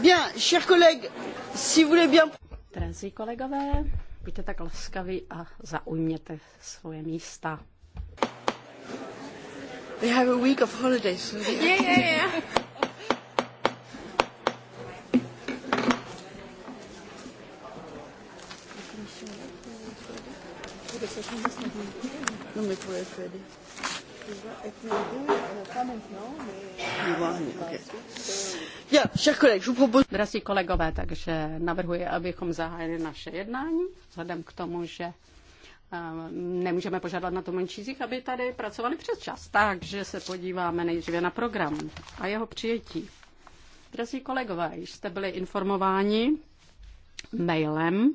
Bien, chers collègues, si vous voulez bien... Drazí kolegové, buďte tak laskaví a zaujměte svoje místa. They have a week of holidays. So yeah, yeah, yeah. Non mais pour la Drazí kolegové, takže navrhuji, abychom zahájili naše jednání, vzhledem k tomu, že eh, nemůžeme požádat na tlumočících, aby tady pracovali přes čas. Takže se podíváme nejdříve na program a jeho přijetí. Drazí kolegové, jste byli informováni mailem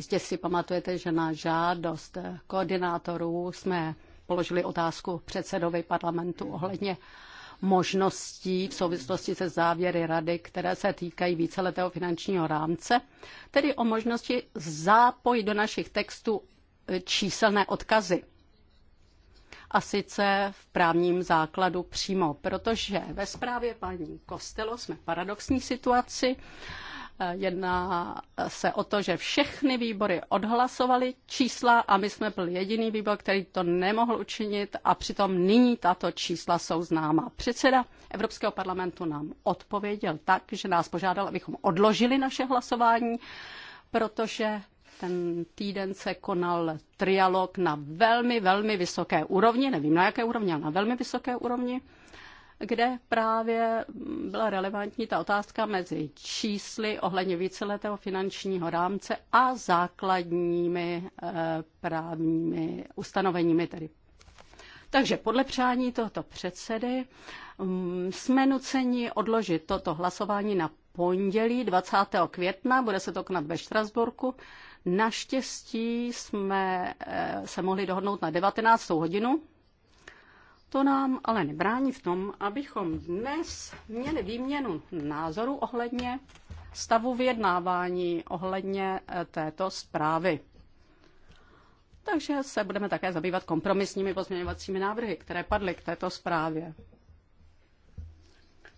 Jistě si pamatujete, že na žádost koordinátorů jsme položili otázku předsedovi parlamentu ohledně možností v souvislosti se závěry rady, které se týkají víceletého finančního rámce, tedy o možnosti zápojit do našich textů e, číselné odkazy. A sice v právním základu přímo, protože ve zprávě paní Kostelo jsme v paradoxní situaci, Jedná se o to, že všechny výbory odhlasovaly čísla a my jsme byl jediný výbor, který to nemohl učinit a přitom nyní tato čísla jsou známa. Předseda Evropského parlamentu nám odpověděl tak, že nás požádal, abychom odložili naše hlasování, protože ten týden se konal trialog na velmi, velmi vysoké úrovni, nevím na jaké úrovni, ale na velmi vysoké úrovni kde právě byla relevantní ta otázka mezi čísly ohledně víceletého finančního rámce a základními eh, právními ustanoveními tedy. Takže podle přání tohoto předsedy mm, jsme nuceni odložit toto hlasování na pondělí 20. května, bude se to konat ve Štrasburku. Naštěstí jsme eh, se mohli dohodnout na 19. hodinu, to nám ale nebrání v tom, abychom dnes měli výměnu názoru ohledně stavu vyjednávání, ohledně eh, této zprávy. Takže se budeme také zabývat kompromisními pozměňovacími návrhy, které padly k této zprávě.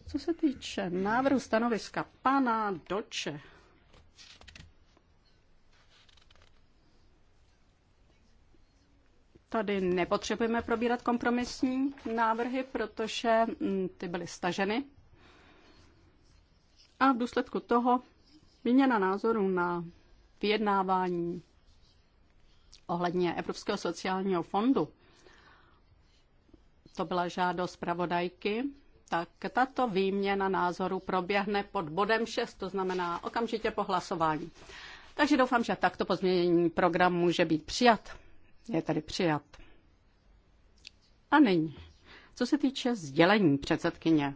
Co se týče návrhu stanoviska pana Doče, Tady nepotřebujeme probírat kompromisní návrhy, protože mm, ty byly staženy. A v důsledku toho výměna názorů na vyjednávání ohledně Evropského sociálního fondu, to byla žádost pravodajky. tak tato výměna názorů proběhne pod bodem 6, to znamená okamžitě po hlasování. Takže doufám, že takto pozměnění program může být přijat je tady přijat. A nyní, co se týče sdělení předsedkyně.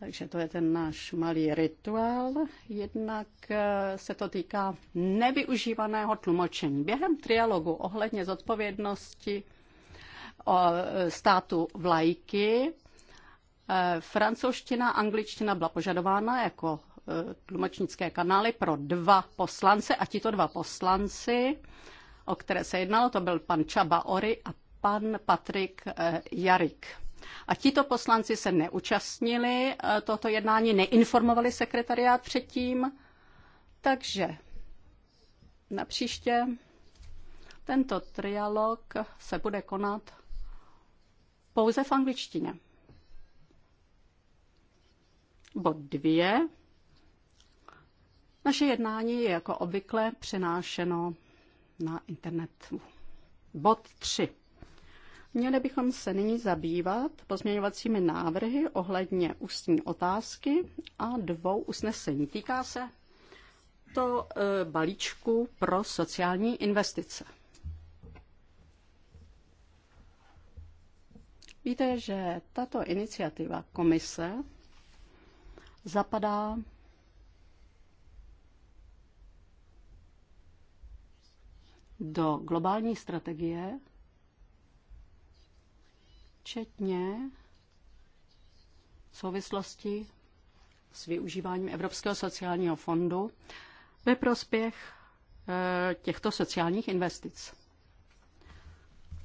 Takže to je ten náš malý rituál. Jednak eh, se to týká nevyužívaného tlumočení. Během trialogu ohledně zodpovědnosti eh, státu vlajky eh, francouzština a angličtina byla požadována jako tlumočnické kanály pro dva poslance a tito dva poslanci o které se jednalo, to byl pan Čaba Ory a pan Patrik eh, Jarik. A tito poslanci se neúčastnili eh, tohoto jednání, neinformovali sekretariát předtím, takže na příště tento trialog se bude konat pouze v angličtině. Bod dvě. Naše jednání je jako obvykle přenášeno na internetu. Bod 3. Měli bychom se nyní zabývat pozměňovacími návrhy ohledně ústní otázky a dvou usnesení. Týká se to e, balíčku pro sociální investice. Víte, že tato iniciativa komise zapadá do globální strategie, včetně v souvislosti s využíváním Evropského sociálního fondu ve prospěch e, těchto sociálních investic.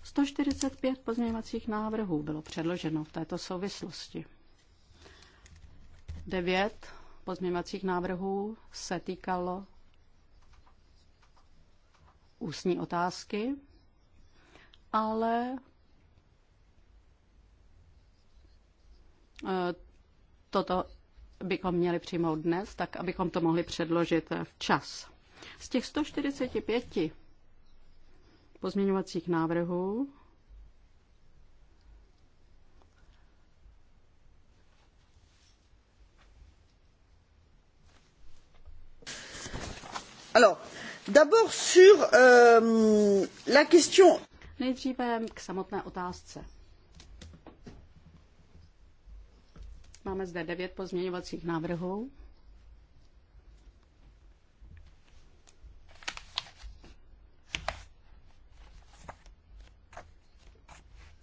145 pozměňovacích návrhů bylo předloženo v této souvislosti. 9 pozměňovacích návrhů se týkalo ústní otázky, ale eh, toto bychom měli přijmout dnes, tak abychom to mohli předložit eh, včas. Z těch 145 pozměňovacích návrhů Alors, D'abord sur euh, la question. Nejdříve k samotné otázce. Máme zde devět pozměňovacích návrhů.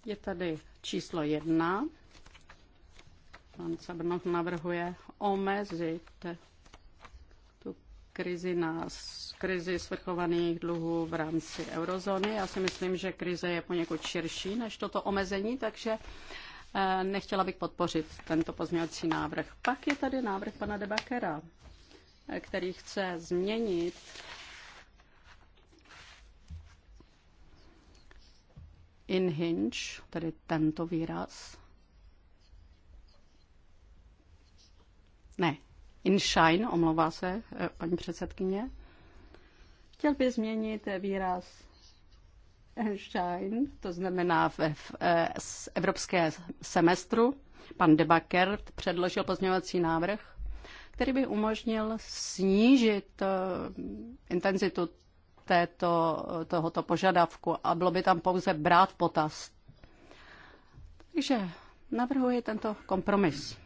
Je tady číslo jedna. Pan Sabrnov navrhuje omezit krizi na krizi svrchovaných dluhů v rámci eurozóny. Já si myslím, že krize je poněkud širší než toto omezení, takže eh, nechtěla bych podpořit tento pozměňovací návrh. Pak je tady návrh pana Debakera, eh, který chce změnit inhinge, tedy tento výraz. Ne, Inshine, omlouvá se eh, paní předsedkyně. Chtěl by změnit eh, výraz eh, Shine, to znamená v, v, evropské semestru. Pan Debaker předložil pozměňovací návrh, který by umožnil snížit intenzitu této, tohoto požadavku a bylo by tam pouze brát potaz. Takže navrhuji tento kompromis.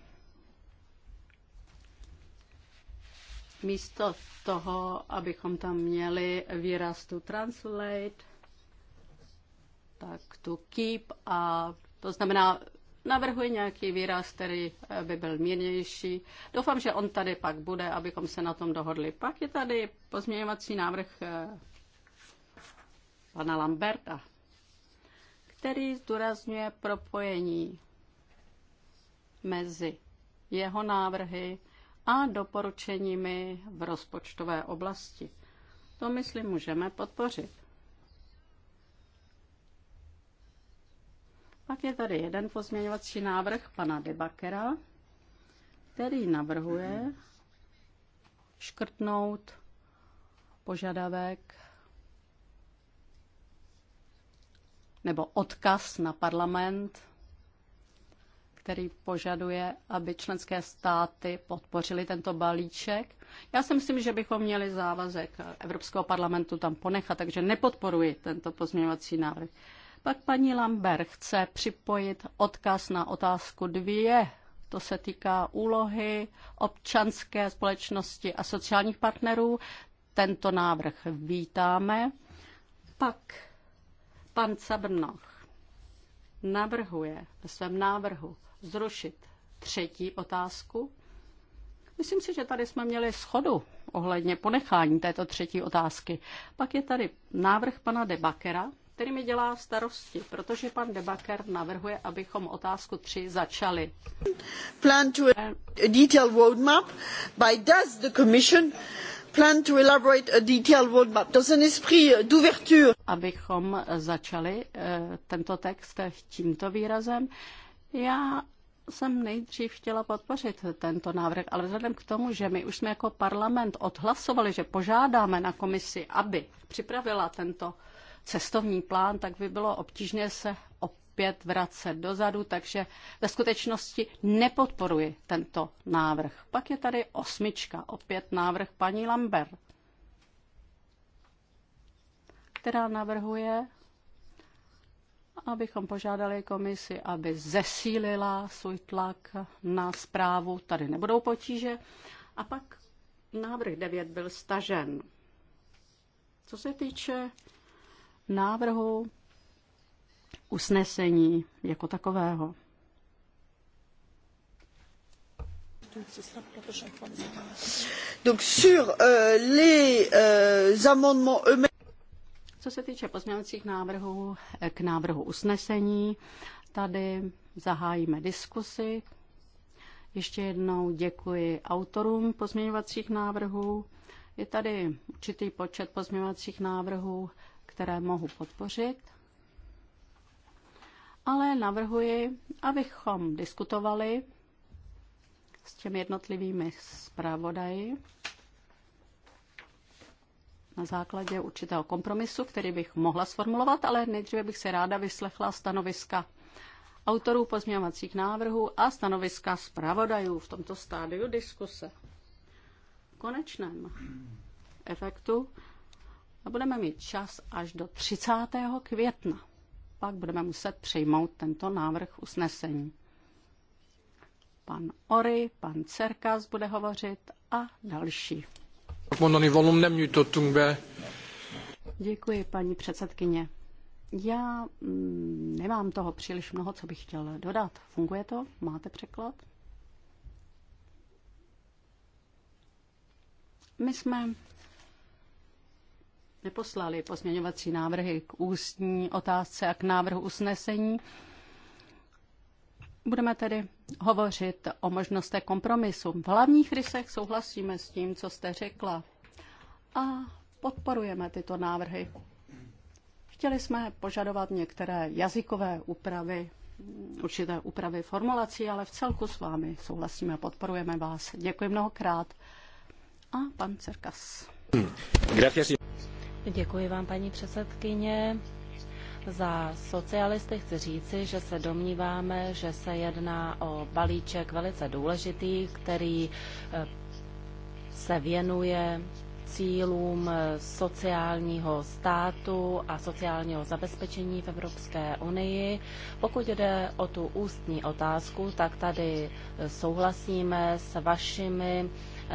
Místo toho, abychom tam měli výraz to translate, tak to keep a to znamená navrhuji nějaký výraz, který eh, by byl mírnější. Doufám, že on tady pak bude, abychom se na tom dohodli. Pak je tady pozměňovací návrh eh, pana Lamberta, který zdůrazňuje propojení mezi jeho návrhy a doporučeními v rozpočtové oblasti. To, myslím, můžeme podpořit. Pak je tady jeden pozměňovací návrh pana Debakera, který navrhuje škrtnout požadavek nebo odkaz na parlament který požaduje, aby členské státy podpořily tento balíček. Já si myslím, že bychom měli závazek Evropského parlamentu tam ponechat, takže nepodporuji tento pozměňovací návrh. Pak paní Lambert chce připojit odkaz na otázku dvě. To se týká úlohy občanské společnosti a sociálních partnerů. Tento návrh vítáme. Pak pan Cabrnoch navrhuje ve svém návrhu zrušit. Třetí otázku. Myslím si, že tady jsme měli schodu ohledně ponechání této třetí otázky. Pak je tady návrh pana Debakera, který mi dělá starosti, protože pan Debaker navrhuje, abychom otázku 3 začali. Plan to a detailed roadmap by does the commission plan to elaborate a detailed roadmap dans un esprit d'ouverture. Abychom začali eh, tento text tímto výrazem. Já jsem nejdřív chtěla podpořit tento návrh, ale vzhledem k tomu, že my už jsme jako parlament odhlasovali, že požádáme na komisi, aby připravila tento cestovní plán, tak by bylo obtížné se opět vracet dozadu, takže ve skutečnosti nepodporuji tento návrh. Pak je tady osmička, opět návrh paní Lambert, která navrhuje abychom požádali komisi, aby zesílila svůj tlak na zprávu. Tady nebudou potíže. A pak návrh 9 byl stažen. Co se týče návrhu usnesení jako takového. Donc sur euh, les euh, amendements eux-mêmes. Co se týče pozměňovacích návrhů eh, k návrhu usnesení, tady zahájíme diskusy. Ještě jednou děkuji autorům pozměňovacích návrhů. Je tady určitý počet pozměňovacích návrhů, které mohu podpořit. Ale navrhuji, abychom diskutovali s těmi jednotlivými zpravodaji na základě určitého kompromisu, který bych mohla sformulovat, ale nejdříve bych se ráda vyslechla stanoviska autorů pozměňovacích návrhů a stanoviska zpravodajů v tomto stádiu diskuse. V konečném efektu a budeme mít čas až do 30. května. Pak budeme muset přijmout tento návrh usnesení. Pan Ory, pan Cerkas bude hovořit a další mondani nem nyújtottunk be. Děkuji, paní předsedkyně. Já mm, nemám toho příliš mnoho, co bych chtěl dodat. Funguje to? Máte překlad? My jsme neposlali pozměňovací návrhy k ústní otázce a k návrhu usnesení. Budeme tedy hovořit o možnostech kompromisu. V hlavních rysech souhlasíme s tím, co jste řekla a podporujeme tyto návrhy. Chtěli jsme požadovat některé jazykové úpravy, určité úpravy formulací, ale v celku s vámi souhlasíme a podporujeme vás. Děkuji mnohokrát. A pan Cerkas. Hmm. Děkuji vám, paní předsedkyně. Za socialisty chci říci, že se domníváme, že se jedná o balíček velice důležitý, který eh, se věnuje cílům eh, sociálního státu a sociálního zabezpečení v Evropské unii. Pokud jde o tu ústní otázku, tak tady eh, souhlasíme s vašimi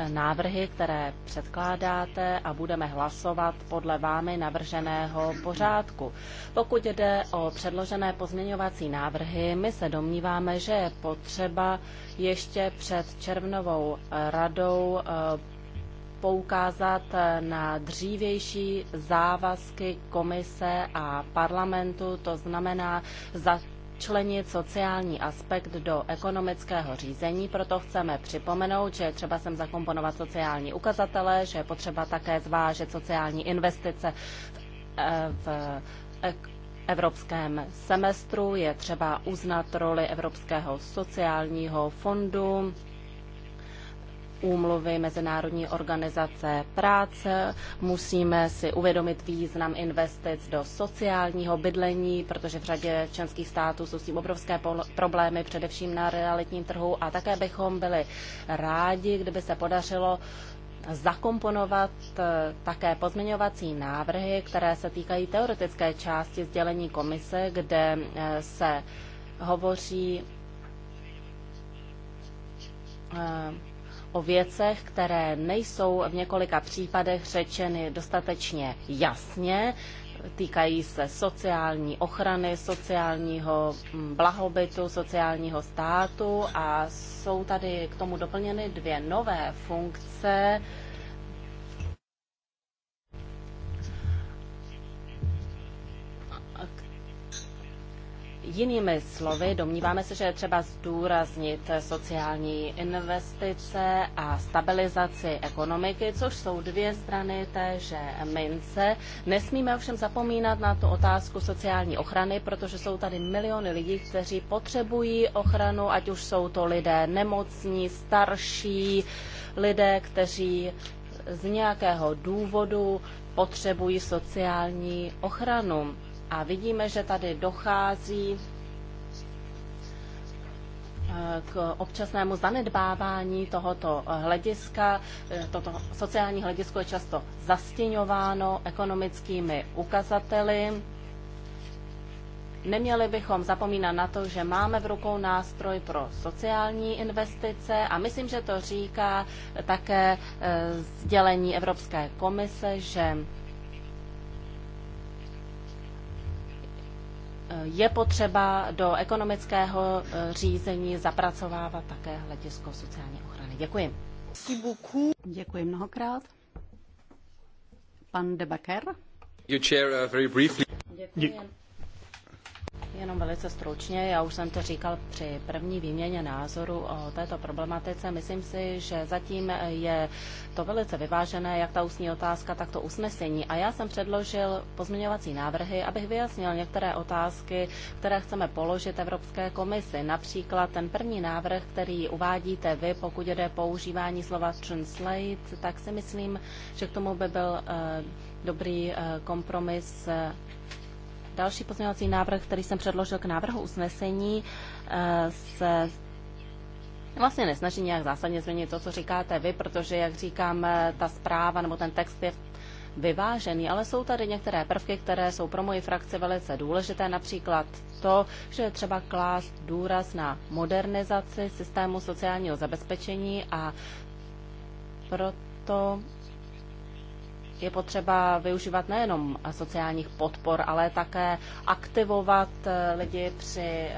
návrhy, které předkládáte a budeme hlasovat podle vámi navrženého pořádku. Pokud jde o předložené pozměňovací návrhy, my se domníváme, že je potřeba ještě před červnovou radou eh, poukázat eh, na dřívější závazky komise a parlamentu, to znamená za včlenit sociální aspekt do ekonomického řízení, proto chceme připomenout, že třeba sem zakomponovat sociální ukazatele, že je potřeba také zvážit sociální investice v, eh, evropském semestru, je třeba uznat roli Evropského sociálního fondu, úmluvy Mezinárodní organizace práce. Musíme si uvědomit význam investic do sociálního bydlení, protože v řadě členských států jsou s tím obrovské problémy, především na realitním trhu. A také bychom byli rádi, kdyby se podařilo zakomponovat eh, také pozměňovací návrhy, které se týkají teoretické části sdělení komise, kde eh, se hovoří eh, o věcech, které nejsou v několika případech řečeny dostatečně jasně, týkají se sociální ochrany, sociálního mm, blahobytu, sociálního státu a jsou tady k tomu doplněny dvě nové funkce, Jinými slovy, domníváme se, že je třeba zdůraznit sociální investice a stabilizaci ekonomiky, což jsou dvě strany téže mince. Nesmíme ovšem zapomínat na tu otázku sociální ochrany, protože jsou tady miliony lidí, kteří potřebují ochranu, ať už jsou to lidé nemocní, starší, lidé, kteří z nějakého důvodu potřebují sociální ochranu. A vidíme, že tady dochází eh, k občasnému zanedbávání tohoto hlediska. Eh, toto sociální hledisko je často zastěňováno ekonomickými ukazateli. Neměli bychom zapomínat na to, že máme v rukou nástroj pro sociální investice a myslím, že to říká také eh, sdělení Evropské komise, že je potřeba do ekonomického eh, řízení zapracovávat také hledisko sociální ochrany. Děkuji. Děkuji mnohokrát. Pan Debaker. Uh, Děkuji. Jenom velice stručně, já už jsem to říkal při první výměně názoru o této problematice. Myslím si, že zatím je to velice vyvážené, jak ta ústní otázka, tak to usnesení. A já jsem předložil pozměňovací návrhy, abych vyjasnil některé otázky, které chceme položit Evropské komisi. Například ten první návrh, který uvádíte vy, pokud jde používání slova translate, tak si myslím, že k tomu by byl eh, dobrý eh, kompromis eh, Další pozměňovací návrh, který jsem předložil k návrhu usnesení, eh, se vlastně nesnaží nějak zásadně změnit to, co říkáte vy, protože, jak říkám, eh, ta zpráva nebo ten text je vyvážený, ale jsou tady některé prvky, které jsou pro moji frakci velice důležité, například to, že je třeba klást důraz na modernizaci systému sociálního zabezpečení a proto je potřeba využívat nejenom sociálních podpor, ale také aktivovat eh, lidi při eh,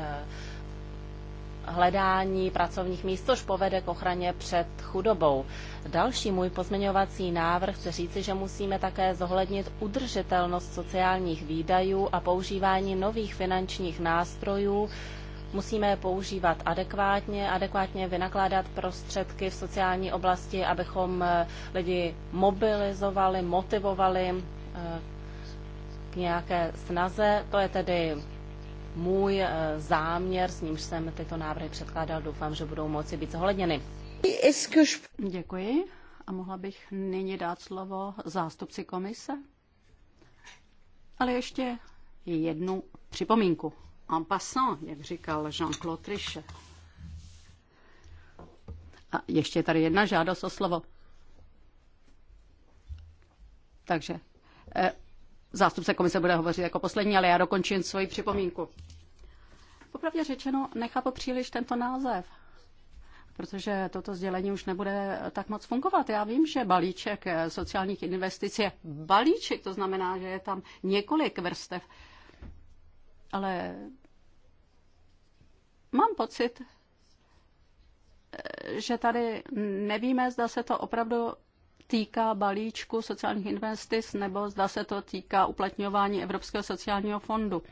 hledání pracovních míst, což povede k ochraně před chudobou. Další můj pozměňovací návrh chce říci, že musíme také zohlednit udržitelnost sociálních výdajů a používání nových finančních nástrojů, Musíme je používat adekvátně, adekvátně vynakládat prostředky v sociální oblasti, abychom eh, lidi mobilizovali, motivovali eh, k nějaké snaze. To je tedy můj eh, záměr, s nímž jsem tyto návrhy předkládal. Doufám, že budou moci být zohledněny. Děkuji. A mohla bych nyní dát slovo zástupci komise? Ale ještě jednu připomínku en passant, jak říkal Jean-Claude Trichet. A ještě je tady jedna žádost o slovo. Takže eh, zástupce komise bude hovořit jako poslední, ale já dokončím svoji připomínku. Popravdě řečeno, nechápu příliš tento název, protože toto sdělení už nebude tak moc fungovat. Já vím, že balíček eh, sociálních investic je balíček, to znamená, že je tam několik vrstev, ale Mám pocit, že tady nevíme, zda se to opravdu týká balíčku sociálních investic nebo zda se to týká uplatňování Evropského sociálního fondu.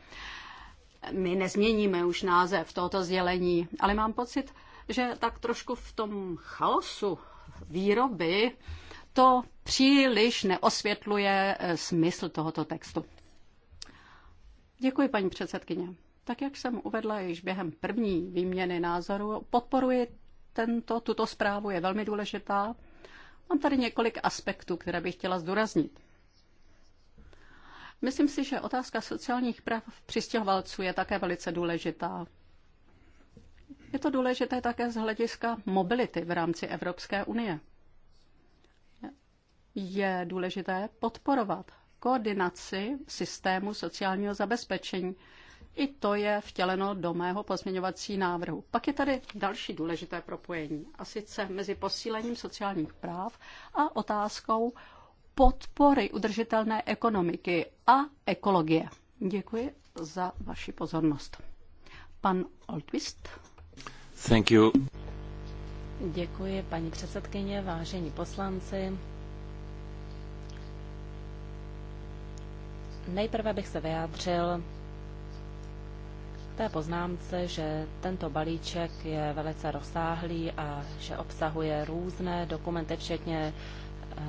My nezměníme už název tohoto sdělení, ale mám pocit, že tak trošku v tom chaosu výroby to příliš neosvětluje eh, smysl tohoto textu. Děkuji, paní předsedkyně. Tak jak jsem uvedla již během první výměny názoru, podporuji tento, tuto zprávu, je velmi důležitá. Mám tady několik aspektů, které bych chtěla zdůraznit. Myslím si, že otázka sociálních práv přistěhovalců je také velice důležitá. Je to důležité také z hlediska mobility v rámci Evropské unie. Je důležité podporovat koordinaci systému sociálního zabezpečení, i to je vtěleno do mého pozměňovací návrhu. Pak je tady další důležité propojení, a sice mezi posílením sociálních práv a otázkou podpory udržitelné ekonomiky a ekologie. Děkuji za vaši pozornost. Pan Oltwist. Thank you. Děkuji, paní předsedkyně, vážení poslanci. Nejprve bych se vyjádřil té poznámce, že tento balíček je velice rozsáhlý a že obsahuje různé dokumenty, včetně eh,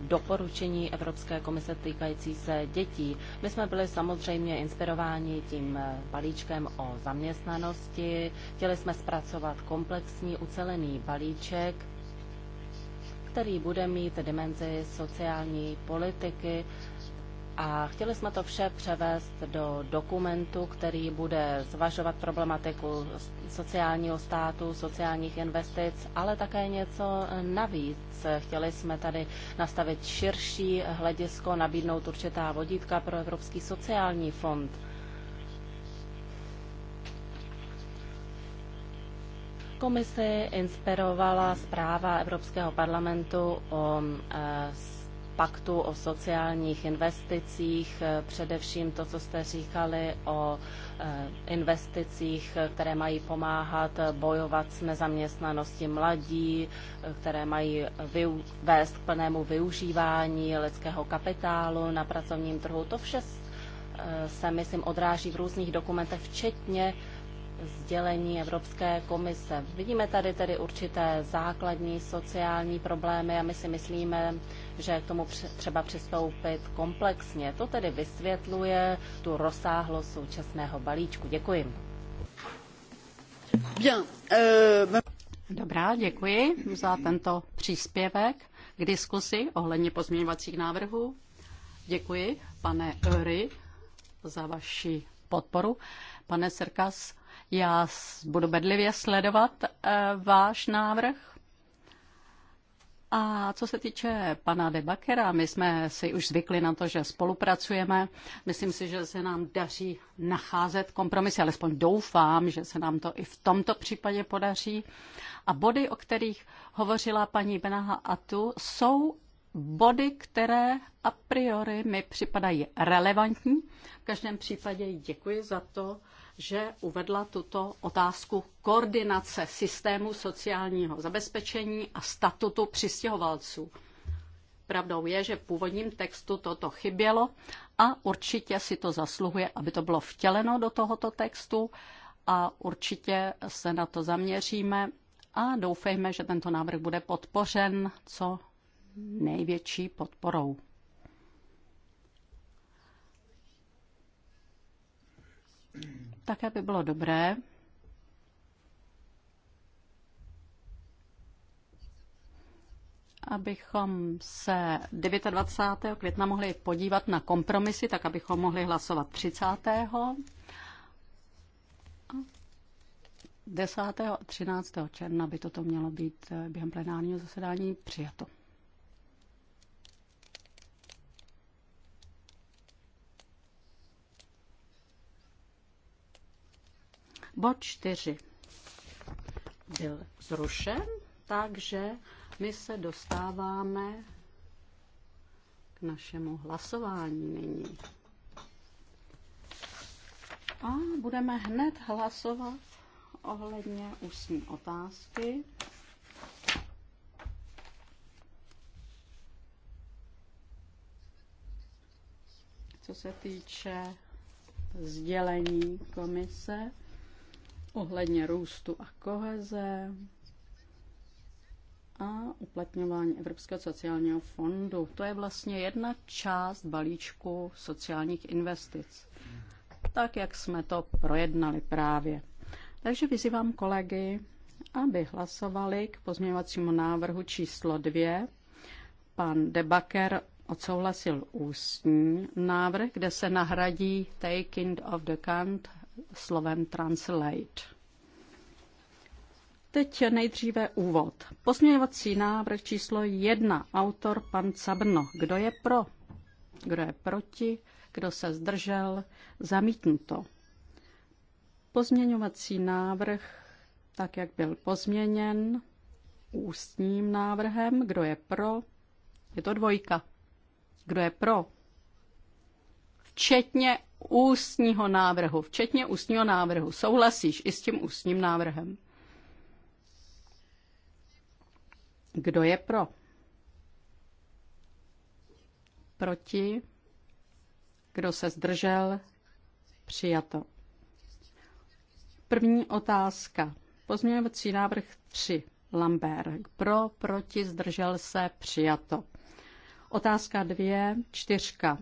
doporučení Evropské komise týkající se dětí. My jsme byli samozřejmě inspirováni tím eh, balíčkem o zaměstnanosti. Chtěli jsme zpracovat komplexní ucelený balíček, který bude mít dimenzi sociální politiky a chtěli jsme to vše převést do dokumentu, který bude zvažovat problematiku sociálního státu, sociálních investic, ale také něco navíc. Chtěli jsme tady nastavit širší hledisko, nabídnout určitá vodítka pro Evropský sociální fond. Komisi inspirovala zpráva Evropského parlamentu o e, paktu o sociálních investicích, eh, především to, co jste říkali o eh, investicích, které mají pomáhat eh, bojovat s nezaměstnaností mladí, které mají vést k plnému využívání lidského kapitálu na pracovním trhu. To vše se, myslím, odráží v různých dokumentech, včetně sdělení Evropské komise. Vidíme tady tedy určité základní sociální problémy a my si myslíme, že k tomu třeba přistoupit komplexně. To tedy vysvětluje tu rozsáhlost současného balíčku. Děkuji. Euh, Dobrá, děkuji za tento příspěvek k diskusi ohledně pozměňovacích návrhů. Děkuji, pane Öry, za vaši podporu. Pane Serkas, já budu bedlivě sledovat eh, váš návrh a co se týče pana Debakera, my jsme si už zvykli na to, že spolupracujeme. Myslím si, že se nám daří nacházet kompromisy, alespoň doufám, že se nám to i v tomto případě podaří. A body, o kterých hovořila paní Benaha Atu, jsou body, které a priori mi připadají relevantní. V každém případě děkuji za to, že uvedla tuto otázku koordinace systému sociálního zabezpečení a statutu přistěhovalců. Pravdou je, že v původním textu toto chybělo a určitě si to zasluhuje, aby to bylo vtěleno do tohoto textu a určitě se na to zaměříme a doufejme, že tento návrh bude podpořen co největší podporou. Také by bylo dobré, abychom se 29. května mohli podívat na kompromisy, tak abychom mohli hlasovat 30. 10. a 13. června by toto mělo být eh, během plenárního zasedání přijato. Bod 4 byl zrušen, takže my se dostáváme k našemu hlasování nyní. A budeme hned hlasovat ohledně ústní otázky. Co se týče sdělení komise, ohledně růstu a koheze a uplatňování Evropského sociálního fondu. To je vlastně jedna část balíčku sociálních investic, tak jak jsme to projednali právě. Takže vyzývám kolegy, aby hlasovali k pozměňovacímu návrhu číslo dvě. Pan Debaker odsouhlasil ústní návrh, kde se nahradí taking of the count slovem translate. Teď nejdříve úvod. Pozměňovací návrh číslo jedna, autor pan Cabrno. Kdo je pro? Kdo je proti? Kdo se zdržel? Zamítnuto. Pozměňovací návrh, tak jak byl pozměněn, ústním návrhem. Kdo je pro? Je to dvojka. Kdo je pro? Včetně ústního návrhu, včetně ústního návrhu. Souhlasíš i s tím ústním návrhem? Kdo je pro? Proti? Kdo se zdržel? Přijato. První otázka. Pozměňovací návrh 3. Lambert. Pro, proti, zdržel se, přijato. Otázka 2. Čtyřka.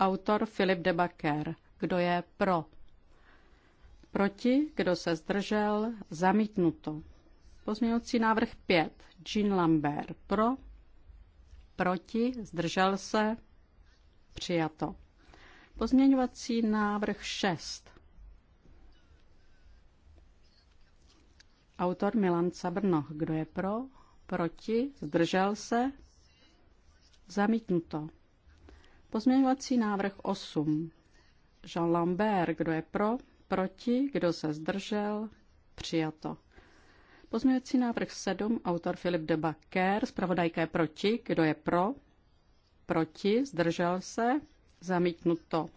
Autor Filip de Baker. Kdo je pro? Proti? Kdo se zdržel? Zamítnuto. Pozměňovací návrh 5. Jean Lambert. Pro? Proti? Zdržel se? Přijato. Pozměňovací návrh 6. Autor Milan Cabrno. Kdo je pro? Proti? Zdržel se? Zamítnuto. Pozměňovací návrh 8. Jean Lambert, kdo je pro, proti, kdo se zdržel, přijato. Pozměňovací návrh 7, autor Filip de Bakker, zpravodajka je proti, kdo je pro, proti, zdržel se, zamítnuto.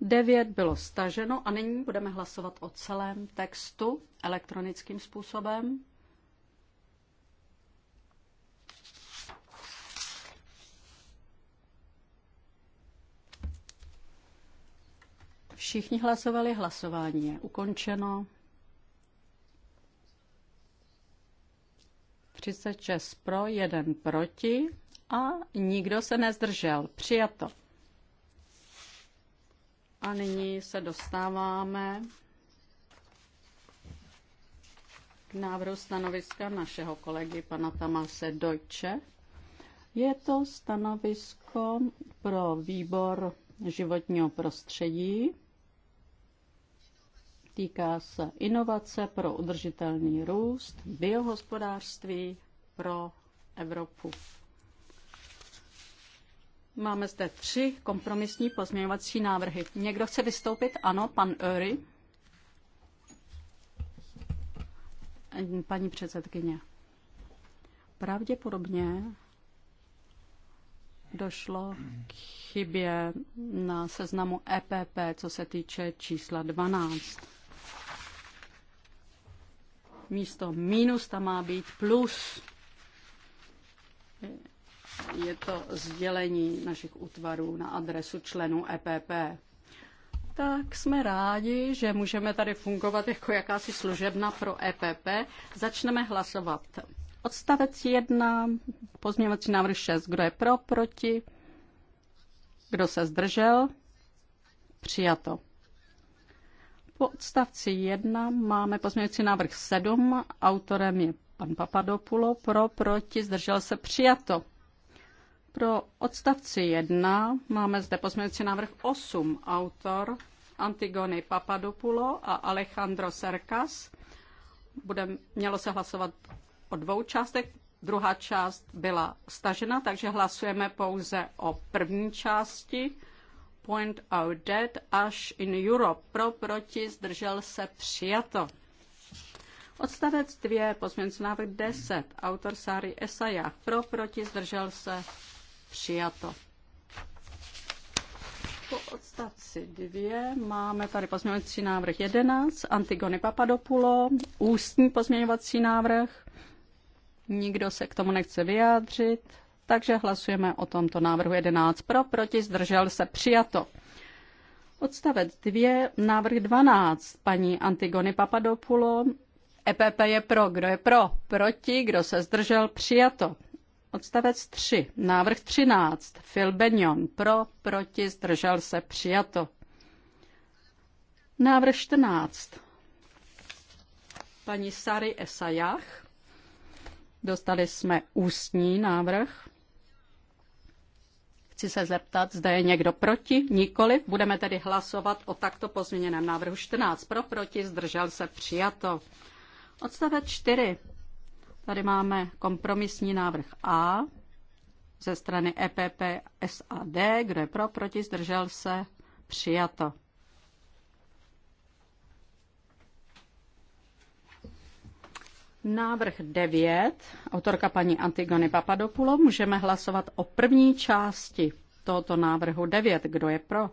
9 bylo staženo a nyní budeme hlasovat o celém textu elektronickým způsobem. Všichni hlasovali, hlasování je ukončeno. 36 pro, 1 proti a nikdo se nezdržel. Přijato. A nyní se dostáváme k návrhu stanoviska našeho kolegy pana Tamase Dojče. Je to stanovisko pro výbor životního prostředí. Týká se inovace pro udržitelný růst, biohospodářství pro Evropu. Máme zde tři kompromisní pozměňovací návrhy. Někdo chce vystoupit? Ano, pan Öry. Paní předsedkyně. Pravděpodobně došlo k chybě na seznamu EPP, co se týče čísla 12 místo minus tam má být plus. Je to sdělení našich útvarů na adresu členů EPP. Tak jsme rádi, že můžeme tady fungovat jako jakási služebna pro EPP. Začneme hlasovat. Odstavec 1, pozměňovací návrh 6. Kdo je pro, proti? Kdo se zdržel? Přijato. Po odstavci 1 máme pozměňující návrh 7, autorem je pan Papadopulo, pro, proti, zdržel se, přijato. Pro odstavci 1 máme zde pozměňující návrh 8, autor Antigony Papadopulo a Alejandro Serkas. Bude, mělo se hlasovat o dvou částech. Druhá část byla stažena, takže hlasujeme pouze o první části. Point Out Dead až in Europe. Pro, proti, zdržel se, přijato. Odstavec 2, pozměnce návrh 10, autor Sáry Esaja. Pro, proti, zdržel se, přijato. Po odstavci 2 máme tady pozměňovací návrh 11, Antigony Papadopulo, ústní pozměňovací návrh. Nikdo se k tomu nechce vyjádřit takže hlasujeme o tomto návrhu 11 pro, proti, zdržel se, přijato. Odstavec 2, návrh 12, paní Antigony Papadopulo. EPP je pro, kdo je pro, proti, kdo se zdržel, přijato. Odstavec 3, návrh 13, Phil Benyon, pro, proti, zdržel se, přijato. Návrh 14, paní Sary Esajach. Dostali jsme ústní návrh. Chci se zeptat, zda je někdo proti? Nikoli. Budeme tedy hlasovat o takto pozměněném návrhu 14. Pro, proti, zdržel se, přijato. Odstavec 4. Tady máme kompromisní návrh A ze strany EPP SAD. Kdo je pro, proti, zdržel se, přijato. Návrh 9, autorka paní Antigony Papadopulo, můžeme hlasovat o první části tohoto návrhu 9. Kdo je pro?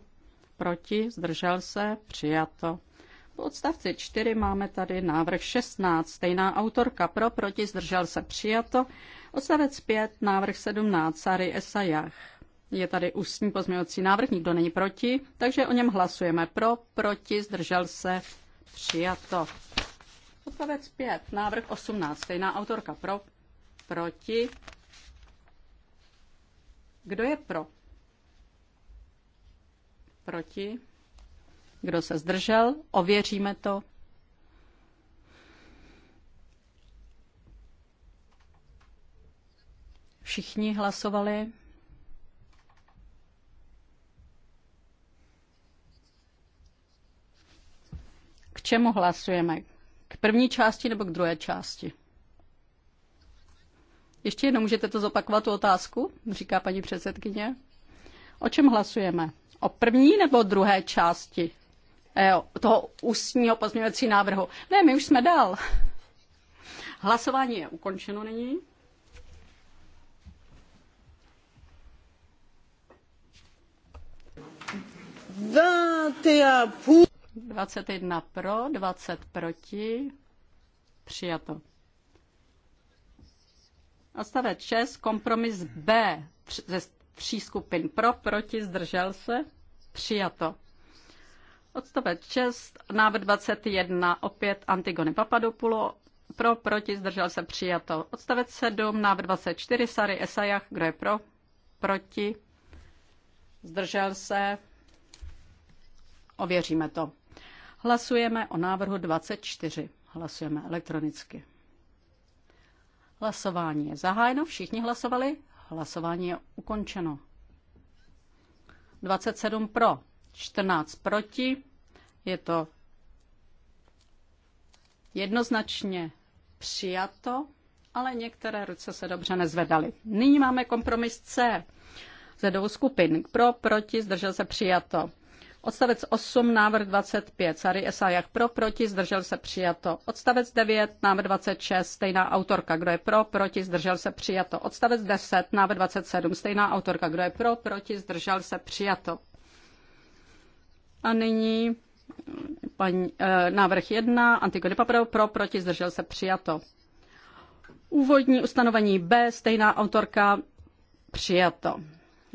Proti? Zdržel se? Přijato. V odstavci 4 máme tady návrh 16, stejná autorka pro, proti, zdržel se, přijato. Odstavec 5, návrh 17, Sary Esajach. Je tady ústní pozměňovací návrh, nikdo není proti, takže o něm hlasujeme pro, proti, zdržel se, přijato. Odstavec 5, návrh 18, stejná autorka pro, proti. Kdo je pro? Proti. Kdo se zdržel? Ověříme to. Všichni hlasovali. K čemu hlasujeme? první části nebo k druhé části? Ještě jednou můžete to zopakovat, tu otázku, říká paní předsedkyně. O čem hlasujeme? O první nebo druhé části eh, toho ústního pozměňovacího návrhu? Ne, my už jsme dál. Hlasování je ukončeno nyní. 21 pro, 20 proti. Přijato. Odstavec 6, kompromis B ze tří skupin pro, proti, zdržel se, přijato. Odstavec 6, návrh 21, opět Antigony Papadopulo, pro, proti, zdržel se, přijato. Odstavec 7, návrh 24, Sary Esajach, kdo je pro, proti, zdržel se, ověříme to. Hlasujeme o návrhu 24. Hlasujeme elektronicky. Hlasování je zahájeno, všichni hlasovali, hlasování je ukončeno. 27 pro, 14 proti, je to jednoznačně přijato, ale některé ruce se dobře nezvedaly. Nyní máme kompromis C ze dvou skupin. Pro, proti, zdržel se přijato. Odstavec 8, návrh 25, Sary jak pro, proti, zdržel se přijato. Odstavec 9, návrh 26, stejná autorka, kdo je pro, proti, zdržel se přijato. Odstavec 10, návrh 27, stejná autorka, kdo je pro, proti, zdržel se přijato. A nyní eh, paní, eh, návrh 1, Antigody Papadou pro, proti, zdržel se přijato. Úvodní ustanovení B, stejná autorka, přijato.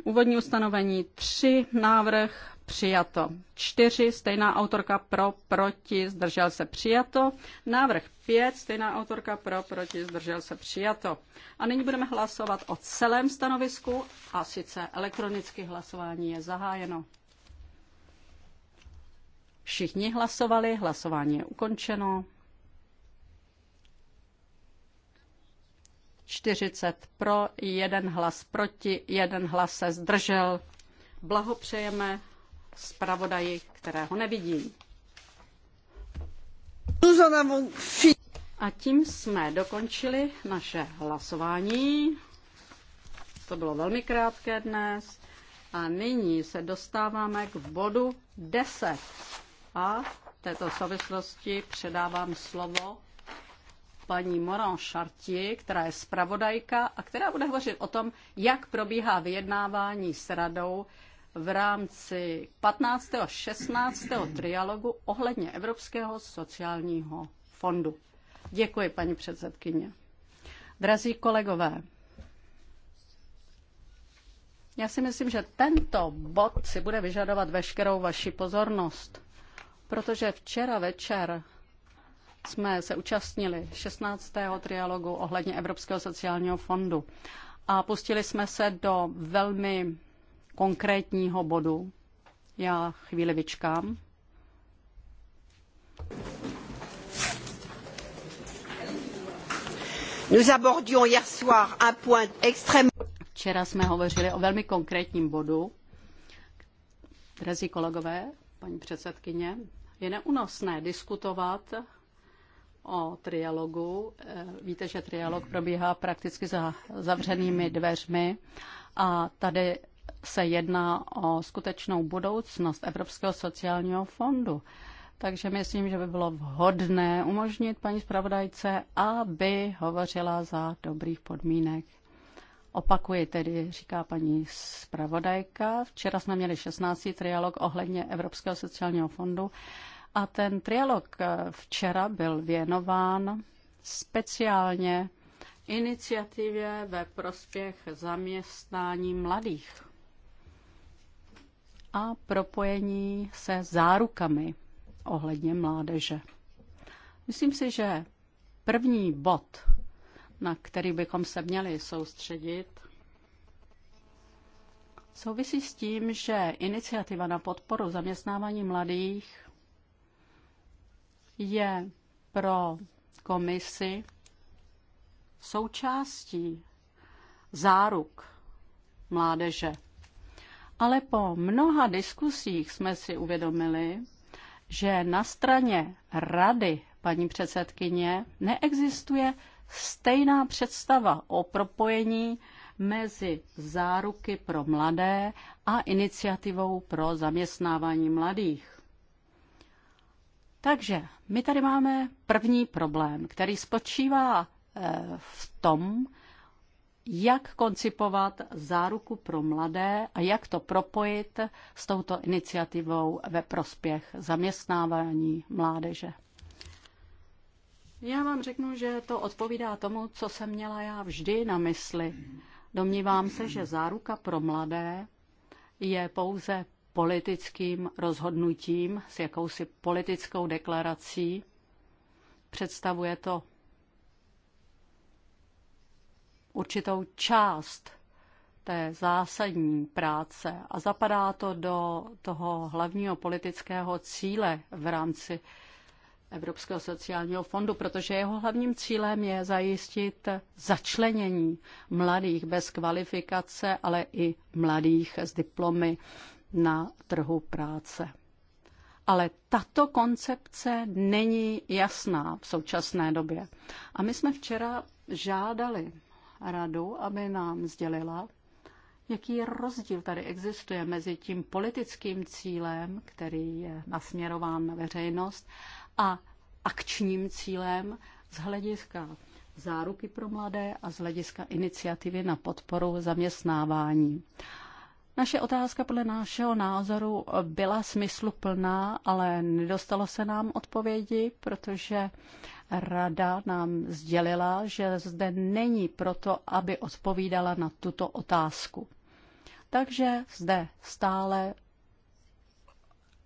Úvodní ustanovení 3, návrh přijato. Čtyři, stejná autorka pro, proti, zdržel se přijato. Návrh pět, stejná autorka pro, proti, zdržel se přijato. A nyní budeme hlasovat o celém stanovisku a sice elektronicky hlasování je zahájeno. Všichni hlasovali, hlasování je ukončeno. 40 pro, jeden hlas proti, jeden hlas se zdržel. Blahopřejeme zpravodaji, kterého nevidím. A tím jsme dokončili naše hlasování. To bylo velmi krátké dnes. A nyní se dostáváme k bodu 10. A v této souvislosti předávám slovo paní Moran Chartier, která je zpravodajka a která bude hovořit o tom, jak probíhá vyjednávání s radou v rámci 15. a 16. trialogu ohledně Evropského sociálního fondu. Děkuji, paní předsedkyně. Drazí kolegové, já si myslím, že tento bod si bude vyžadovat veškerou vaši pozornost, protože včera večer jsme se účastnili 16. trialogu ohledně Evropského sociálního fondu a pustili jsme se do velmi konkrétního bodu. Já chvíli vyčkám. Nous abordions hier soir un point extrême... Včera jsme hovořili o velmi konkrétním bodu. Drazí kolegové, paní předsedkyně, je neúnosné diskutovat o trialogu. Eh, víte, že trialog probíhá prakticky za zavřenými dveřmi a tady se jedná o skutečnou budoucnost Evropského sociálního fondu. Takže myslím, že by bylo vhodné umožnit paní zpravodajce, aby hovořila za dobrých podmínek. Opakuji tedy, říká paní zpravodajka. Včera jsme měli 16. trialog ohledně Evropského sociálního fondu a ten trialog eh, včera byl věnován speciálně iniciativě ve prospěch zaměstnání mladých a propojení se zárukami ohledně mládeže. Myslím si, že první bod, na který bychom se měli soustředit, souvisí s tím, že iniciativa na podporu zaměstnávání mladých je pro komisi součástí záruk mládeže ale po mnoha diskusích jsme si uvědomili, že na straně rady paní předsedkyně neexistuje stejná představa o propojení mezi záruky pro mladé a iniciativou pro zaměstnávání mladých. Takže my tady máme první problém, který spočívá eh, v tom, jak koncipovat záruku pro mladé a jak to propojit s touto iniciativou ve prospěch zaměstnávání mládeže. Já vám řeknu, že to odpovídá tomu, co jsem měla já vždy na mysli. Domnívám se, že záruka pro mladé je pouze politickým rozhodnutím s jakousi politickou deklarací. Představuje to určitou část té zásadní práce a zapadá to do toho hlavního politického cíle v rámci Evropského sociálního fondu, protože jeho hlavním cílem je zajistit začlenění mladých bez kvalifikace, ale i mladých s diplomy na trhu práce. Ale tato koncepce není jasná v současné době. A my jsme včera žádali radu, aby nám sdělila, jaký rozdíl tady existuje mezi tím politickým cílem, který je nasměrován na veřejnost, a akčním cílem z hlediska záruky pro mladé a z hlediska iniciativy na podporu zaměstnávání. Naše otázka podle našeho názoru byla smysluplná, ale nedostalo se nám odpovědi, protože Rada nám sdělila, že zde není proto, aby odpovídala na tuto otázku. Takže zde stále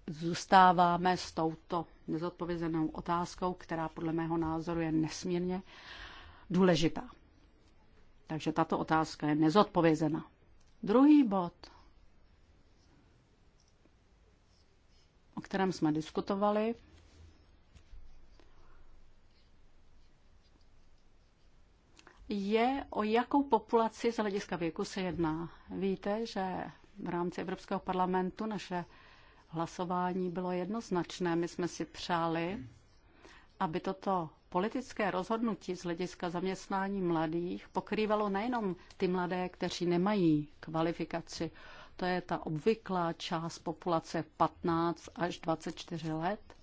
zůstáváme s touto nezodpovězenou otázkou, která podle mého názoru je nesmírně důležitá. Takže tato otázka je nezodpovězena. Druhý bod, o kterém jsme diskutovali, je, o jakou populaci z hlediska věku se jedná. Víte, že v rámci Evropského parlamentu naše hlasování bylo jednoznačné. My jsme si přáli, aby toto politické rozhodnutí z hlediska zaměstnání mladých pokrývalo nejenom ty mladé, kteří nemají kvalifikaci, to je ta obvyklá část populace 15 až 24 let,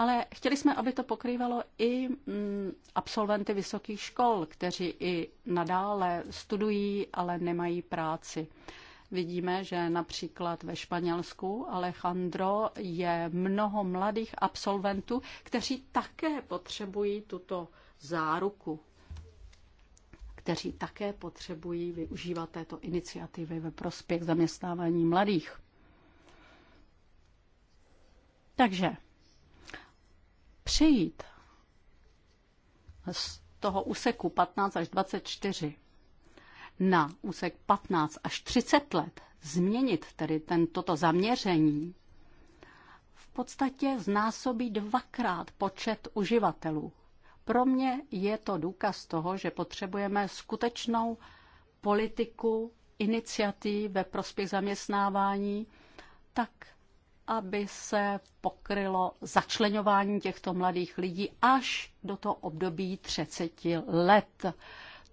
ale chtěli jsme, aby to pokrývalo i mm, absolventy vysokých škol, kteří i nadále studují, ale nemají práci. Vidíme, že například ve Španělsku Alejandro je mnoho mladých absolventů, kteří také potřebují tuto záruku, kteří také potřebují využívat této iniciativy ve prospěch zaměstnávání mladých. Takže přejít z toho úseku 15 až 24 na úsek 15 až 30 let, změnit tedy ten, toto zaměření, v podstatě znásobí dvakrát počet uživatelů. Pro mě je to důkaz toho, že potřebujeme skutečnou politiku iniciativ ve prospěch zaměstnávání, tak aby se pokrylo začlenování těchto mladých lidí až do toho období 30 let.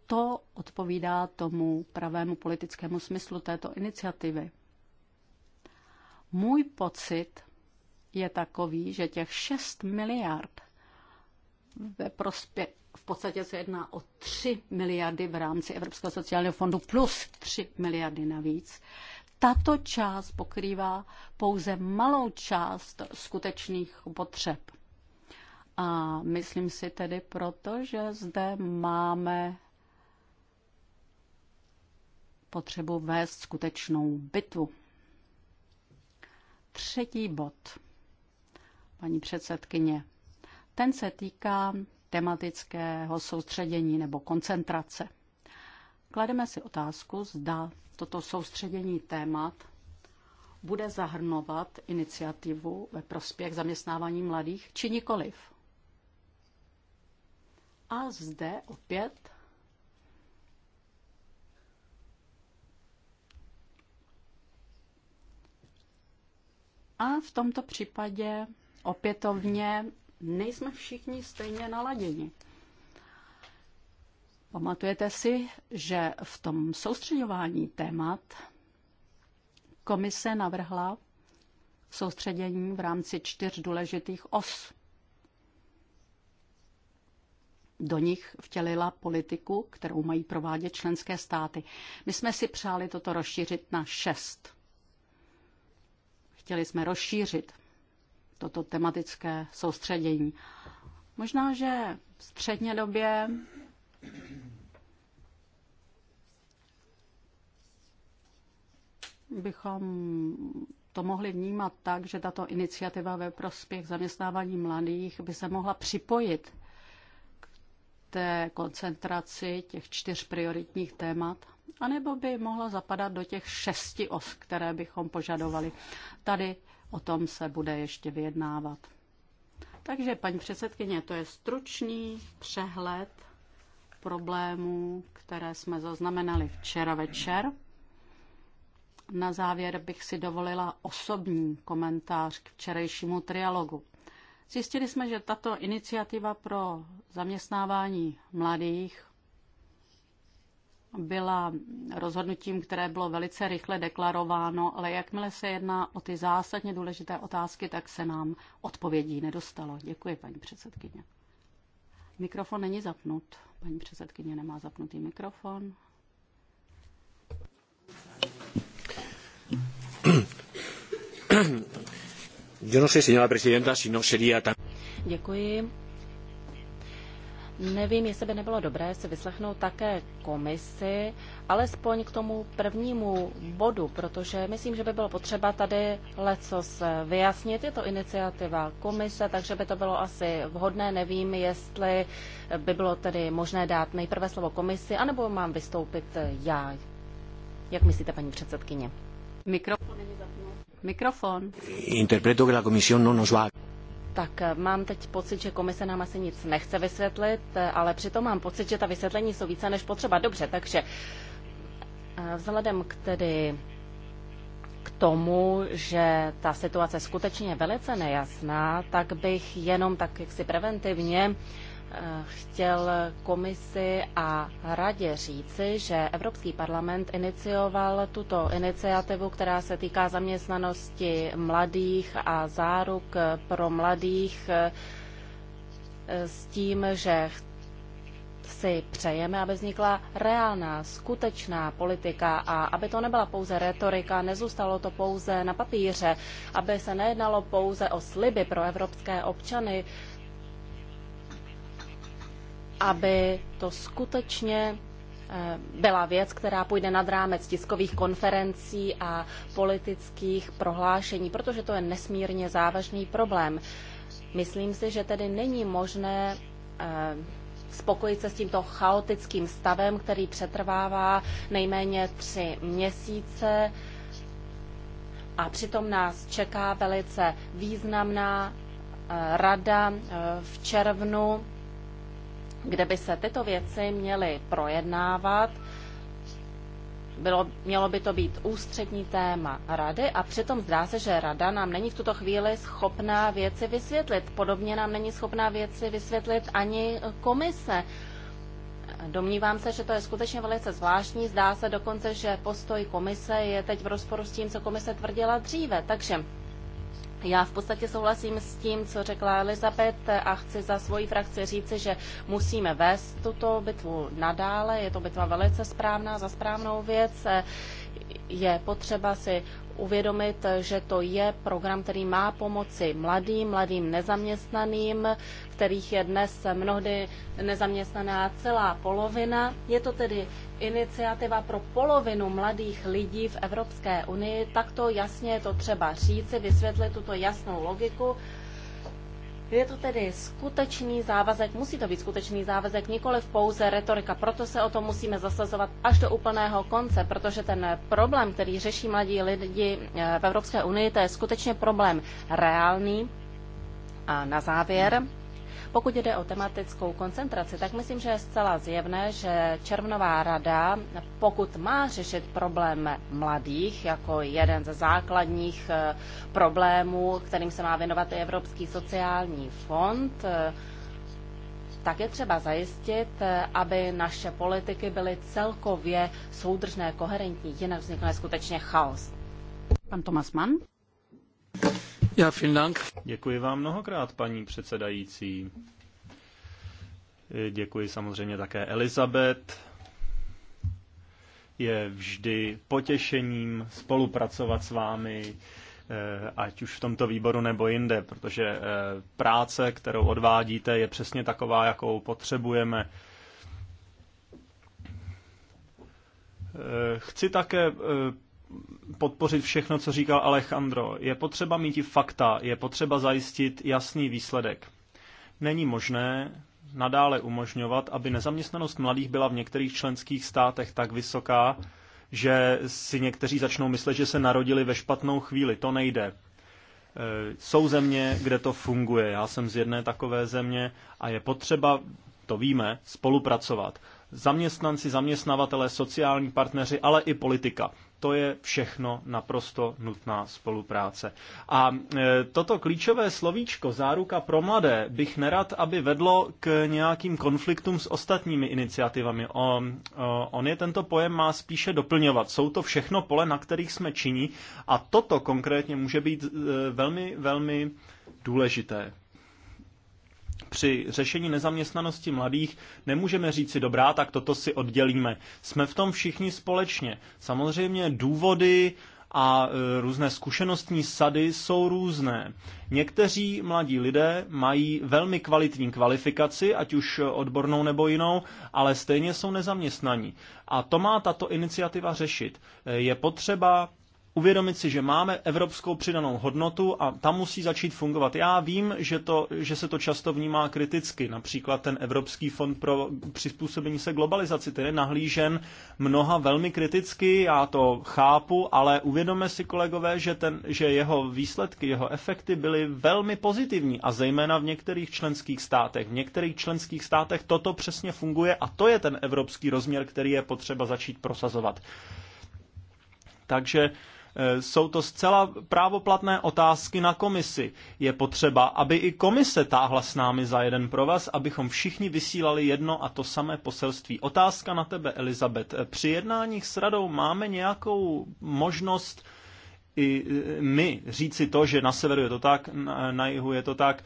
To odpovídá tomu pravému politickému smyslu této iniciativy. Můj pocit je takový, že těch 6 miliard ve prospěch v podstatě se jedná o 3 miliardy v rámci Evropského sociálního fondu plus 3 miliardy navíc, tato část pokrývá pouze malou část skutečných potřeb. A myslím si tedy proto, že zde máme potřebu vést skutečnou bitvu. Třetí bod, paní předsedkyně, ten se týká tematického soustředění nebo koncentrace. Klademe si otázku, zda toto soustředění témat bude zahrnovat iniciativu ve prospěch zaměstnávání mladých, či nikoliv. A zde opět A v tomto případě opětovně nejsme všichni stejně naladěni. Pamatujete si, že v tom soustředování témat komise navrhla soustředění v rámci čtyř důležitých os. Do nich vtělila politiku, kterou mají provádět členské státy. My jsme si přáli toto rozšířit na šest. Chtěli jsme rozšířit toto tematické soustředění. Možná, že v střednědobě bychom to mohli vnímat tak, že tato iniciativa ve prospěch zaměstnávání mladých by se mohla připojit k té koncentraci těch čtyř prioritních témat, anebo by mohla zapadat do těch šesti os, které bychom požadovali. Tady o tom se bude ještě vyjednávat. Takže, paní předsedkyně, to je stručný přehled problémů, které jsme zaznamenali včera večer. Na závěr bych si dovolila osobní komentář k včerejšímu trialogu. Zjistili jsme, že tato iniciativa pro zaměstnávání mladých byla rozhodnutím, které bylo velice rychle deklarováno, ale jakmile se jedná o ty zásadně důležité otázky, tak se nám odpovědí nedostalo. Děkuji, paní předsedkyně. Mikrofon není zapnut. Paní předsedkyně nemá zapnutý mikrofon. No no Děkuji. Nevím, jestli by nebylo dobré si vyslechnout také komisi, alespoň k tomu prvnímu bodu, protože myslím, že by bylo potřeba tady lecos vyjasnit. Je to iniciativa komise, takže by to bylo asi vhodné. Nevím, jestli by bylo tedy možné dát nejprve slovo komisi, anebo mám vystoupit já. Jak myslíte, paní předsedkyně? Mikrofon Mikrofon. Interpreto, že la komisión no nos va. Tak eh, mám teď pocit, že komise nám asi nic nechce vysvětlit, eh, ale přitom mám pocit, že ta vysvětlení jsou více než potřeba. Dobře, takže eh, vzhledem k tedy k tomu, že ta situace skutečně je velice nejasná, tak bych jenom tak jaksi preventivně Eh, chtěl komisi a radě říci, že Evropský parlament inicioval tuto iniciativu, která se týká zaměstnanosti mladých a záruk pro mladých eh, s tím, že si přejeme, aby vznikla reálná, skutečná politika a aby to nebyla pouze retorika, nezůstalo to pouze na papíře, aby se nejednalo pouze o sliby pro evropské občany, aby to skutečně eh, byla věc, která půjde nad rámec tiskových konferencí a politických prohlášení, protože to je nesmírně závažný problém. Myslím si, že tedy není možné eh, spokojit se s tímto chaotickým stavem, který přetrvává nejméně tři měsíce a přitom nás čeká velice významná eh, rada v červnu kde by se tyto věci měly projednávat. Bylo, mělo by to být ústřední téma rady a přitom zdá se, že rada nám není v tuto chvíli schopná věci vysvětlit. Podobně nám není schopná věci vysvětlit ani komise. Domnívám se, že to je skutečně velice zvláštní. Zdá se dokonce, že postoj komise je teď v rozporu s tím, co komise tvrdila dříve. Takže já v podstatě souhlasím s tím, co řekla Elizabeth a chci za svoji frakci říci, že musíme vést tuto bitvu nadále. Je to bitva velice správná za správnou věc je potřeba si uvědomit, že to je program, který má pomoci mladým, mladým nezaměstnaným, kterých je dnes mnohdy nezaměstnaná celá polovina. Je to tedy iniciativa pro polovinu mladých lidí v Evropské unii. Takto jasně je to třeba říci, vysvětlit tuto jasnou logiku je to tedy skutečný závazek, musí to být skutečný závazek, nikoliv pouze retorika. Proto se o to musíme zasazovat až do úplného konce, protože ten problém, který řeší mladí lidi eh, v Evropské unii, to je skutečně problém reálný. A na závěr pokud jde o tematickou koncentraci, tak myslím, že je zcela zjevné, že Červnová rada, pokud má řešit problém mladých jako jeden ze základních eh, problémů, kterým se má věnovat i Evropský sociální fond, eh, tak je třeba zajistit, eh, aby naše politiky byly celkově soudržné, koherentní, jinak vznikne skutečně chaos. Pan Tomas Mann. Děkuji vám mnohokrát, paní předsedající. Děkuji samozřejmě také Elizabet. Je vždy potěšením spolupracovat s vámi, eh, ať už v tomto výboru nebo jinde, protože eh, práce, kterou odvádíte, je přesně taková, jakou potřebujeme. Eh, chci také podpořit všechno, co říkal Alejandro. Je potřeba mít i fakta, je potřeba zajistit jasný výsledek. Není možné nadále umožňovat, aby nezaměstnanost mladých byla v některých členských státech tak vysoká, že si někteří začnou myslet, že se narodili ve špatnou chvíli. To nejde. E, jsou země, kde to funguje. Já jsem z jedné takové země a je potřeba, to víme, spolupracovat. Zaměstnanci, zaměstnavatele, sociální partneři, ale i politika. To je všechno naprosto nutná spolupráce. A e, toto klíčové slovíčko záruka pro mladé bych nerad, aby vedlo k nějakým konfliktům s ostatními iniciativami. On, on je tento pojem má spíše doplňovat. Jsou to všechno pole, na kterých jsme činí a toto konkrétně může být e, velmi, velmi důležité při řešení nezaměstnanosti mladých nemůžeme říci dobrá, tak toto si oddělíme. Jsme v tom všichni společně. Samozřejmě důvody a e, různé zkušenostní sady jsou různé. Někteří mladí lidé mají velmi kvalitní kvalifikaci, ať už odbornou nebo jinou, ale stejně jsou nezaměstnaní. A to má tato iniciativa řešit. E, je potřeba uvědomit si, že máme evropskou přidanou hodnotu a tam musí začít fungovat. Já vím, že, to, že se to často vnímá kriticky, například ten Evropský fond pro přizpůsobení se globalizaci, ten je nahlížen mnoha velmi kriticky, já to chápu, ale uvědomme si, kolegové, že, ten, že jeho výsledky, jeho efekty byly velmi pozitivní a zejména v některých členských státech. V některých členských státech toto přesně funguje a to je ten evropský rozměr, který je potřeba začít prosazovat. Takže Eh, jsou to zcela právoplatné otázky na komisi. Je potřeba, aby i komise táhla s námi za jeden provaz, abychom všichni vysílali jedno a to samé poselství. Otázka na tebe, Elizabet. Eh, při jednáních s radou máme nějakou možnost i eh, my říci to, že na severu je to tak, na jihu je to tak,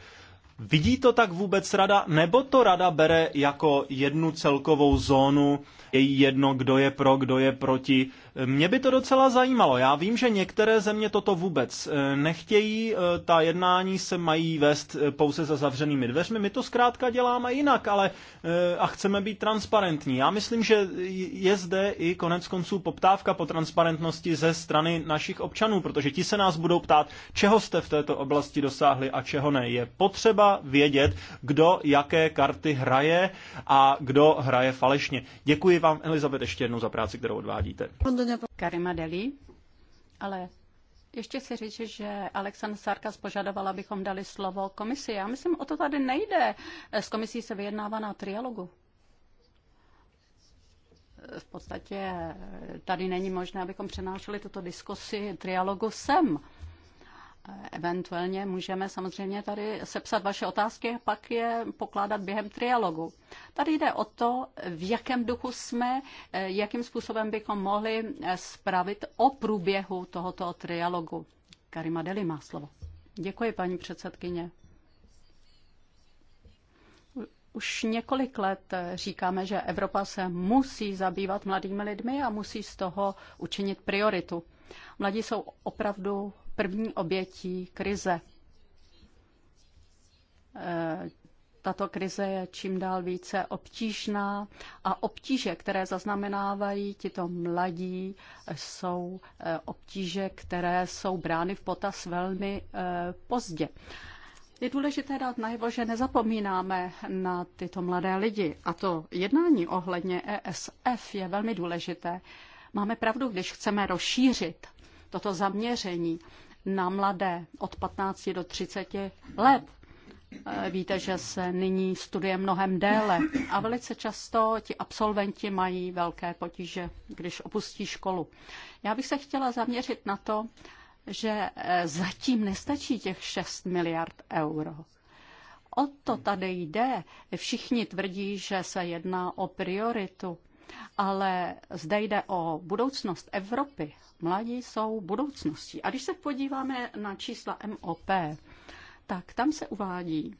Vidí to tak vůbec rada, nebo to rada bere jako jednu celkovou zónu, je jedno, kdo je pro, kdo je proti, mě by to docela zajímalo. Já vím, že některé země toto vůbec eh, nechtějí, eh, ta jednání se mají vést eh, pouze za zavřenými dveřmi. My to zkrátka děláme jinak, ale a chceme být transparentní. Já myslím, že je zde i konec konců poptávka po transparentnosti ze strany našich občanů, protože ti se nás budou ptát, čeho jste v této oblasti dosáhli a čeho ne. Je potřeba vědět, kdo jaké karty hraje a kdo hraje falešně. Děkuji vám, Elizabet, ještě jednou za práci, kterou odvádíte. Karima Deli, ale ještě chci říct, že Alexandr Sarkas požadoval, abychom dali slovo komisi. Já myslím, o to tady nejde. S komisí se vyjednává na trialogu. V podstatě tady není možné, abychom přenášeli tuto diskusi trialogu sem. Eventuálně můžeme samozřejmě tady sepsat vaše otázky a pak je pokládat během trialogu. Tady jde o to, v jakém duchu jsme, eh, jakým způsobem bychom mohli eh, spravit o průběhu tohoto trialogu. Karima Deli má slovo. Děkuji, paní předsedkyně. Už několik let eh, říkáme, že Evropa se musí zabývat mladými lidmi a musí z toho učinit prioritu. Mladí jsou opravdu první obětí krize. Eh, tato krize je čím dál více obtížná a obtíže, které zaznamenávají tito mladí, eh, jsou eh, obtíže, které jsou brány v potaz velmi pozdě. Je důležité dát najevo, že nezapomínáme na tyto mladé lidi a to jednání ohledně ESF je velmi důležité. Máme pravdu, když chceme rozšířit toto zaměření na mladé od 15 do 30 let. Eh, víte, že se nyní studuje mnohem déle a velice často ti absolventi mají velké potíže, když opustí školu. Já bych se chtěla zaměřit na to, že eh, zatím nestačí těch 6 miliard euro. O to tady jde. Všichni tvrdí, že se jedná o prioritu ale zde jde o budoucnost Evropy. Mladí jsou budoucností. A když se podíváme na čísla MOP, tak tam se uvádí,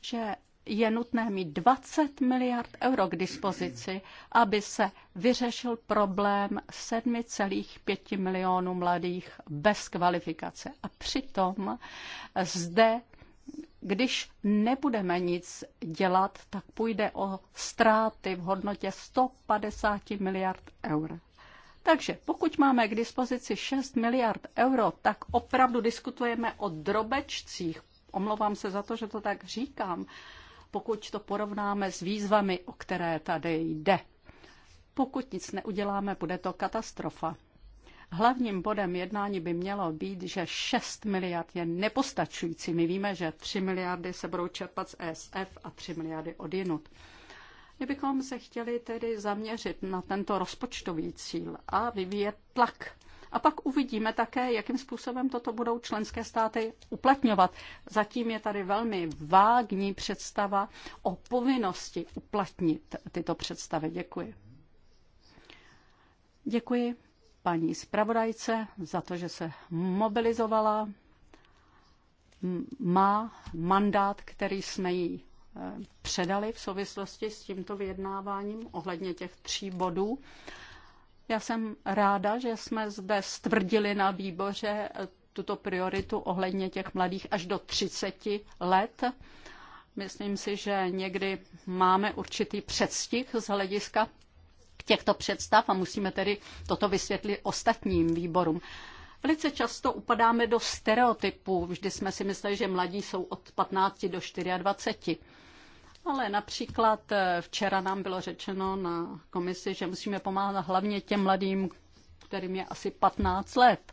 že je nutné mít 20 miliard euro k dispozici, aby se vyřešil problém 7,5 milionů mladých bez kvalifikace. A přitom zde když nebudeme nic dělat, tak půjde o ztráty v hodnotě 150 miliard eur. Takže pokud máme k dispozici 6 miliard euro, tak opravdu diskutujeme o drobečcích. Omlouvám se za to, že to tak říkám, pokud to porovnáme s výzvami, o které tady jde. Pokud nic neuděláme, bude to katastrofa. Hlavním bodem jednání by mělo být, že 6 miliard je nepostačující. My víme, že 3 miliardy se budou čerpat z ESF a 3 miliardy od jinut. Kdybychom se chtěli tedy zaměřit na tento rozpočtový cíl a vyvíjet tlak a pak uvidíme také, jakým způsobem toto budou členské státy uplatňovat. Zatím je tady velmi vágní představa o povinnosti uplatnit tyto představy. Děkuji. Děkuji paní zpravodajce za to, že se mobilizovala. Má mandát, který jsme jí e, předali v souvislosti s tímto vyjednáváním ohledně těch tří bodů. Já jsem ráda, že jsme zde stvrdili na výboře e, tuto prioritu ohledně těch mladých až do 30 let. Myslím si, že někdy máme určitý předstih z hlediska k těchto představ a musíme tedy toto vysvětlit ostatním výborům. Velice často upadáme do stereotypů. Vždy jsme si mysleli, že mladí jsou od 15 do 24. Ale například eh, včera nám bylo řečeno na komisi, že musíme pomáhat hlavně těm mladým, kterým je asi 15 let.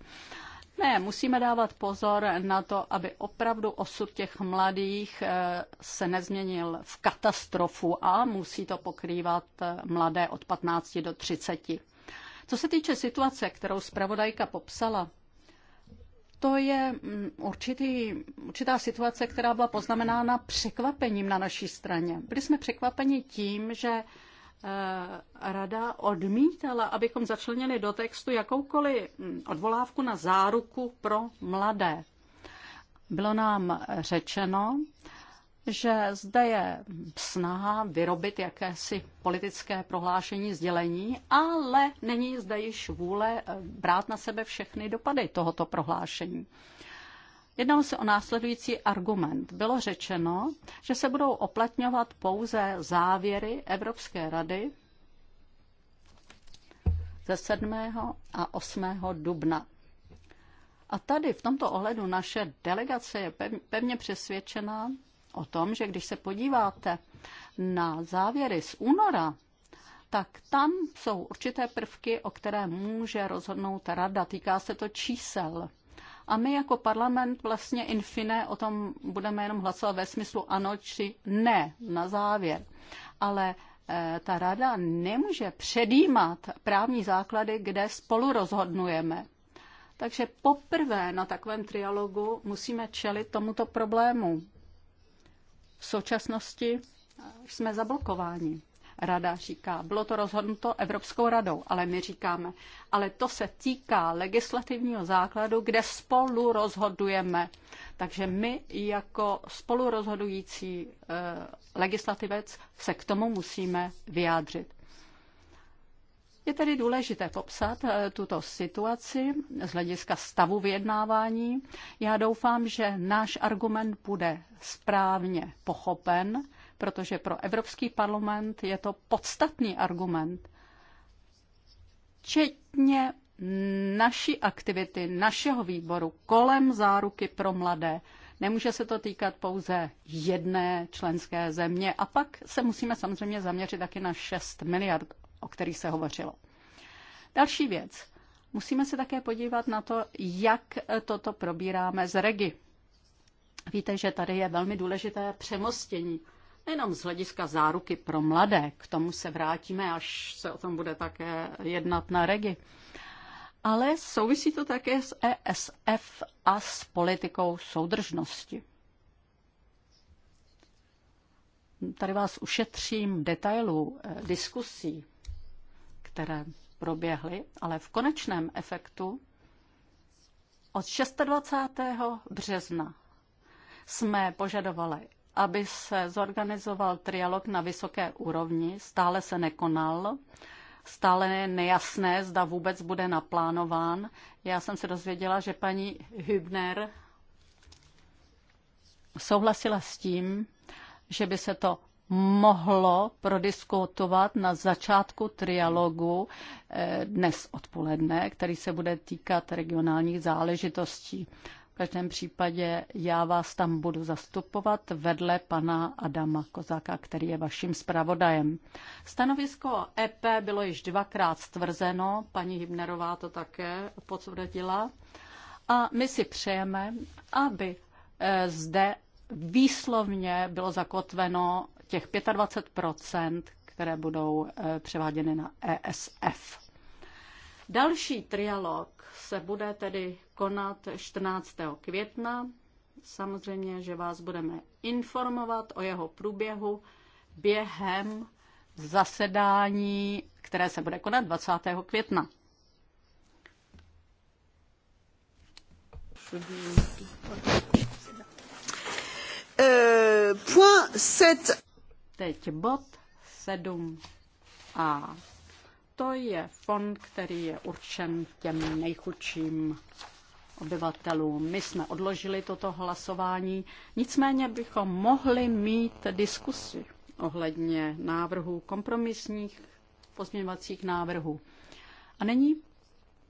Ne, musíme dávat pozor na to, aby opravdu osud těch mladých eh, se nezměnil v katastrofu a musí to pokrývat eh, mladé od 15 do 30. Co se týče situace, kterou zpravodajka popsala, to je mm, určitý, určitá situace, která byla poznamenána překvapením na naší straně. Byli jsme překvapeni tím, že Eh, rada odmítala, abychom začlenili do textu jakoukoliv hm, odvolávku na záruku pro mladé. Bylo nám řečeno, že zde je snaha vyrobit jakési politické prohlášení, sdělení, ale není zde již vůle eh, brát na sebe všechny dopady tohoto prohlášení. Jednalo se o následující argument. Bylo řečeno, že se budou oplatňovat pouze závěry Evropské rady ze 7. a 8. dubna. A tady v tomto ohledu naše delegace je pevně přesvědčena o tom, že když se podíváte na závěry z února, tak tam jsou určité prvky, o které může rozhodnout rada. Týká se to čísel. A my jako parlament vlastně in fine o tom budeme jenom hlasovat ve smyslu ano či ne na závěr. Ale eh, ta rada nemůže předjímat právní základy, kde spolu rozhodnujeme. Takže poprvé na takovém trialogu musíme čelit tomuto problému. V současnosti jsme zablokováni. Rada říká, bylo to rozhodnuto Evropskou radou, ale my říkáme, ale to se týká legislativního základu, kde spolu rozhodujeme. Takže my jako spolurozhodující eh, legislativec se k tomu musíme vyjádřit. Je tedy důležité popsat eh, tuto situaci z hlediska stavu vyjednávání. Já doufám, že náš argument bude správně pochopen protože pro Evropský parlament je to podstatný argument, včetně naší aktivity, našeho výboru kolem záruky pro mladé. Nemůže se to týkat pouze jedné členské země a pak se musíme samozřejmě zaměřit taky na 6 miliard, o kterých se hovořilo. Další věc. Musíme se také podívat na to, jak toto probíráme z regi. Víte, že tady je velmi důležité přemostění nejenom z hlediska záruky pro mladé, k tomu se vrátíme, až se o tom bude také jednat na regi, ale souvisí to také s ESF a s politikou soudržnosti. Tady vás ušetřím detailů eh, diskusí, které proběhly, ale v konečném efektu od 26. března jsme požadovali aby se zorganizoval trialog na vysoké úrovni. Stále se nekonal, stále je nejasné, zda vůbec bude naplánován. Já jsem se dozvěděla, že paní Hübner souhlasila s tím, že by se to mohlo prodiskutovat na začátku trialogu eh, dnes odpoledne, který se bude týkat regionálních záležitostí. V každém případě já vás tam budu zastupovat vedle pana Adama Kozáka, který je vaším zpravodajem. Stanovisko EP bylo již dvakrát stvrzeno, paní Hybnerová to také potvrdila. A my si přejeme, aby eh, zde výslovně bylo zakotveno těch 25 které budou eh, převáděny na ESF. Další trialog se bude tedy konat 14. května. Samozřejmě, že vás budeme informovat o jeho průběhu během zasedání, které se bude konat 20. května. Euh, point 7. Teď bod 7a. To je fond, který je určen těm nejchudším obyvatelům. My jsme odložili toto hlasování, nicméně bychom mohli mít diskusi ohledně návrhů kompromisních pozměňovacích návrhů. A nyní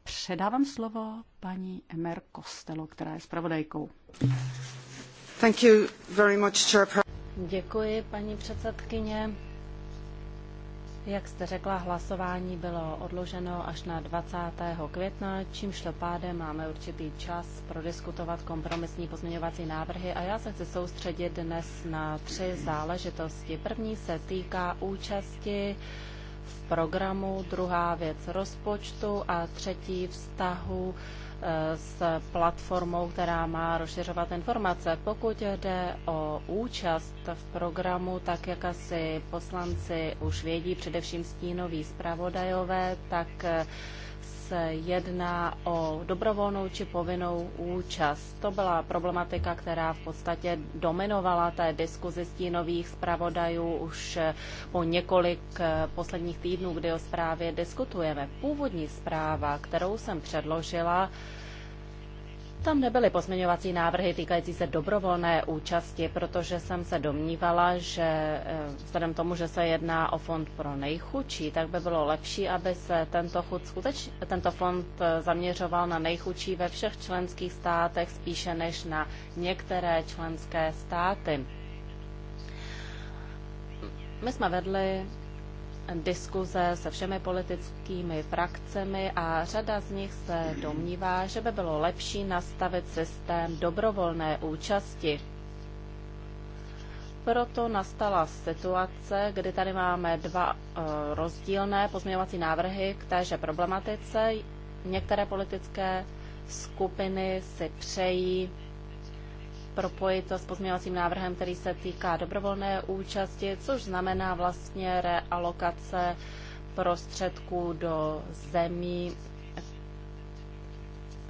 předávám slovo paní Emer Kostelo, která je zpravodajkou. Děkuji, paní předsedkyně. Jak jste řekla, hlasování bylo odloženo až na 20. května, čímž to pádem máme určitý čas prodiskutovat kompromisní pozměňovací návrhy a já se chci soustředit dnes na tři záležitosti. První se týká účasti v programu, druhá věc rozpočtu a třetí vztahu s platformou, která má rozšiřovat informace. Pokud jde o účast v programu, tak jak asi poslanci už vědí, především stínoví zpravodajové, tak se jedná o dobrovolnou či povinnou účast. To byla problematika, která v podstatě dominovala té diskuzi stínových zpravodajů už eh, po několik eh, posledních týdnů, kdy o zprávě diskutujeme. Původní zpráva, kterou jsem předložila, tam nebyly pozměňovací návrhy týkající se dobrovolné účasti, protože jsem se domnívala, že eh, vzhledem tomu, že se jedná o fond pro nejchudší, tak by bylo lepší, aby se tento, chud, skuteč, tento fond eh, zaměřoval na nejchudší ve všech členských státech spíše než na některé členské státy. My jsme vedli diskuze se všemi politickými frakcemi a řada z nich se domnívá, že by bylo lepší nastavit systém dobrovolné účasti. Proto nastala situace, kdy tady máme dva eh, rozdílné pozměňovací návrhy k téže problematice. Některé politické skupiny si přejí propojit s pozměňovacím návrhem, který se týká dobrovolné účasti, což znamená vlastně realokace prostředků do zemí,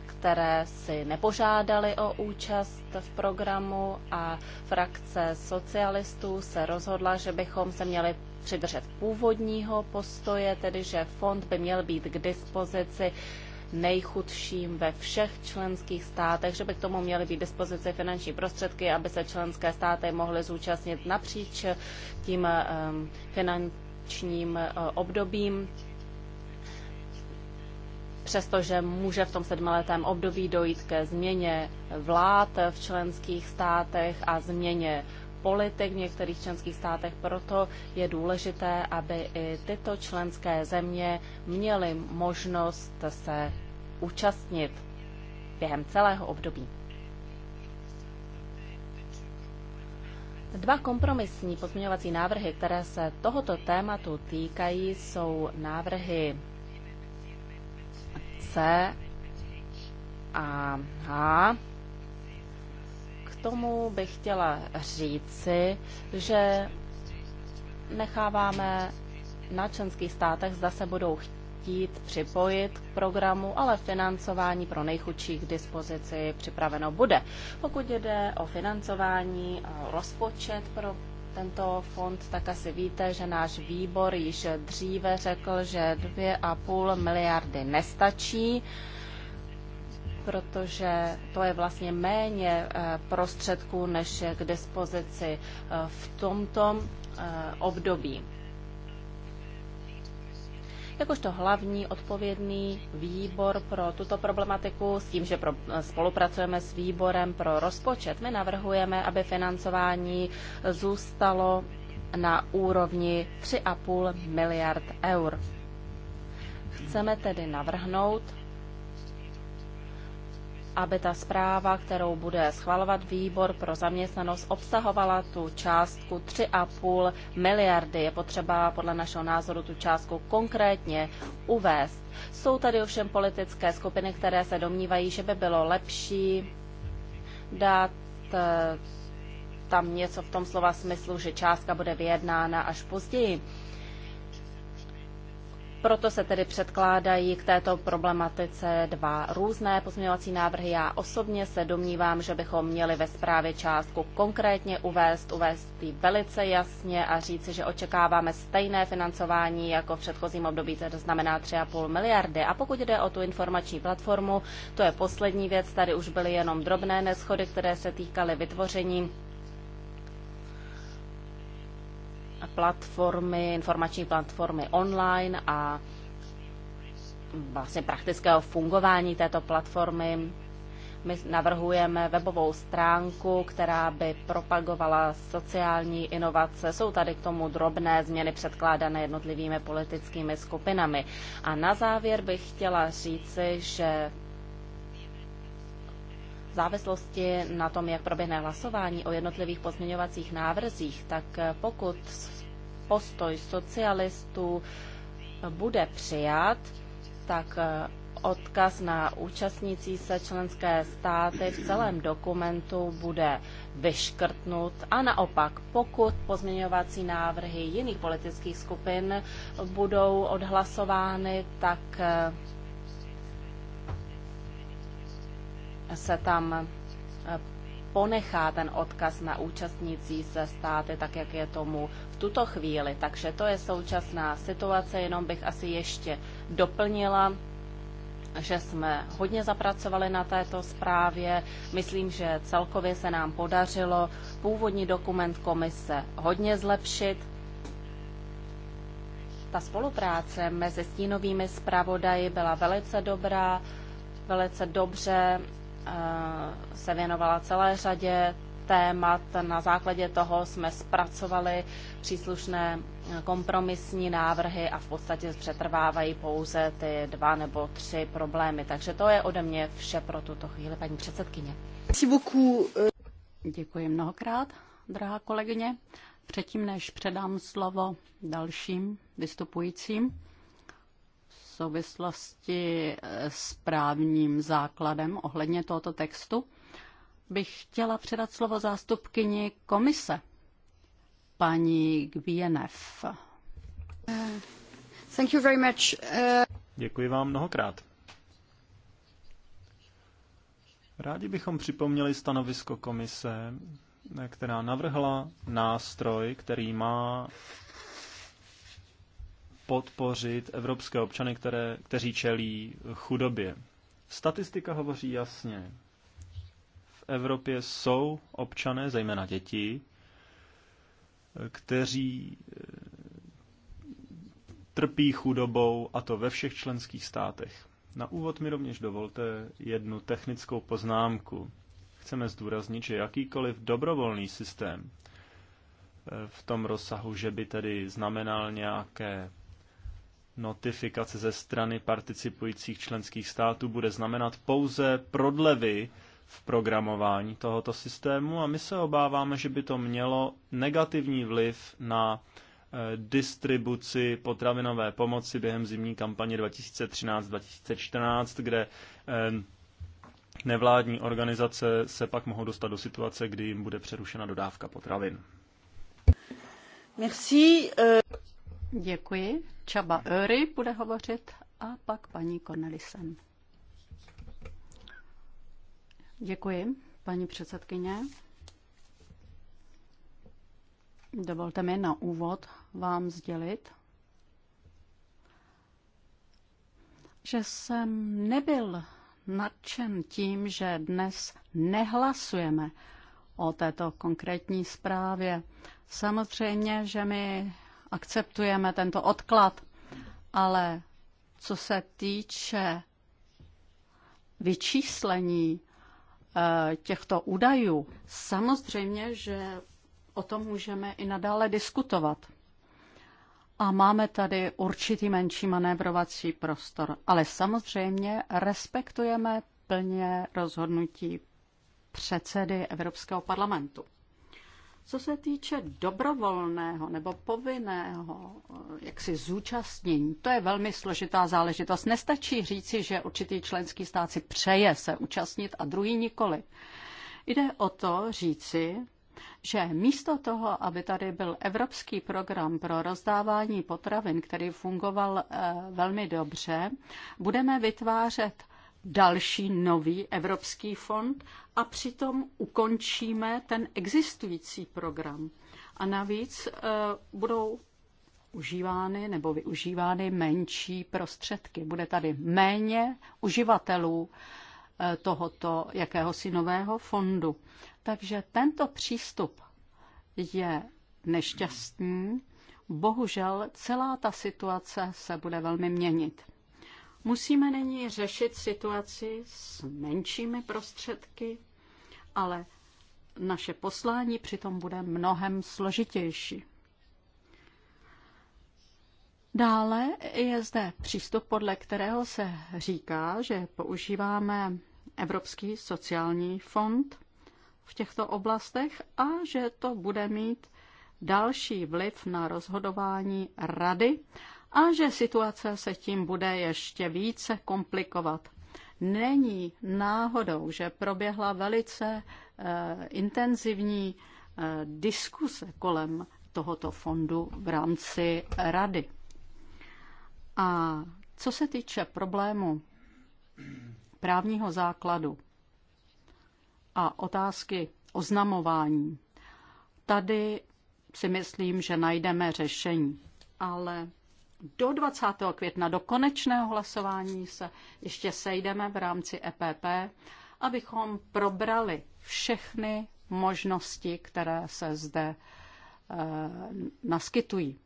které si nepožádali o účast v programu a frakce socialistů se rozhodla, že bychom se měli přidržet původního postoje, tedy že fond by měl být k dispozici nejchudším ve všech členských státech, že by k tomu měly být dispozice finanční prostředky, aby se členské státy mohly zúčastnit napříč tím ehm, finančním eh, obdobím přestože může v tom sedmiletém období dojít ke změně vlád v členských státech a změně politik v některých členských státech. Proto je důležité, aby i tyto členské země měly možnost se účastnit během celého období. Dva kompromisní pozměňovací návrhy, které se tohoto tématu týkají, jsou návrhy C a H tomu bych chtěla říci, že necháváme na členských státech, zda se budou chtít připojit k programu, ale financování pro nejchudší k dispozici připraveno bude. Pokud jde o financování, rozpočet pro tento fond, tak asi víte, že náš výbor již dříve řekl, že 2,5 miliardy nestačí protože to je vlastně méně eh, prostředků, než je k dispozici eh, v tomto eh, období. Jakožto hlavní odpovědný výbor pro tuto problematiku, s tím, že pro, spolupracujeme s výborem pro rozpočet, my navrhujeme, aby financování zůstalo na úrovni 3,5 miliard eur. Chceme tedy navrhnout aby ta zpráva, kterou bude schvalovat výbor pro zaměstnanost, obsahovala tu částku 3,5 miliardy. Je potřeba podle našeho názoru tu částku konkrétně uvést. Jsou tady ovšem politické skupiny, které se domnívají, že by bylo lepší dát eh, tam něco v tom slova smyslu, že částka bude vyjednána až později. Proto se tedy předkládají k této problematice dva různé pozměňovací návrhy. Já osobně se domnívám, že bychom měli ve zprávě částku konkrétně uvést, uvést ji velice jasně a říci, že očekáváme stejné financování jako v předchozím období, to znamená 3,5 miliardy. A pokud jde o tu informační platformu, to je poslední věc, tady už byly jenom drobné neschody, které se týkaly vytvoření platformy, informační platformy online a vlastně praktického fungování této platformy. My navrhujeme webovou stránku, která by propagovala sociální inovace. Jsou tady k tomu drobné změny předkládané jednotlivými politickými skupinami. A na závěr bych chtěla říci, že v závislosti na tom, jak proběhne hlasování o jednotlivých pozměňovacích návrzích, tak pokud postoj socialistů bude přijat, tak eh, odkaz na účastnící se členské státy v celém dokumentu bude vyškrtnut a naopak, pokud pozměňovací návrhy jiných politických skupin budou odhlasovány, tak eh, se tam eh, ponechá ten odkaz na účastnící se státy, tak jak je tomu v tuto chvíli. Takže to je současná situace, jenom bych asi ještě doplnila, že jsme hodně zapracovali na této zprávě. Myslím, že celkově se nám podařilo původní dokument komise hodně zlepšit. Ta spolupráce mezi stínovými zpravodaji byla velice dobrá, velice dobře Eh, se věnovala celé řadě témat. Na základě toho jsme zpracovali příslušné eh, kompromisní návrhy a v podstatě přetrvávají pouze ty dva nebo tři problémy. Takže to je ode mě vše pro tuto chvíli, paní předsedkyně. Eh. Děkuji mnohokrát, drahá kolegyně. Předtím, než předám slovo dalším vystupujícím, souvislosti eh, s právním základem ohledně tohoto textu bych chtěla předat slovo zástupkyni komise, paní Gvienev. Eh, thank you very much. Eh. Děkuji vám mnohokrát. Rádi bychom připomněli stanovisko komise, která navrhla nástroj, který má podpořit evropské občany, které, kteří čelí chudobě. Statistika hovoří jasně. V Evropě jsou občané, zejména děti, kteří eh, trpí chudobou, a to ve všech členských státech. Na úvod mi rovněž dovolte jednu technickou poznámku. Chceme zdůraznit, že jakýkoliv dobrovolný systém eh, v tom rozsahu, že by tedy znamenal nějaké Notifikace ze strany participujících členských států bude znamenat pouze prodlevy v programování tohoto systému a my se obáváme, že by to mělo negativní vliv na eh, distribuci potravinové pomoci během zimní kampaně 2013-2014, kde eh, nevládní organizace se pak mohou dostat do situace, kdy jim bude přerušena dodávka potravin. Merci. Eh. Děkuji. Čaba Öry bude hovořit a pak paní Cornelisen. Děkuji, paní předsedkyně. Dovolte mi na úvod vám sdělit, že jsem nebyl nadšen tím, že dnes nehlasujeme o této konkrétní zprávě. Samozřejmě, že mi akceptujeme tento odklad, ale co se týče vyčíslení eh, těchto údajů, samozřejmě, že o tom můžeme i nadále diskutovat. A máme tady určitý menší manévrovací prostor, ale samozřejmě respektujeme plně rozhodnutí předsedy Evropského parlamentu. Co se týče dobrovolného nebo povinného eh, jaksi zúčastnění, to je velmi složitá záležitost. Nestačí říci, že určitý členský stát si přeje se účastnit a druhý nikoli. Jde o to říci, že místo toho, aby tady byl evropský program pro rozdávání potravin, který fungoval eh, velmi dobře, budeme vytvářet další nový Evropský fond a přitom ukončíme ten existující program. A navíc eh, budou užívány nebo využívány menší prostředky. Bude tady méně uživatelů eh, tohoto jakéhosi nového fondu. Takže tento přístup je nešťastný. Bohužel celá ta situace se bude velmi měnit. Musíme nyní řešit situaci s menšími prostředky, ale naše poslání přitom bude mnohem složitější. Dále je zde přístup, podle kterého se říká, že používáme Evropský sociální fond v těchto oblastech a že to bude mít další vliv na rozhodování rady a že situace se tím bude ještě více komplikovat. Není náhodou, že proběhla velice e, intenzivní e, diskuse kolem tohoto fondu v rámci rady. A co se týče problému právního základu a otázky oznamování, tady si myslím, že najdeme řešení. Ale do 20. května, do konečného hlasování se ještě sejdeme v rámci EPP, abychom probrali všechny možnosti, které se zde eh, naskytují.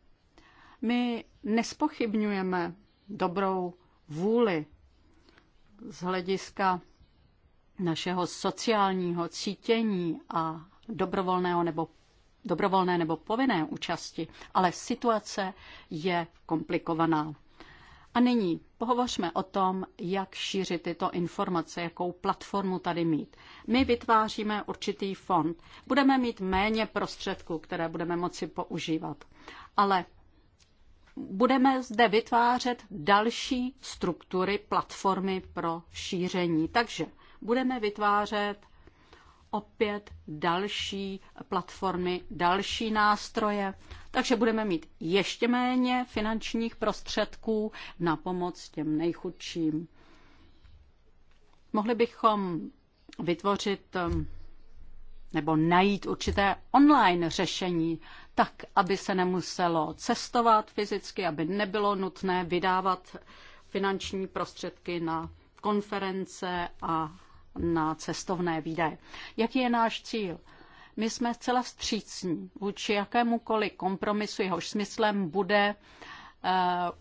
My nespochybňujeme dobrou vůli z hlediska našeho sociálního cítění a dobrovolného nebo dobrovolné nebo povinné účasti, ale situace je komplikovaná. A nyní pohovořme o tom, jak šířit tyto informace, jakou platformu tady mít. My vytváříme určitý fond. Budeme mít méně prostředků, které budeme moci používat. Ale budeme zde vytvářet další struktury, platformy pro šíření. Takže budeme vytvářet opět další platformy, další nástroje, takže budeme mít ještě méně finančních prostředků na pomoc těm nejchudším. Mohli bychom vytvořit um, nebo najít určité online řešení, tak, aby se nemuselo cestovat fyzicky, aby nebylo nutné vydávat finanční prostředky na konference a na cestovné výdaje. Jaký je náš cíl? My jsme zcela vstřícní vůči jakémukoliv kompromisu, jehož smyslem bude eh,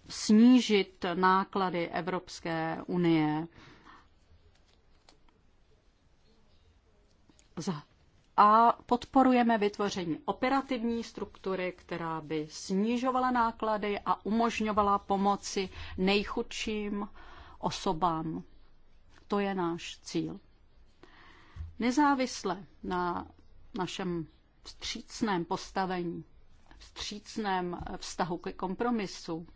snížit náklady Evropské unie. A podporujeme vytvoření operativní struktury, která by snižovala náklady a umožňovala pomoci nejchudším osobám to je náš cíl. Nezávisle na našem vstřícném postavení, vstřícném vztahu ke kompromisu,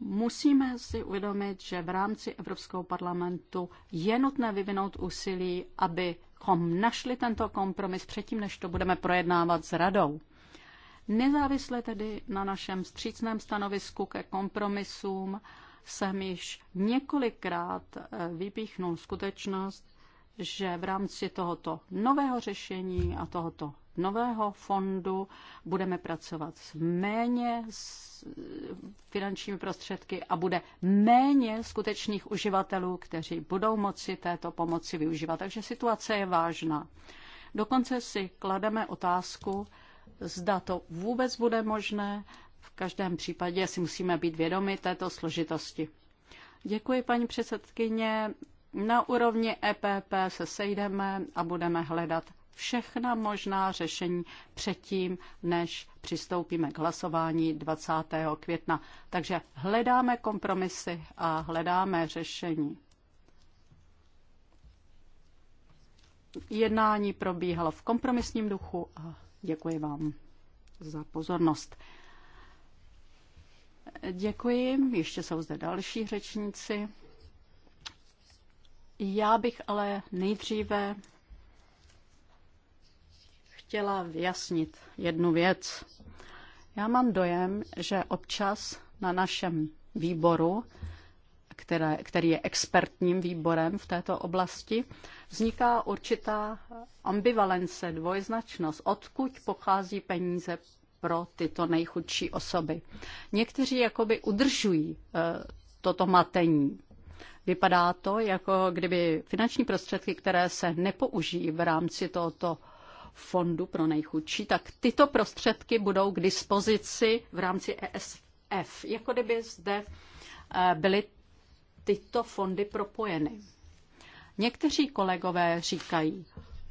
musíme si uvědomit, že v rámci Evropského parlamentu je nutné vyvinout úsilí, abychom našli tento kompromis předtím, než to budeme projednávat s radou. Nezávisle tedy na našem střícném stanovisku ke kompromisům, jsem již několikrát eh, vypíchnul skutečnost, že v rámci tohoto nového řešení a tohoto nového fondu budeme pracovat s méně s eh, finančními prostředky a bude méně skutečných uživatelů, kteří budou moci této pomoci využívat. Takže situace je vážná. Dokonce si klademe otázku, zda to vůbec bude možné, každém případě si musíme být vědomi této složitosti. Děkuji, paní předsedkyně. Na úrovni EPP se sejdeme a budeme hledat všechna možná řešení předtím, než přistoupíme k hlasování 20. května. Takže hledáme kompromisy a hledáme řešení. Jednání probíhalo v kompromisním duchu a děkuji vám za pozornost. Děkuji. Ještě jsou zde další řečníci. Já bych ale nejdříve chtěla vyjasnit jednu věc. Já mám dojem, že občas na našem výboru, které, který je expertním výborem v této oblasti, vzniká určitá ambivalence, dvojznačnost, odkud pochází peníze pro tyto nejchudší osoby. Někteří jakoby udržují eh, toto matení. Vypadá to, jako kdyby finanční prostředky, které se nepoužijí v rámci tohoto fondu pro nejchudší, tak tyto prostředky budou k dispozici v rámci ESF. Jako kdyby zde eh, byly tyto fondy propojeny. Někteří kolegové říkají,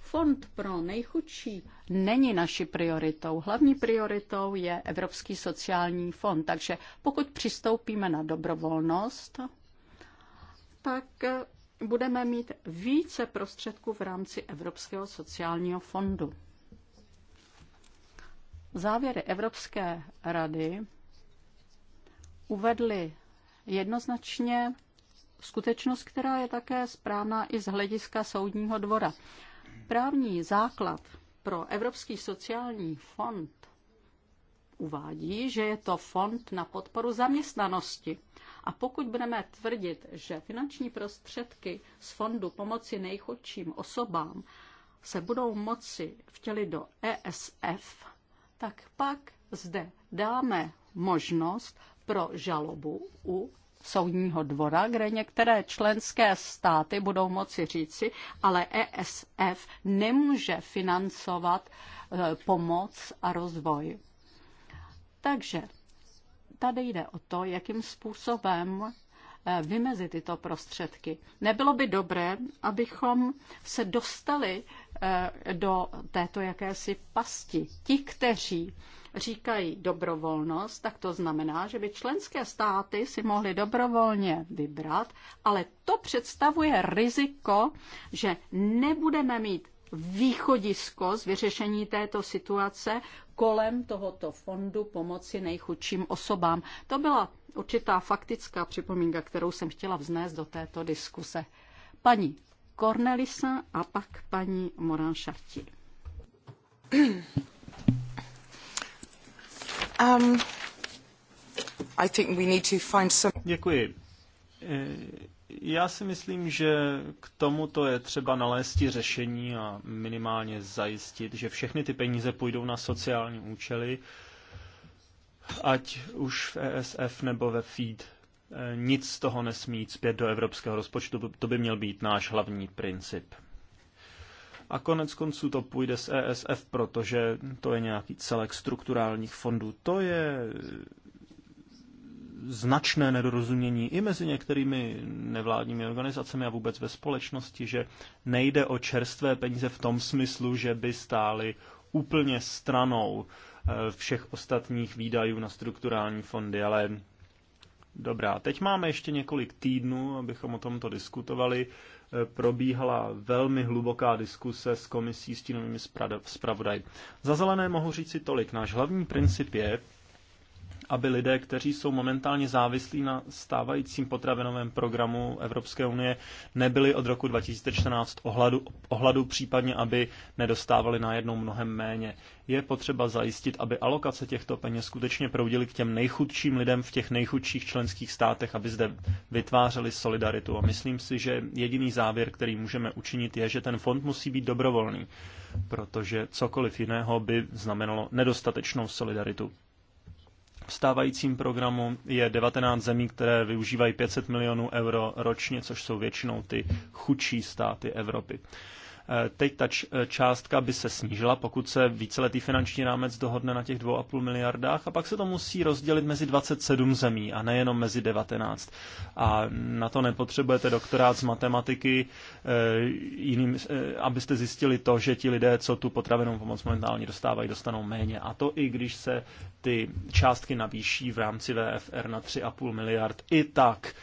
Fond pro nejchudší není naší prioritou. Hlavní prioritou je Evropský sociální fond. Takže pokud přistoupíme na dobrovolnost, tak eh, budeme mít více prostředků v rámci Evropského sociálního fondu. Závěry Evropské rady uvedly jednoznačně skutečnost, která je také správná i z hlediska soudního dvora. Právní základ pro Evropský sociální fond uvádí, že je to fond na podporu zaměstnanosti. A pokud budeme tvrdit, že finanční prostředky z fondu pomoci nejchudším osobám se budou moci vtělit do ESF, tak pak zde dáme možnost pro žalobu u soudního dvora, kde některé členské státy budou moci říci, ale ESF nemůže financovat eh, pomoc a rozvoj. Takže tady jde o to, jakým způsobem eh, vymezit tyto prostředky. Nebylo by dobré, abychom se dostali eh, do této jakési pasti. Ti, kteří říkají dobrovolnost, tak to znamená, že by členské státy si mohly dobrovolně vybrat, ale to představuje riziko, že nebudeme mít východisko z vyřešení této situace kolem tohoto fondu pomoci nejchudším osobám. To byla určitá faktická připomínka, kterou jsem chtěla vznést do této diskuse. Paní Cornelisa a pak paní Moran Šarti. Um, Děkuji. E, já si myslím, že k tomuto je třeba nalézti řešení a minimálně zajistit, že všechny ty peníze půjdou na sociální účely, ať už v ESF nebo ve FEED. E, nic z toho nesmí jít zpět do evropského rozpočtu, to by měl být náš hlavní princip. A konec konců to půjde z ESF, protože to je nějaký celek strukturálních fondů. To je značné nedorozumění i mezi některými nevládními organizacemi a vůbec ve společnosti, že nejde o čerstvé peníze v tom smyslu, že by stály úplně stranou eh, všech ostatních výdajů na strukturální fondy, ale dobrá. Teď máme ještě několik týdnů, abychom o tomto diskutovali probíhala velmi hluboká diskuse s komisí s stínovými zpravodaji. Za zelené mohu říci tolik. Náš hlavní princip je, aby lidé, kteří jsou momentálně závislí na stávajícím potravinovém programu Evropské unie, nebyli od roku 2014 ohladu, ohladu případně aby nedostávali najednou mnohem méně. Je potřeba zajistit, aby alokace těchto peněz skutečně proudily k těm nejchudším lidem v těch nejchudších členských státech, aby zde vytvářeli solidaritu. A myslím si, že jediný závěr, který můžeme učinit, je, že ten fond musí být dobrovolný, protože cokoliv jiného by znamenalo nedostatečnou solidaritu stávajícím programu je 19 zemí, které využívají 500 milionů euro ročně, což jsou většinou ty chudší státy Evropy. Eh, teď ta eh, částka by se snížila, pokud se víceletý finanční rámec dohodne na těch 2,5 miliardách a pak se to musí rozdělit mezi 27 zemí a nejenom mezi 19. A na to nepotřebujete doktorát z matematiky, eh, jiným, abyste zjistili to, že ti lidé, co tu potravenou pomoc momentálně dostávají, dostanou méně. A to i když se ty částky navýší v rámci VFR na 3,5 miliard, i tak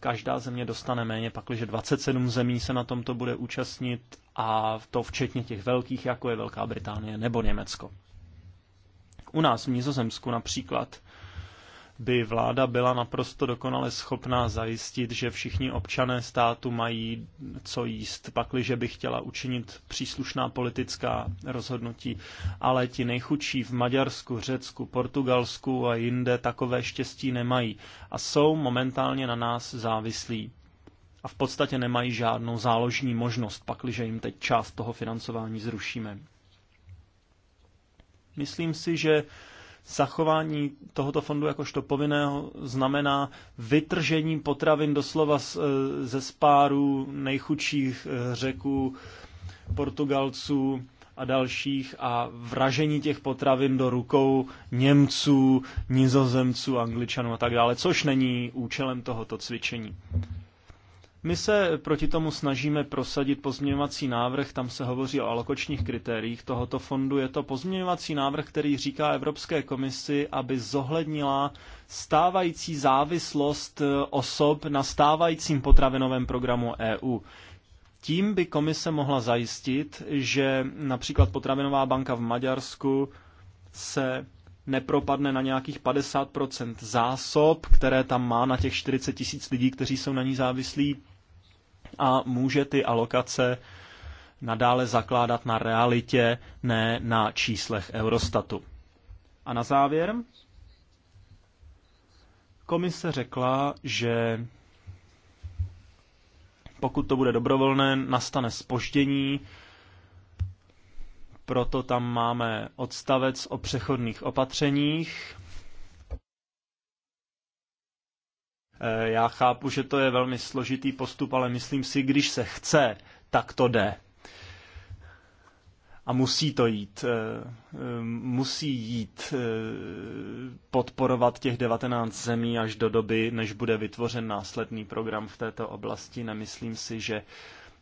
každá země dostane méně, pakliže 27 zemí se na tomto bude účastnit a to včetně těch velkých, jako je Velká Británie nebo Německo. U nás v Nizozemsku například by vláda byla naprosto dokonale schopná zajistit, že všichni občané státu mají co jíst, pakliže by chtěla učinit příslušná politická rozhodnutí. Ale ti nejchudší v Maďarsku, Řecku, Portugalsku a jinde takové štěstí nemají a jsou momentálně na nás závislí. A v podstatě nemají žádnou záložní možnost, pakliže jim teď část toho financování zrušíme. Myslím si, že zachování tohoto fondu jakožto povinného znamená vytržení potravin doslova e, ze spáru nejchudších e, řeků, Portugalců a dalších a vražení těch potravin do rukou Němců, Nizozemců, Angličanů a tak dále, což není účelem tohoto cvičení. My se proti tomu snažíme prosadit pozměňovací návrh, tam se hovoří o alokočních kritériích tohoto fondu. Je to pozměňovací návrh, který říká Evropské komisi, aby zohlednila stávající závislost eh, osob na stávajícím potravinovém programu EU. Tím by komise mohla zajistit, že například potravinová banka v Maďarsku se nepropadne na nějakých 50% zásob, které tam má na těch 40 tisíc lidí, kteří jsou na ní závislí, a může ty alokace nadále zakládat na realitě, ne na číslech Eurostatu. A na závěr, komise řekla, že pokud to bude dobrovolné, nastane spoždění, proto tam máme odstavec o přechodných opatřeních, Eh, já chápu, že to je velmi složitý postup, ale myslím si, když se chce, tak to jde. A musí to jít. Eh, eh, musí jít podporovat těch 19 zemí až do doby, než bude vytvořen následný program v této oblasti. Nemyslím si, že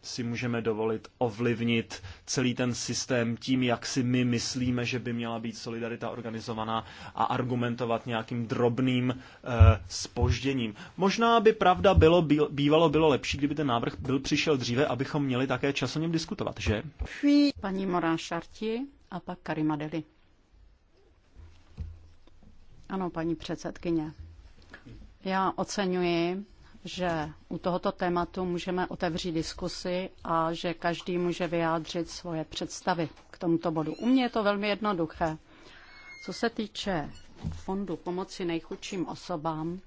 si můžeme dovolit ovlivnit celý ten systém tím, jak si my myslíme, že by měla být solidarita organizovaná a argumentovat nějakým drobným eh, spožděním. Možná by pravda bylo, bývalo bylo lepší, kdyby ten návrh byl přišel dříve, abychom měli také čas o něm diskutovat, že? Paní Morán Šarti a pak Karima Deli. Ano, paní předsedkyně. Já oceňuji že u tohoto tématu můžeme otevřít diskusy a že každý může vyjádřit svoje představy k tomuto bodu. U mě je to velmi jednoduché. Co se týče fondu pomoci nejchudším osobám,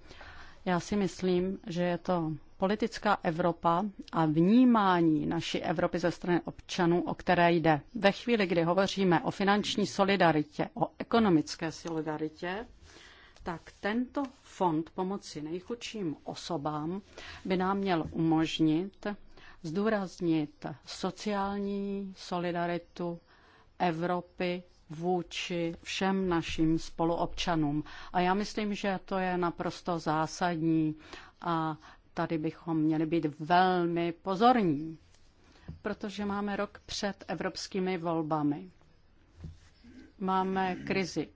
já si myslím, že je to politická Evropa a vnímání naší Evropy ze strany občanů, o které jde. Ve chvíli, kdy hovoříme o finanční solidaritě, o ekonomické solidaritě, tak tento fond pomoci nejchudším osobám by nám měl umožnit zdůraznit sociální solidaritu Evropy vůči všem našim spoluobčanům. A já myslím, že to je naprosto zásadní a tady bychom měli být velmi pozorní, protože máme rok před evropskými volbami. Máme krizi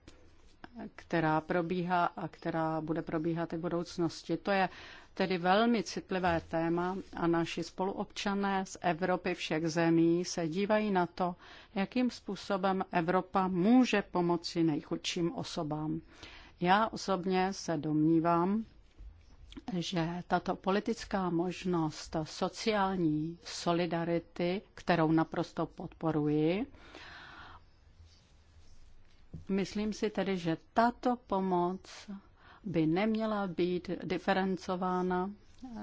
která probíhá a která bude probíhat i v budoucnosti. To je tedy velmi citlivé téma a naši spoluobčané z Evropy všech zemí se dívají na to, jakým způsobem Evropa může pomoci nejchudším osobám. Já osobně se domnívám, že tato politická možnost sociální solidarity, kterou naprosto podporuji, Myslím si tedy, že tato pomoc by neměla být diferencována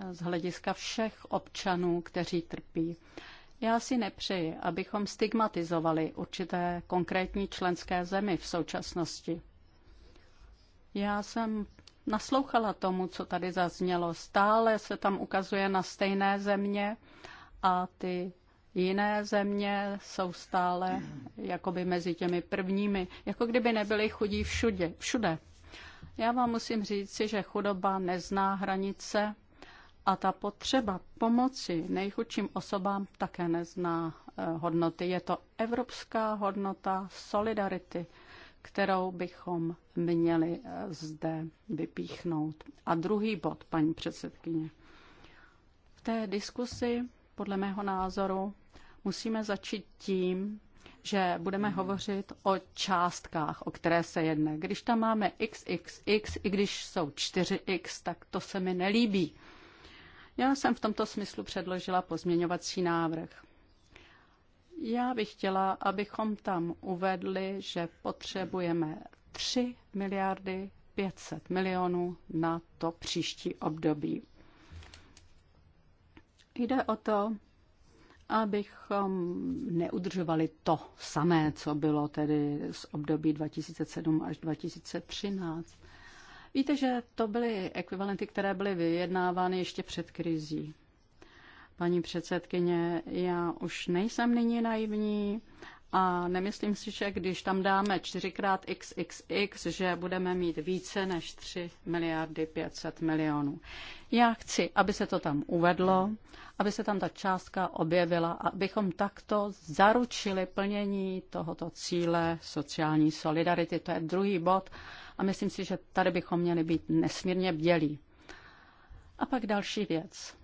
eh, z hlediska všech občanů, kteří trpí. Já si nepřeji, abychom stigmatizovali určité konkrétní členské zemi v současnosti. Já jsem naslouchala tomu, co tady zaznělo. Stále se tam ukazuje na stejné země a ty Jiné země jsou stále jakoby mezi těmi prvními, jako kdyby nebyli chudí všude. všude. Já vám musím říci, že chudoba nezná hranice a ta potřeba pomoci nejchudším osobám také nezná eh, hodnoty. Je to evropská hodnota solidarity, kterou bychom měli eh, zde vypíchnout. A druhý bod, paní předsedkyně. V té diskusi podle mého názoru Musíme začít tím, že budeme hovořit o částkách, o které se jedná. Když tam máme xxx, i když jsou 4x, tak to se mi nelíbí. Já jsem v tomto smyslu předložila pozměňovací návrh. Já bych chtěla, abychom tam uvedli, že potřebujeme 3 miliardy 500 milionů na to příští období. Jde o to, abychom neudržovali to samé, co bylo tedy z období 2007 až 2013. Víte, že to byly ekvivalenty, které byly vyjednávány ještě před krizí. Paní předsedkyně, já už nejsem nyní naivní a nemyslím si, že když tam dáme 4xxx, že budeme mít více než 3 miliardy 500 milionů. Já chci, aby se to tam uvedlo, aby se tam ta částka objevila, abychom takto zaručili plnění tohoto cíle sociální solidarity. To je druhý bod a myslím si, že tady bychom měli být nesmírně bdělí. A pak další věc.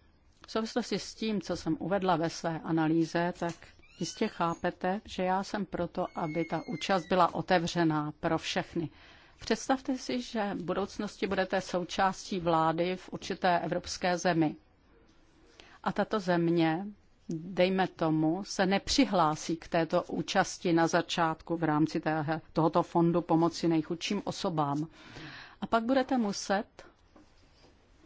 V souvislosti s tím, co jsem uvedla ve své analýze, tak Jistě chápete, že já jsem proto, aby ta účast byla otevřená pro všechny. Představte si, že v budoucnosti budete součástí vlády v určité evropské zemi. A tato země, dejme tomu, se nepřihlásí k této účasti na začátku v rámci tohoto fondu pomoci nejchudším osobám. A pak budete muset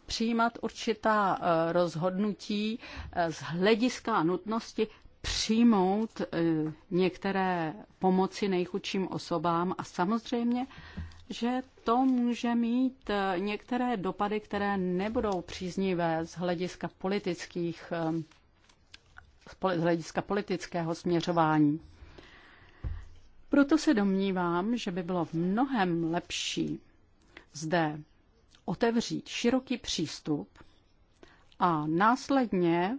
přijímat určitá eh, rozhodnutí eh, z hlediska nutnosti přijmout eh, některé pomoci nejchudším osobám a samozřejmě, že to může mít eh, některé dopady, které nebudou příznivé z hlediska politických eh, z hlediska politického směřování. Proto se domnívám, že by bylo mnohem lepší zde otevřít široký přístup a následně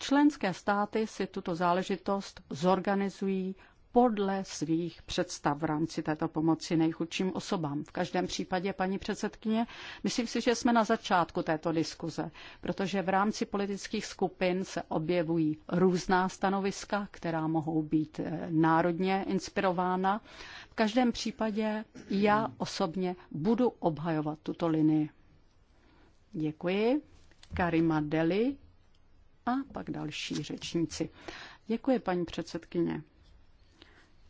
Členské státy si tuto záležitost zorganizují podle svých představ v rámci této pomoci nejchudším osobám. V každém případě, paní předsedkyně, myslím si, že jsme na začátku této diskuze, protože v rámci politických skupin se objevují různá stanoviska, která mohou být eh, národně inspirována. V každém případě já osobně budu obhajovat tuto linii. Děkuji. Karima Deli a pak další řečníci. Děkuji, paní předsedkyně.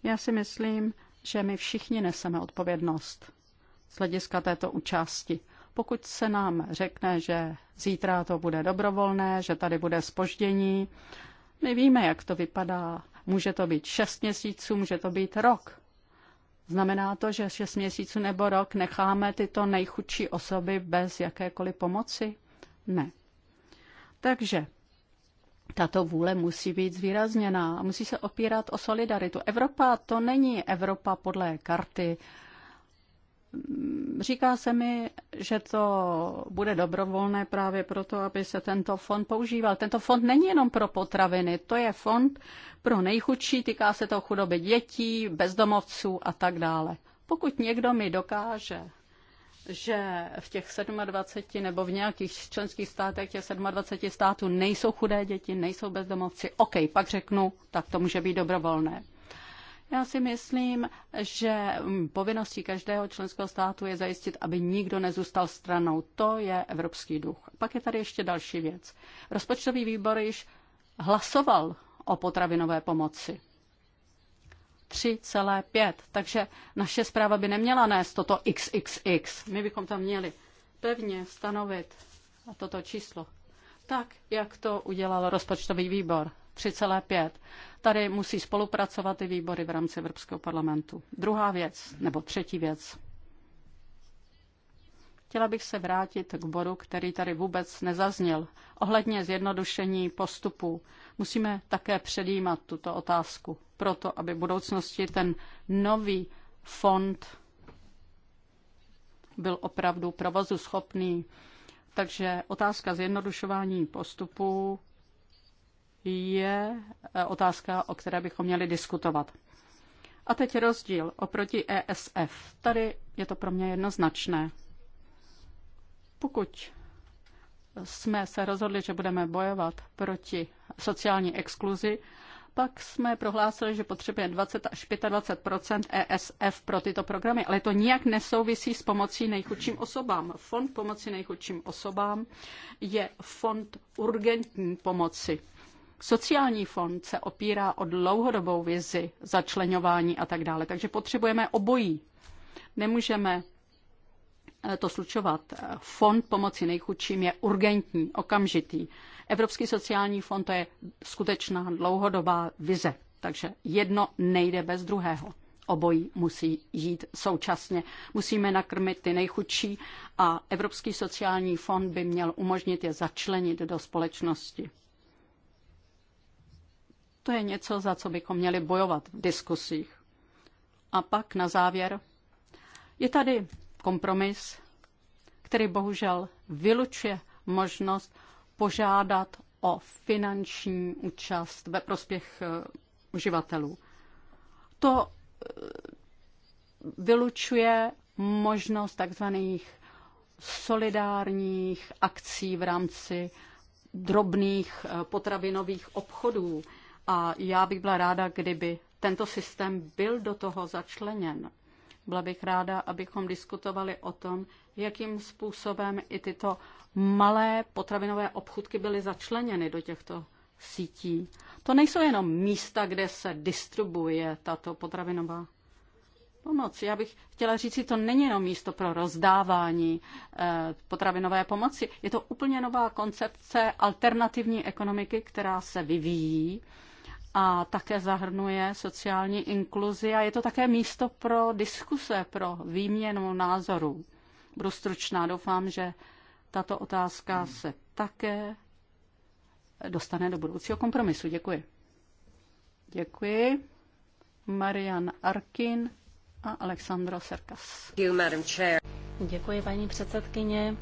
Já si myslím, že my všichni neseme odpovědnost z hlediska této účasti. Pokud se nám řekne, že zítra to bude dobrovolné, že tady bude spoždění, my víme, jak to vypadá. Může to být šest měsíců, může to být rok. Znamená to, že šest měsíců nebo rok necháme tyto nejchudší osoby bez jakékoliv pomoci? Ne. Takže tato vůle musí být zvýrazněná a musí se opírat o solidaritu. Evropa to není Evropa podle karty. Říká se mi, že to bude dobrovolné právě proto, aby se tento fond používal. Tento fond není jenom pro potraviny, to je fond pro nejchudší, týká se to chudoby dětí, bezdomovců a tak dále. Pokud někdo mi dokáže že v těch 27 nebo v nějakých členských státech těch 27 států nejsou chudé děti, nejsou bezdomovci, OK, pak řeknu, tak to může být dobrovolné. Já si myslím, že mm, povinností každého členského státu je zajistit, aby nikdo nezůstal stranou. To je evropský duch. Pak je tady ještě další věc. Rozpočtový výbor již hlasoval o potravinové pomoci. 3,5. Takže naše zpráva by neměla nést toto XXX. My bychom tam měli pevně stanovit toto číslo. Tak, jak to udělal rozpočtový výbor. 3,5. Tady musí spolupracovat i výbory v rámci Evropského parlamentu. Druhá věc, nebo třetí věc. Chtěla bych se vrátit k bodu, který tady vůbec nezazněl, ohledně zjednodušení postupů. Musíme také předjímat tuto otázku, proto aby v budoucnosti ten nový fond byl opravdu provozu schopný. Takže otázka zjednodušování postupů je eh, otázka, o které bychom měli diskutovat. A teď rozdíl oproti ESF. Tady je to pro mě jednoznačné. Pokud jsme se rozhodli, že budeme bojovat proti sociální exkluzi, pak jsme prohlásili, že potřebuje 20 až 25 ESF pro tyto programy, ale to nijak nesouvisí s pomocí nejchudším osobám. Fond pomoci nejchudším osobám je fond urgentní pomoci. Sociální fond se opírá o dlouhodobou vizi, začlenování a tak dále. Takže potřebujeme obojí. Nemůžeme Eh, to slučovat. Fond pomoci nejchudším je urgentní, okamžitý. Evropský sociální fond to je skutečná dlouhodobá vize, takže jedno nejde bez druhého. Obojí musí jít současně. Musíme nakrmit ty nejchudší a Evropský sociální fond by měl umožnit je začlenit do společnosti. To je něco, za co bychom měli bojovat v diskusích. A pak na závěr. Je tady kompromis, který bohužel vylučuje možnost požádat o finanční účast ve prospěch eh, uživatelů. To eh, vylučuje možnost takzvaných solidárních akcí v rámci drobných eh, potravinových obchodů. A já bych byla ráda, kdyby tento systém byl do toho začleněn. Byla bych ráda, abychom diskutovali o tom, jakým způsobem i tyto malé potravinové obchudky byly začleněny do těchto sítí. To nejsou jenom místa, kde se distribuje tato potravinová pomoc. Já bych chtěla říct, že to není jenom místo pro rozdávání eh, potravinové pomoci. Je to úplně nová koncepce alternativní ekonomiky, která se vyvíjí a také zahrnuje sociální inkluzi a je to také místo pro diskuse, pro výměnu názorů. Budu stručná, doufám, že tato otázka se také dostane do budoucího kompromisu. Děkuji. Děkuji. Marian Arkin a Alexandro Serkas. Děkuji, paní předsedkyně.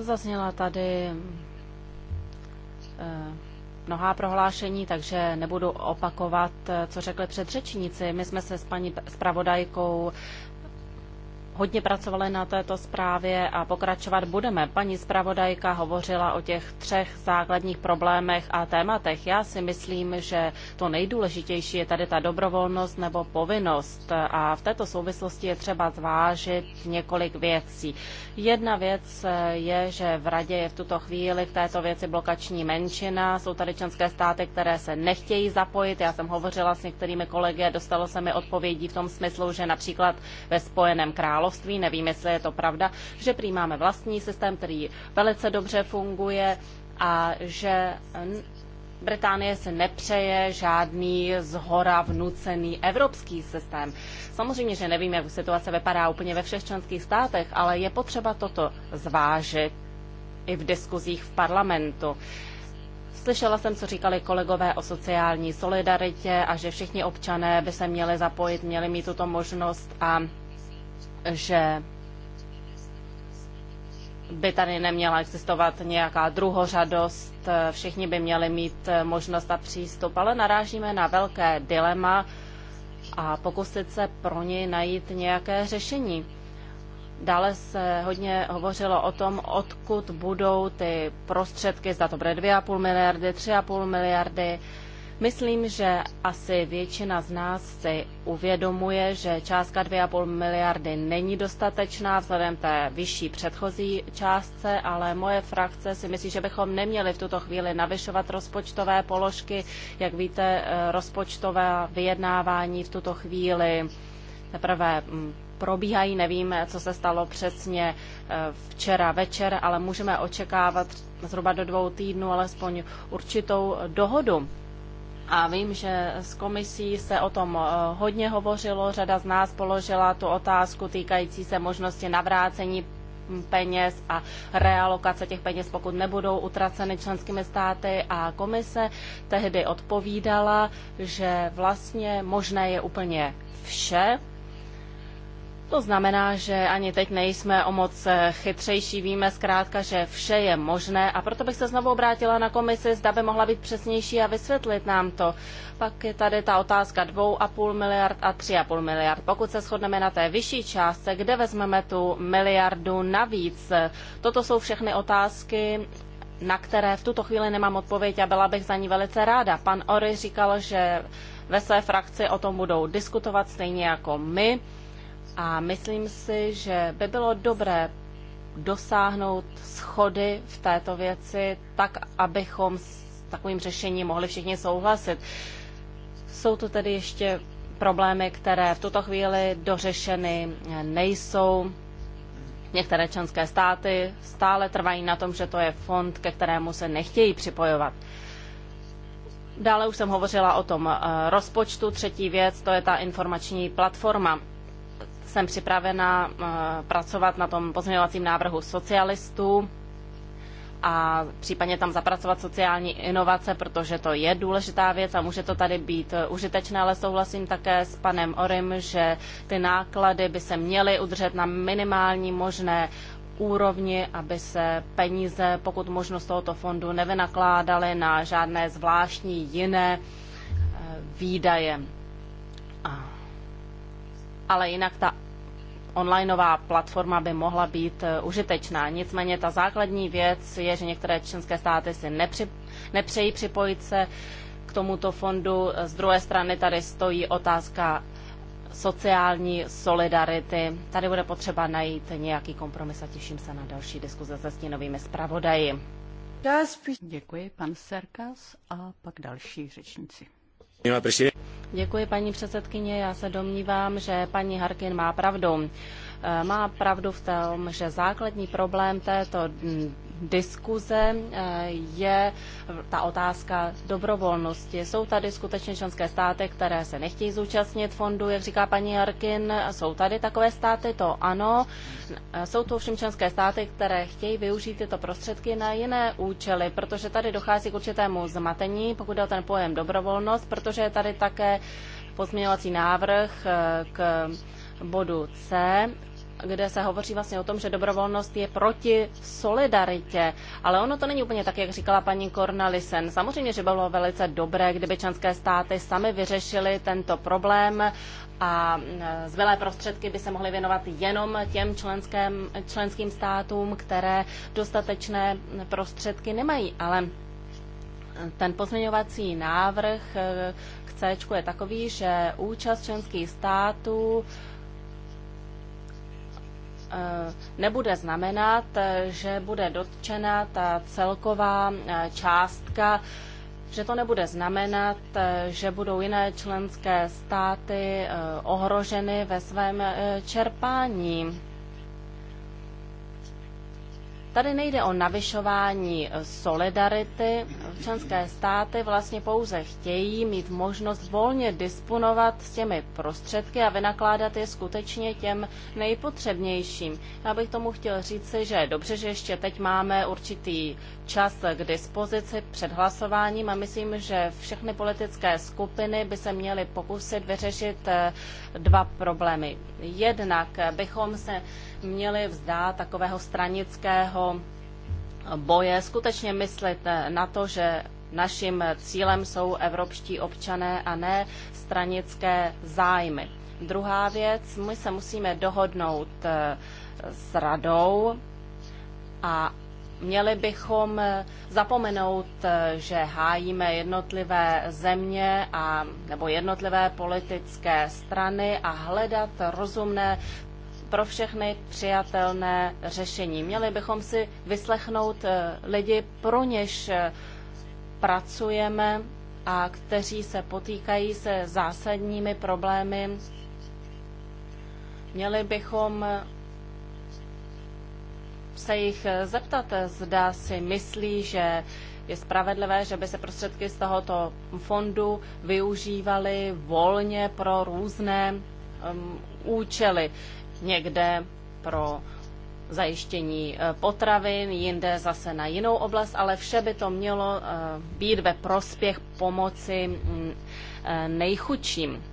Zazněla tady eh, mnohá prohlášení, takže nebudu opakovat, eh, co řekli předřečníci. My jsme se s paní zpravodajkou hodně pracovali na této zprávě a pokračovat budeme. Paní zpravodajka hovořila o těch třech základních problémech a tématech. Já si myslím, že to nejdůležitější je tady ta dobrovolnost nebo povinnost a v této souvislosti je třeba zvážit několik věcí. Jedna věc je, že v radě je v tuto chvíli v této věci blokační menšina. Jsou tady členské státy, které se nechtějí zapojit. Já jsem hovořila s některými kolegy a dostalo se mi odpovědí v tom smyslu, že například ve Spojeném království království, nevím, jestli je to pravda, že prý máme vlastní systém, který velice dobře funguje a že Británie se nepřeje žádný zhora vnucený evropský systém. Samozřejmě, že nevím, jak situace vypadá úplně ve všech členských státech, ale je potřeba toto zvážit i v diskuzích v parlamentu. Slyšela jsem, co říkali kolegové o sociální solidaritě a že všichni občané by se měli zapojit, měli mít tuto možnost a že by tady neměla existovat nějaká druhořadost, všichni by měli mít možnost a přístup, ale narážíme na velké dilema a pokusit se pro ně najít nějaké řešení. Dále se hodně hovořilo o tom, odkud budou ty prostředky, zda to bude 2,5 miliardy, 3,5 miliardy, Myslím, že asi většina z nás si uvědomuje, že částka 2,5 miliardy není dostatečná vzhledem té vyšší předchozí částce, ale moje frakce si myslí, že bychom neměli v tuto chvíli navyšovat rozpočtové položky. Jak víte, eh, rozpočtová vyjednávání v tuto chvíli teprve mm, probíhají, nevím, co se stalo přesně eh, včera večer, ale můžeme očekávat zhruba do dvou týdnů alespoň určitou dohodu a vím, že s komisí se o tom eh, hodně hovořilo. Řada z nás položila tu otázku týkající se možnosti navrácení peněz a realokace těch peněz, pokud nebudou utraceny členskými státy. A komise tehdy odpovídala, že vlastně možné je úplně vše, to znamená, že ani teď nejsme o moc eh, chytřejší, víme zkrátka, že vše je možné a proto bych se znovu obrátila na komisi, zda by mohla být přesnější a vysvětlit nám to. Pak je tady ta otázka 2,5 miliard a 3,5 miliard. Pokud se shodneme na té vyšší částce, kde vezmeme tu miliardu navíc? Toto jsou všechny otázky, na které v tuto chvíli nemám odpověď a byla bych za ní velice ráda. Pan Ory říkal, že ve své frakci o tom budou diskutovat stejně jako my a myslím si, že by bylo dobré dosáhnout schody v této věci tak, abychom s takovým řešením mohli všichni souhlasit. Jsou to tedy ještě problémy, které v tuto chvíli dořešeny nejsou. Některé členské státy stále trvají na tom, že to je fond, ke kterému se nechtějí připojovat. Dále už jsem hovořila o tom eh, rozpočtu. Třetí věc, to je ta informační platforma jsem připravena eh, pracovat na tom pozměňovacím návrhu socialistů a případně tam zapracovat sociální inovace, protože to je důležitá věc a může to tady být eh, užitečné, ale souhlasím také s panem Orym, že ty náklady by se měly udržet na minimální možné úrovni, aby se peníze, pokud možno z tohoto fondu, nevynakládaly na žádné zvláštní jiné eh, výdaje. Ale jinak ta onlineová platforma by mohla být eh, užitečná. Nicméně ta základní věc je, že některé členské státy si nepři, nepřejí připojit se k tomuto fondu. Z druhé strany tady stojí otázka sociální solidarity. Tady bude potřeba najít nějaký kompromis a těším se na další diskuze se stínovými zpravodaji. Děkuji, pan Serkas a pak další řečníci. Děkuji, paní předsedkyně. Já se domnívám, že paní Harkin má pravdu. Eh, má pravdu v tom, že základní problém této mm, diskuze eh, je ta otázka dobrovolnosti. Jsou tady skutečně členské státy, které se nechtějí zúčastnit fondu, jak říká paní Jarkin. Jsou tady takové státy, to ano. Jsou to ovšem členské státy, které chtějí využít tyto prostředky na jiné účely, protože tady dochází k určitému zmatení, pokud je o ten pojem dobrovolnost, protože je tady také pozměňovací návrh eh, k bodu C, kde se hovoří vlastně o tom, že dobrovolnost je proti solidaritě. Ale ono to není úplně tak, jak říkala paní Kornalisen. Samozřejmě, že bylo velice dobré, kdyby členské státy sami vyřešili tento problém a e, zbylé prostředky by se mohly věnovat jenom těm členském, členským státům, které dostatečné prostředky nemají. Ale ten pozměňovací návrh e, k C je takový, že účast členských států Eh, nebude znamenat, eh, že bude dotčena ta celková eh, částka, že to nebude znamenat, že budou jiné členské státy ohroženy ve svém čerpání. Tady nejde o navyšování eh, solidarity. Občanské státy vlastně pouze chtějí mít možnost volně disponovat s těmi prostředky a vynakládat je skutečně těm nejpotřebnějším. Já bych tomu chtěl říci, že dobře, že ještě teď máme určitý čas k dispozici před hlasováním a myslím, že všechny politické skupiny by se měly pokusit vyřešit eh, dva problémy. Jednak eh, bychom se měli vzdát takového stranického boje, skutečně myslet na to, že naším cílem jsou evropští občané a ne stranické zájmy. Druhá věc, my se musíme dohodnout eh, s radou a měli bychom eh, zapomenout, eh, že hájíme jednotlivé země a, nebo jednotlivé politické strany a hledat rozumné pro všechny přijatelné řešení. Měli bychom si vyslechnout eh, lidi, pro něž eh, pracujeme a kteří se potýkají se zásadními problémy. Měli bychom eh, se jich zeptat, zda si myslí, že je spravedlivé, že by se prostředky z tohoto fondu využívaly volně pro různé um, účely někde pro zajištění eh, potravin, jinde zase na jinou oblast, ale vše by to mělo eh, být ve prospěch pomoci mm, eh, nejchudším.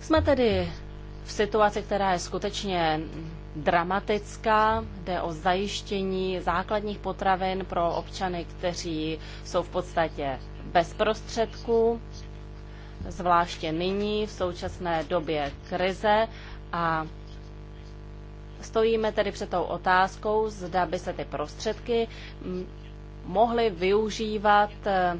Jsme tedy v situaci, která je skutečně dramatická. Jde o zajištění základních potravin pro občany, kteří jsou v podstatě bez prostředků, zvláště nyní v současné době krize a stojíme tedy před tou otázkou, zda by se ty prostředky mohly využívat e,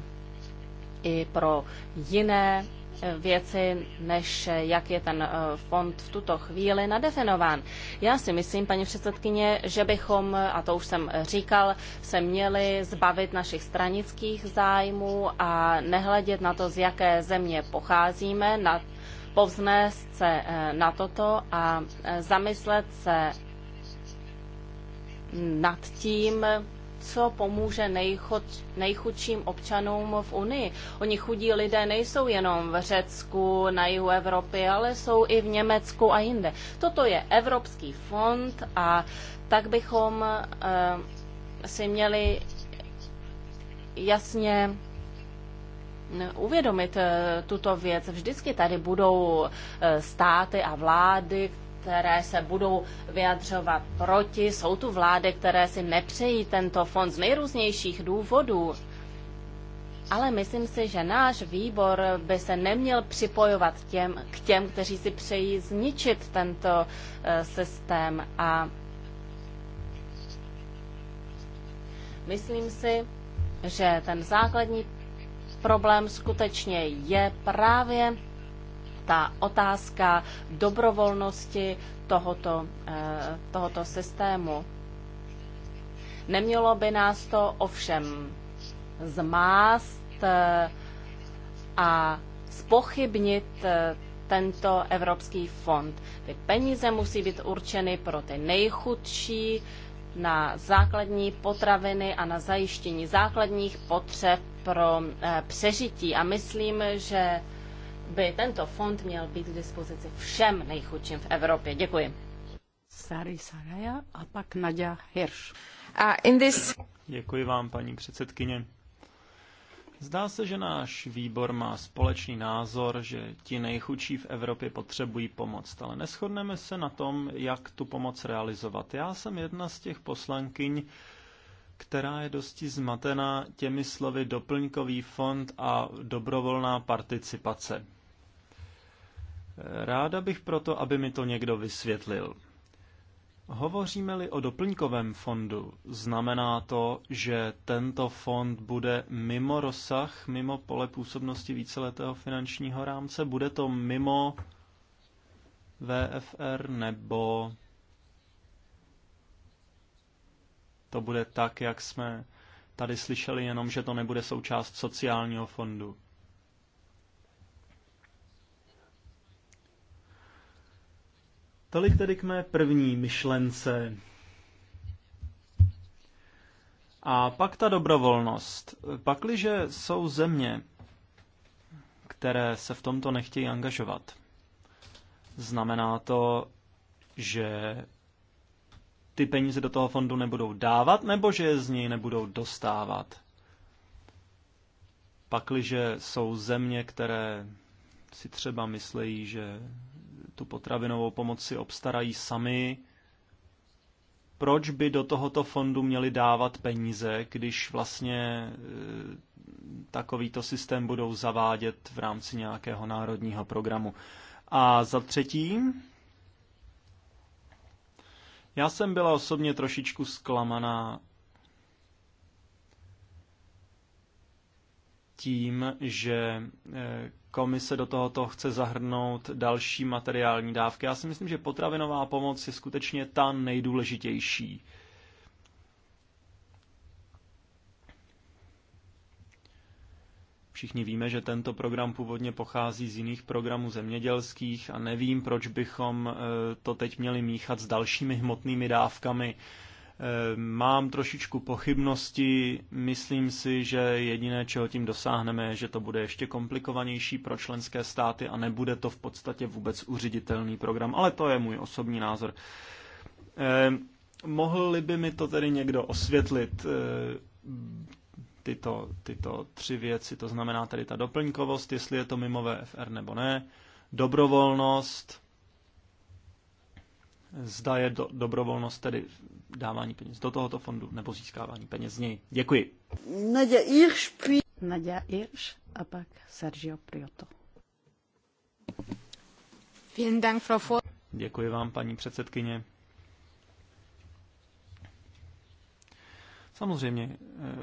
i pro jiné e, věci, než jak je ten e, fond v tuto chvíli nadefinován. Já si myslím, paní předsedkyně, že bychom, a to už jsem říkal, se měli zbavit našich stranických zájmů a nehledět na to, z jaké země pocházíme, na povznést se eh, na toto a eh, zamyslet se nad tím, co pomůže nejchod, nejchudším občanům v Unii. Oni chudí lidé nejsou jenom v Řecku, na jihu Evropy, ale jsou i v Německu a jinde. Toto je Evropský fond a tak bychom uh, si měli jasně uvědomit eh, tuto věc. Vždycky tady budou eh, státy a vlády, které se budou vyjadřovat proti. Jsou tu vlády, které si nepřejí tento fond z nejrůznějších důvodů. Ale myslím si, že náš výbor by se neměl připojovat těm, k těm, kteří si přejí zničit tento eh, systém. A myslím si, že ten základní problém skutečně je právě ta otázka dobrovolnosti tohoto, eh, tohoto systému. Nemělo by nás to ovšem zmást eh, a spochybnit eh, tento Evropský fond. Ty peníze musí být určeny pro ty nejchudší, na základní potraviny a na zajištění základních potřeb pro eh, přežití. A myslím, že by tento fond měl být k dispozici všem nejchudším v Evropě. Děkuji. Sari Saraja a pak Nadia Hirsch. A in this... Děkuji vám, paní předsedkyně. Zdá se, že náš výbor má společný názor, že ti nejchudší v Evropě potřebují pomoc, ale neschodneme se na tom, jak tu pomoc realizovat. Já jsem jedna z těch poslankyň, která je dosti zmatena těmi slovy doplňkový fond a dobrovolná participace. Ráda bych proto, aby mi to někdo vysvětlil. Hovoříme-li o doplňkovém fondu, znamená to, že tento fond bude mimo rozsah, mimo pole působnosti víceletého finančního rámce? Bude to mimo VFR nebo to bude tak, jak jsme tady slyšeli, jenom že to nebude součást sociálního fondu? Tolik tedy k mé první myšlence. A pak ta dobrovolnost. Pakliže jsou země, které se v tomto nechtějí angažovat, znamená to, že ty peníze do toho fondu nebudou dávat, nebo že je z něj nebudou dostávat. Pakliže jsou země, které si třeba myslejí, že tu potravinovou pomoc si obstarají sami, proč by do tohoto fondu měli dávat peníze, když vlastně e, takovýto systém budou zavádět v rámci nějakého národního programu. A za třetí, já jsem byla osobně trošičku zklamaná tím, že e, komise do tohoto chce zahrnout další materiální dávky. Já si myslím, že potravinová pomoc je skutečně ta nejdůležitější. Všichni víme, že tento program původně pochází z jiných programů zemědělských a nevím, proč bychom eh, to teď měli míchat s dalšími hmotnými dávkami. Eh, mám trošičku pochybnosti, myslím si, že jediné, čeho tím dosáhneme, je, že to bude ještě komplikovanější pro členské státy a nebude to v podstatě vůbec uřiditelný program, ale to je můj osobní názor. Eh, mohli by mi to tedy někdo osvětlit, eh, tyto, tyto tři věci, to znamená tedy ta doplňkovost, jestli je to mimo VFR nebo ne, dobrovolnost, zda je do, dobrovolnost tedy dávání peněz do tohoto fondu nebo získávání peněz z něj. Děkuji. Nadia Irš, puis... Nadia Irš a pak Sergio Prioto. Děkuji vám, paní předsedkyně. Samozřejmě, eh,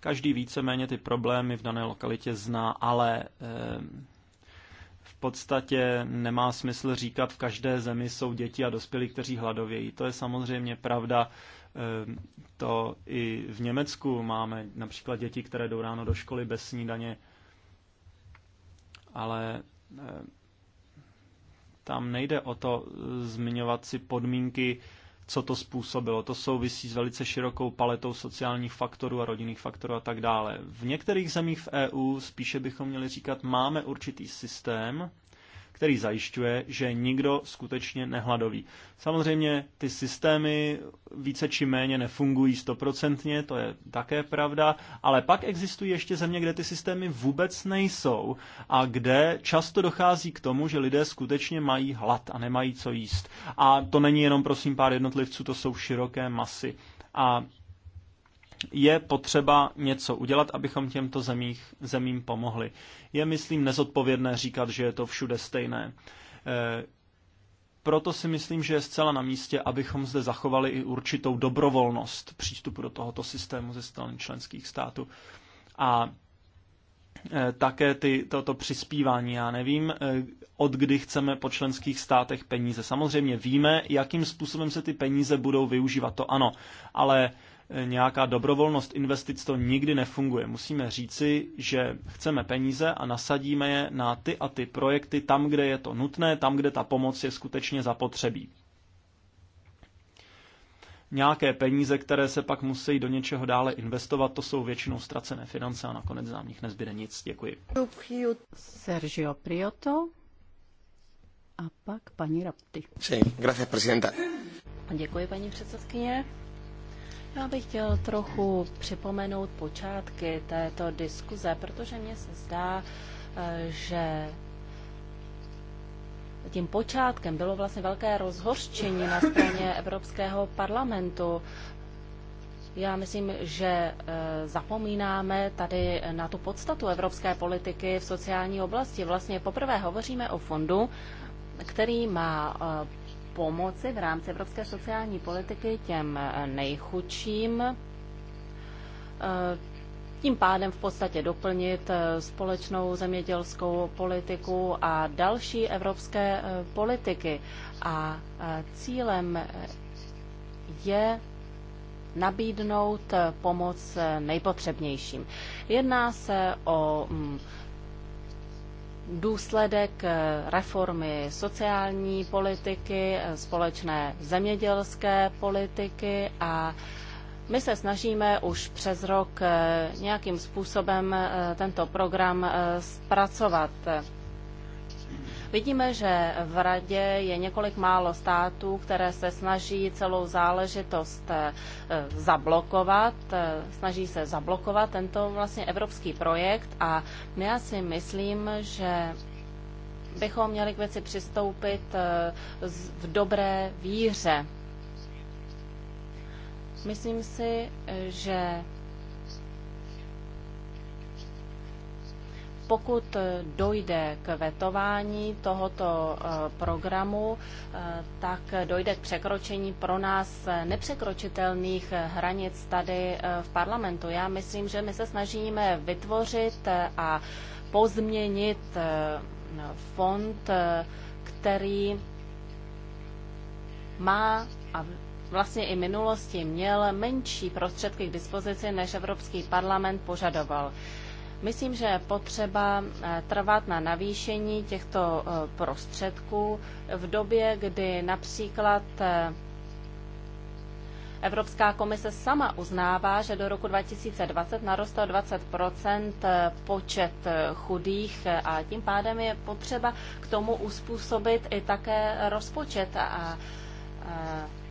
každý víceméně ty problémy v dané lokalitě zná, ale eh, podstatě nemá smysl říkat, v každé zemi jsou děti a dospělí, kteří hladovějí. To je samozřejmě pravda. Eh, to i v Německu máme například děti, které jdou ráno do školy bez snídaně, ale eh, tam nejde o to eh, zmiňovat si podmínky co to způsobilo. To souvisí s velice širokou paletou sociálních faktorů a rodinných faktorů a tak dále. V některých zemích v EU spíše bychom měli říkat, máme určitý systém, který zajišťuje, že nikdo skutečně nehladoví. Samozřejmě ty systémy více či méně nefungují stoprocentně, to je také pravda, ale pak existují ještě země, kde ty systémy vůbec nejsou a kde často dochází k tomu, že lidé skutečně mají hlad a nemají co jíst. A to není jenom prosím pár jednotlivců, to jsou široké masy. A je potřeba něco udělat, abychom těmto zemích, zemím pomohli. Je, myslím, nezodpovědné říkat, že je to všude stejné. E, proto si myslím, že je zcela na místě, abychom zde zachovali i určitou dobrovolnost přístupu do tohoto systému ze strany členských států. A e, také ty, toto přispívání. Já nevím, e, od kdy chceme po členských státech peníze. Samozřejmě víme, jakým způsobem se ty peníze budou využívat, to ano, ale nějaká dobrovolnost investic, to nikdy nefunguje. Musíme říci, že chceme peníze a nasadíme je na ty a ty projekty tam, kde je to nutné, tam, kde ta pomoc je skutečně zapotřebí. Nějaké peníze, které se pak musí do něčeho dále investovat, to jsou většinou ztracené finance a nakonec nám nich nezbyde nic. Děkuji. Sergio Prioto a pak paní Rapty. Sí, gracias, presidenta. Děkuji, paní předsedkyně. Já bych chtěl trochu připomenout počátky této diskuze, protože mně se zdá, eh, že tím počátkem bylo vlastně velké rozhořčení na straně Evropského parlamentu. Já myslím, že eh, zapomínáme tady na tu podstatu evropské politiky v sociální oblasti. Vlastně poprvé hovoříme o fondu, který má eh, pomoci v rámci evropské sociální politiky těm eh, nejchudším, eh, tím pádem v podstatě doplnit eh, společnou zemědělskou politiku a další evropské politiky. A cílem je nabídnout pomoc nejpotřebnějším. Jedná se o mm, důsledek eh, reformy sociální politiky, eh, společné zemědělské politiky a my se snažíme už přes rok eh, nějakým způsobem tento program zpracovat. Vidíme, že v radě je několik málo států, které se snaží celou záležitost eh, zablokovat, eh, snaží se zablokovat tento vlastně evropský projekt a já si myslím, že bychom měli k věci přistoupit eh, v dobré víře. Myslím si, že pokud eh, dojde k vetování tohoto eh, programu, eh, tak dojde k překročení pro nás nepřekročitelných hranic tady v parlamentu. Já myslím, že my se snažíme vytvořit a pozměnit fond, který má a vlastně i minulosti měl menší prostředky k dispozici, než Evropský parlament požadoval. Myslím, že je potřeba eh, trvat na navýšení těchto eh, prostředků v době, kdy například eh, Evropská komise sama uznává, že do roku 2020 narostl 20 počet chudých a tím pádem je potřeba k tomu uspůsobit i také rozpočet a,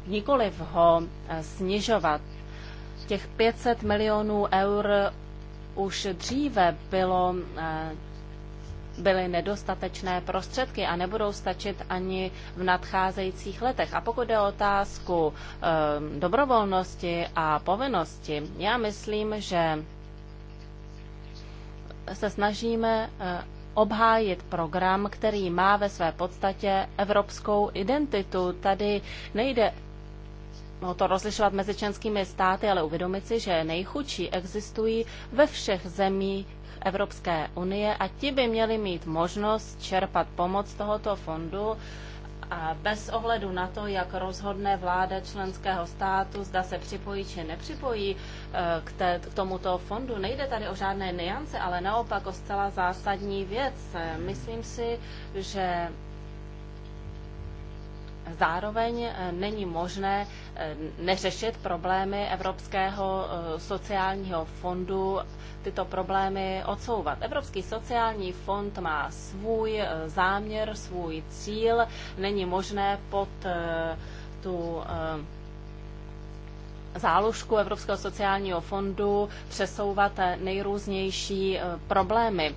nikoliv ho snižovat. Těch 500 milionů eur už dříve bylo, eh, byly nedostatečné prostředky a nebudou stačit ani v nadcházejících letech. A pokud jde o otázku eh, dobrovolnosti a povinnosti, já myslím, že se snažíme eh, obhájit program, který má ve své podstatě evropskou identitu. Tady nejde No, to rozlišovat mezi členskými státy, ale uvědomit si, že nejchudší existují ve všech zemích Evropské unie a ti by měli mít možnost čerpat pomoc tohoto fondu a bez ohledu na to, jak rozhodne vláda členského státu, zda se připojí či nepřipojí eh, k, té, k tomuto fondu. Nejde tady o žádné niance, ale naopak o zcela zásadní věc. Myslím si, že zároveň eh, není možné eh, neřešit problémy Evropského eh, sociálního fondu, tyto problémy odsouvat. Evropský sociální fond má svůj záměr, svůj cíl, není možné pod tu záložku Evropského sociálního fondu přesouvat nejrůznější problémy.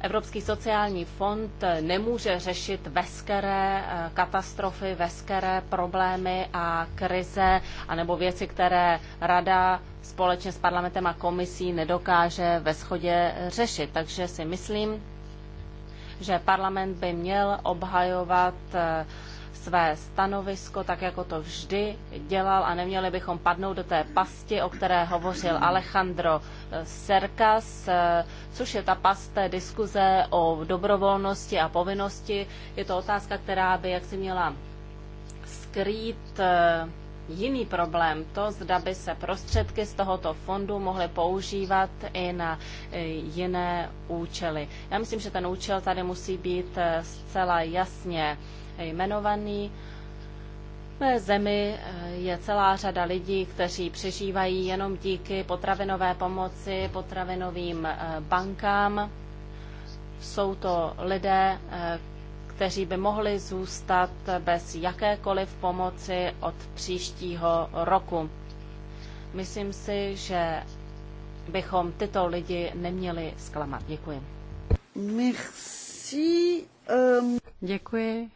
Evropský sociální fond eh, nemůže řešit veškeré eh, katastrofy, veškeré problémy a krize, anebo věci, které rada společně s parlamentem a komisí nedokáže ve schodě řešit. Takže si myslím, že parlament by měl obhajovat eh, své stanovisko, tak jako to vždy dělal a neměli bychom padnout do té pasti, o které hovořil Alejandro CERCAS, eh, což je ta pasté diskuze o dobrovolnosti a povinnosti. Je to otázka, která by jak měla skrýt eh, jiný problém, to zda by se prostředky z tohoto fondu mohly používat i na eh, jiné účely. Já myslím, že ten účel tady musí být zcela jasně jmenovaný mé zemi eh, je celá řada lidí, kteří přežívají jenom díky potravinové pomoci, potravinovým eh, bankám. Jsou to lidé, eh, kteří by mohli zůstat bez jakékoliv pomoci od příštího roku. Myslím si, že bychom tyto lidi neměli zklamat. Děkuji. Merci. Um... Děkuji.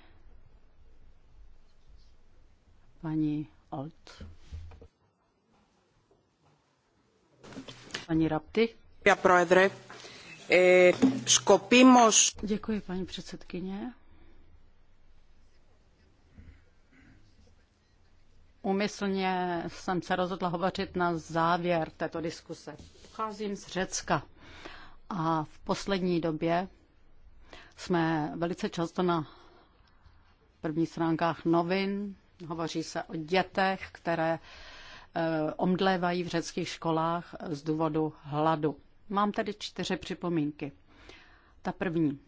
Paní Alt. Paní Rapty. Já E, škopimos... Děkuji, paní předsedkyně. Umyslně jsem se rozhodla hovořit na závěr této diskuse. Pocházím z Řecka a v poslední době jsme velice často na prvních stránkách novin Hovoří se o dětech, které eh, omdlévají v řeckých školách z důvodu hladu. Mám tady čtyři připomínky. Ta první.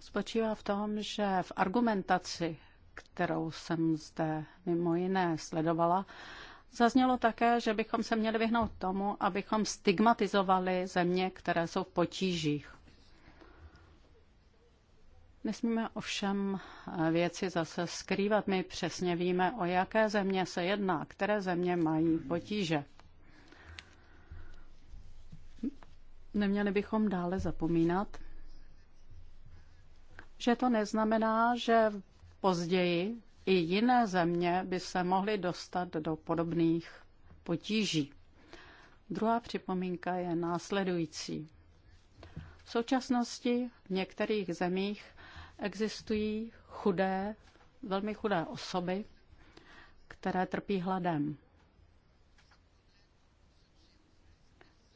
Spočívá v tom, že v argumentaci, kterou jsem zde mimo jiné sledovala, Zaznělo také, že bychom se měli vyhnout tomu, abychom stigmatizovali země, které jsou v potížích. Nesmíme ovšem eh, věci zase skrývat. My přesně víme, o jaké země se jedná, které země mají potíže. Neměli bychom dále zapomínat, že to neznamená, že později i jiné země by se mohly dostat do podobných potíží. Druhá připomínka je následující. V současnosti v některých zemích Existují chudé, velmi chudé osoby, které trpí hladem.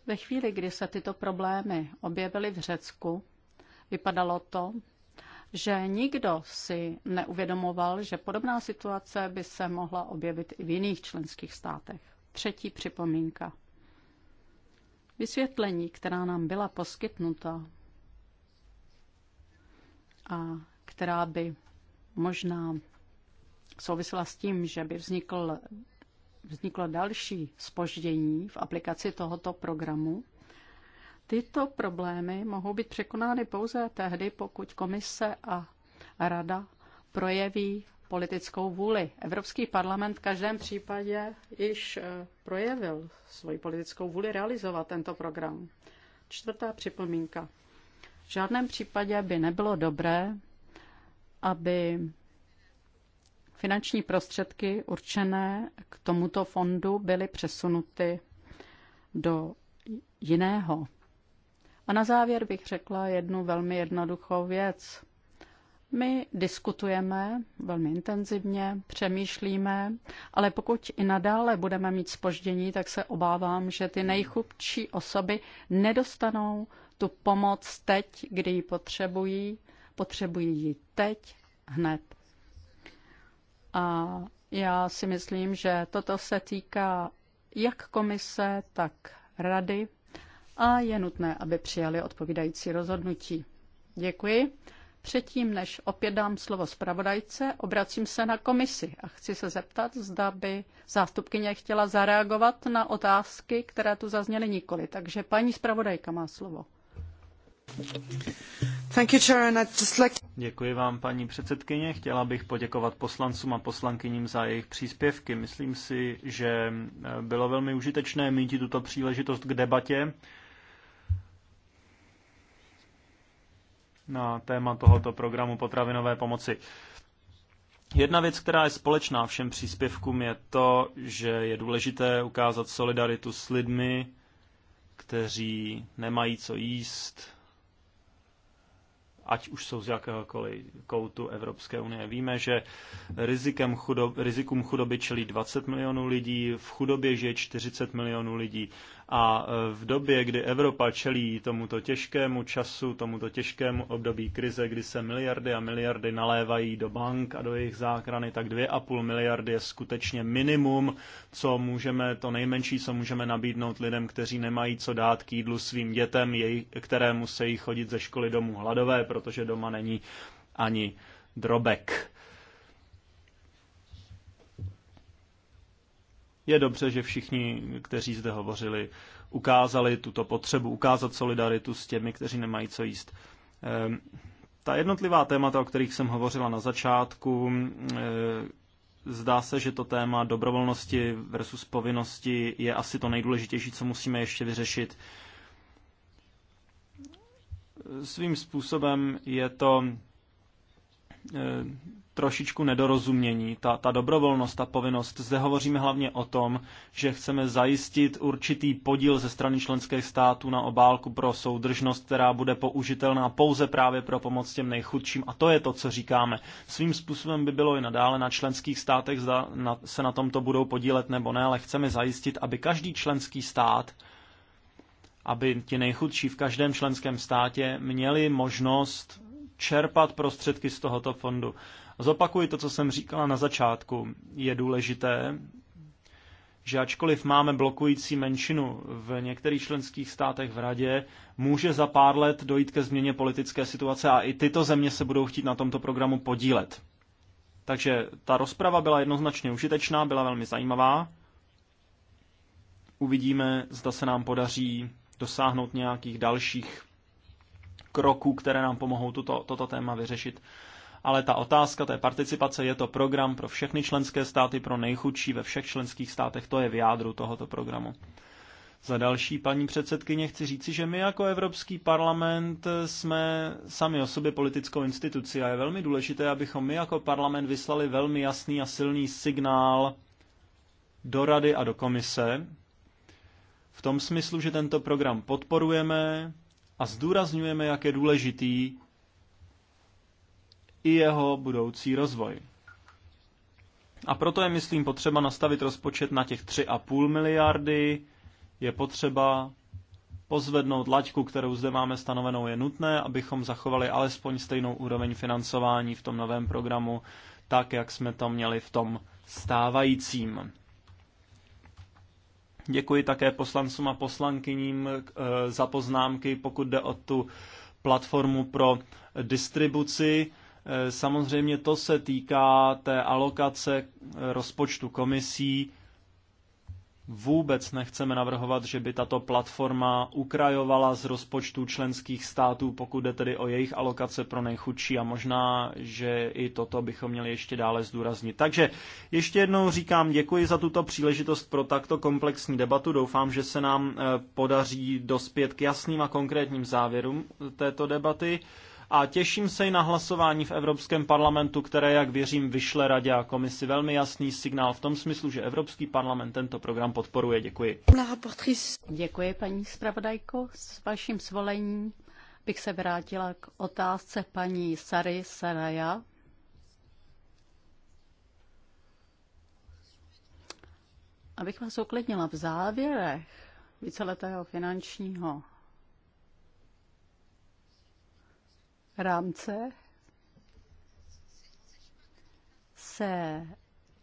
Ve chvíli, kdy se tyto problémy objevily v Řecku, vypadalo to, že nikdo si neuvědomoval, že podobná situace by se mohla objevit i v jiných členských státech. Třetí připomínka. Vysvětlení, která nám byla poskytnuta, a která by možná souvisela s tím, že by vznikl, vzniklo další spoždění v aplikaci tohoto programu, tyto problémy mohou být překonány pouze tehdy, pokud komise a rada projeví politickou vůli. Evropský parlament v každém případě již eh, projevil svoji politickou vůli realizovat tento program. Čtvrtá připomínka. V žádném případě by nebylo dobré, aby finanční prostředky určené k tomuto fondu byly přesunuty do jiného. A na závěr bych řekla jednu velmi jednoduchou věc. My diskutujeme velmi intenzivně, přemýšlíme, ale pokud i nadále budeme mít spoždění, tak se obávám, že ty nejchubší osoby nedostanou tu pomoc teď, kdy ji potřebují, potřebují ji teď, hned. A já si myslím, že toto se týká jak komise, tak rady a je nutné, aby přijali odpovídající rozhodnutí. Děkuji. Předtím, než opět dám slovo zpravodajce, obracím se na komisi a chci se zeptat, zda by zástupkyně chtěla zareagovat na otázky, které tu zazněly nikoli. Takže paní zpravodajka má slovo. Děkuji vám, paní předsedkyně. Chtěla bych poděkovat poslancům a poslankyním za jejich příspěvky. Myslím si, že eh, bylo velmi užitečné mít tuto příležitost k debatě na téma tohoto programu potravinové pomoci. Jedna věc, která je společná všem příspěvkům, je to, že je důležité ukázat solidaritu s lidmi, kteří nemají co jíst, ať už jsou z jakéhokoliv koutu Evropské unie. Víme, že rizikem chudob, rizikum chudoby čelí 20 milionů lidí, v chudobě žije 40 milionů lidí. A e, v době, kdy Evropa čelí tomuto těžkému času, tomuto těžkému období krize, kdy se miliardy a miliardy nalévají do bank a do jejich záchrany, tak 2,5 miliardy je skutečně minimum, co můžeme, to nejmenší, co můžeme nabídnout lidem, kteří nemají co dát k jídlu svým dětem, jej, které musí chodit ze školy domů hladové, protože doma není ani drobek. Je dobře, že všichni, kteří zde hovořili, ukázali tuto potřebu, ukázat solidaritu s těmi, kteří nemají co jíst. Ehm, ta jednotlivá témata, o kterých jsem hovořila na začátku, ehm, zdá se, že to téma dobrovolnosti versus povinnosti je asi to nejdůležitější, co musíme ještě vyřešit. Svým způsobem je to ehm, trošičku nedorozumění. Ta, ta dobrovolnost, ta povinnost, zde hovoříme hlavně o tom, že chceme zajistit určitý podíl ze strany členských států na obálku pro soudržnost, která bude použitelná pouze právě pro pomoc těm nejchudším. A to je to, co říkáme. Svým způsobem by bylo i nadále na členských státech, zda na, se na tomto budou podílet nebo ne, ale chceme zajistit, aby každý členský stát aby ti nejchudší v každém členském státě měli možnost čerpat prostředky z tohoto fondu. Zopakuji to, co jsem říkala na začátku. Je důležité, že ačkoliv máme blokující menšinu v některých členských státech v radě, může za pár let dojít ke změně politické situace a i tyto země se budou chtít na tomto programu podílet. Takže ta rozprava byla jednoznačně užitečná, byla velmi zajímavá. Uvidíme, zda se nám podaří dosáhnout nějakých dalších kroků, které nám pomohou tuto, toto téma vyřešit ale ta otázka té participace je to program pro všechny členské státy, pro nejchudší ve všech členských státech, to je v jádru tohoto programu. Za další, paní předsedkyně, chci říci, že my jako Evropský parlament jsme sami o sobě politickou instituci a je velmi důležité, abychom my jako parlament vyslali velmi jasný a silný signál do rady a do komise, v tom smyslu, že tento program podporujeme a zdůrazňujeme, jak je důležitý i jeho budoucí rozvoj. A proto je, myslím, potřeba nastavit rozpočet na těch 3,5 miliardy, je potřeba pozvednout laťku, kterou zde máme stanovenou, je nutné, abychom zachovali alespoň stejnou úroveň financování v tom novém programu, tak, jak jsme to měli v tom stávajícím. Děkuji také poslancům a poslankyním eh, za poznámky, pokud jde o tu platformu pro distribuci. Eh, samozřejmě to se týká té alokace eh, rozpočtu komisí. Vůbec nechceme navrhovat, že by tato platforma ukrajovala z rozpočtu členských států, pokud jde tedy o jejich alokace pro nejchudší a možná, že i toto bychom měli ještě dále zdůraznit. Takže ještě jednou říkám děkuji za tuto příležitost pro takto komplexní debatu. Doufám, že se nám eh, podaří dospět k jasným a konkrétním závěrům této debaty a těším se i na hlasování v Evropském parlamentu, které, jak věřím, vyšle Radě a komisi velmi jasný signál v tom smyslu, že Evropský parlament tento program podporuje. Děkuji. Děkuji, paní zpravodajko. S vaším svolením bych se vrátila k otázce paní Sary Saraja. Abych vás uklidnila v závěrech víceletého finančního rámce se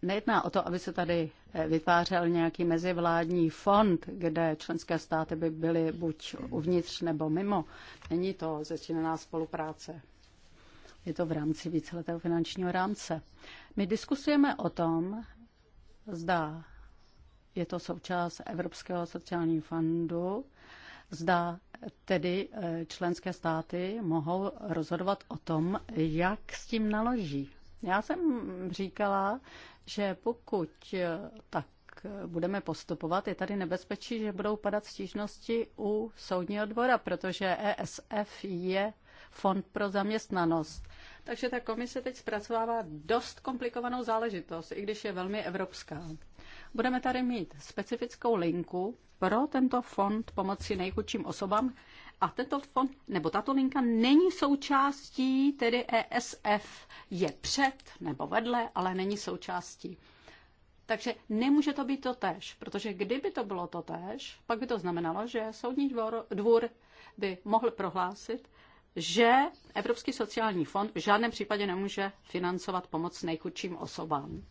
nejedná o to, aby se tady eh, vytvářel nějaký mezivládní fond, kde členské státy by byly buď uvnitř nebo mimo. Není to začínaná spolupráce. Je to v rámci víceletého finančního rámce. My diskusujeme o tom, zda je to součást Evropského sociálního fondu, zda tedy eh, členské státy mohou rozhodovat o tom, jak s tím naloží. Já jsem říkala, že pokud eh, tak eh, budeme postupovat, je tady nebezpečí, že budou padat stížnosti u soudního dvora, protože ESF je fond pro zaměstnanost. Takže ta komise teď zpracovává dost komplikovanou záležitost, i když je velmi evropská. Budeme tady mít specifickou linku pro tento fond pomoci nejchudším osobám a tento fond, nebo tato linka není součástí tedy ESF, je před nebo vedle, ale není součástí. Takže nemůže to být to tež, protože kdyby to bylo to tež, pak by to znamenalo, že soudní dvor, dvůr by mohl prohlásit, že Evropský sociální fond v žádném případě nemůže financovat pomoc nejchudším osobám.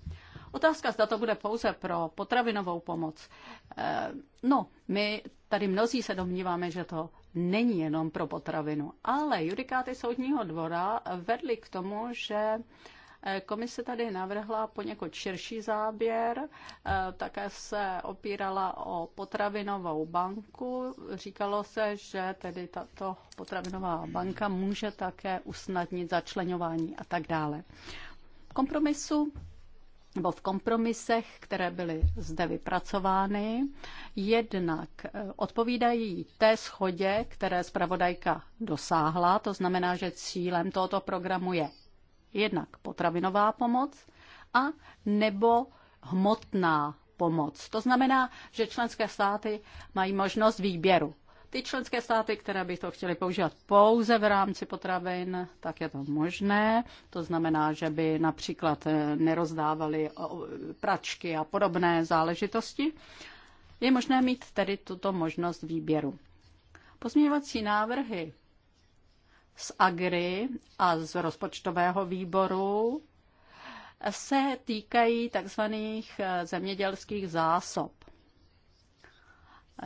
Otázka, zda to bude pouze pro potravinovou pomoc. Eh, no, my tady mnozí se domníváme, že to není jenom pro potravinu, ale judikáty soudního dvora vedly k tomu, že eh, Komise tady navrhla poněkud širší záběr, eh, také se opírala o potravinovou banku. Říkalo se, že tedy tato potravinová banka může také usnadnit začlenování a tak dále. Kompromisu nebo v kompromisech, které byly zde vypracovány, jednak eh, odpovídají té schodě, které zpravodajka dosáhla, to znamená, že cílem tohoto programu je jednak potravinová pomoc a nebo hmotná pomoc. To znamená, že členské státy mají možnost výběru. Ty členské státy, které by to chtěly používat pouze v rámci potravin, tak je to možné. To znamená, že by například eh, nerozdávali pračky a podobné záležitosti. Je možné mít tedy tuto možnost výběru. Pozměňovací návrhy z Agri a z rozpočtového výboru se týkají takzvaných eh, zemědělských zásob.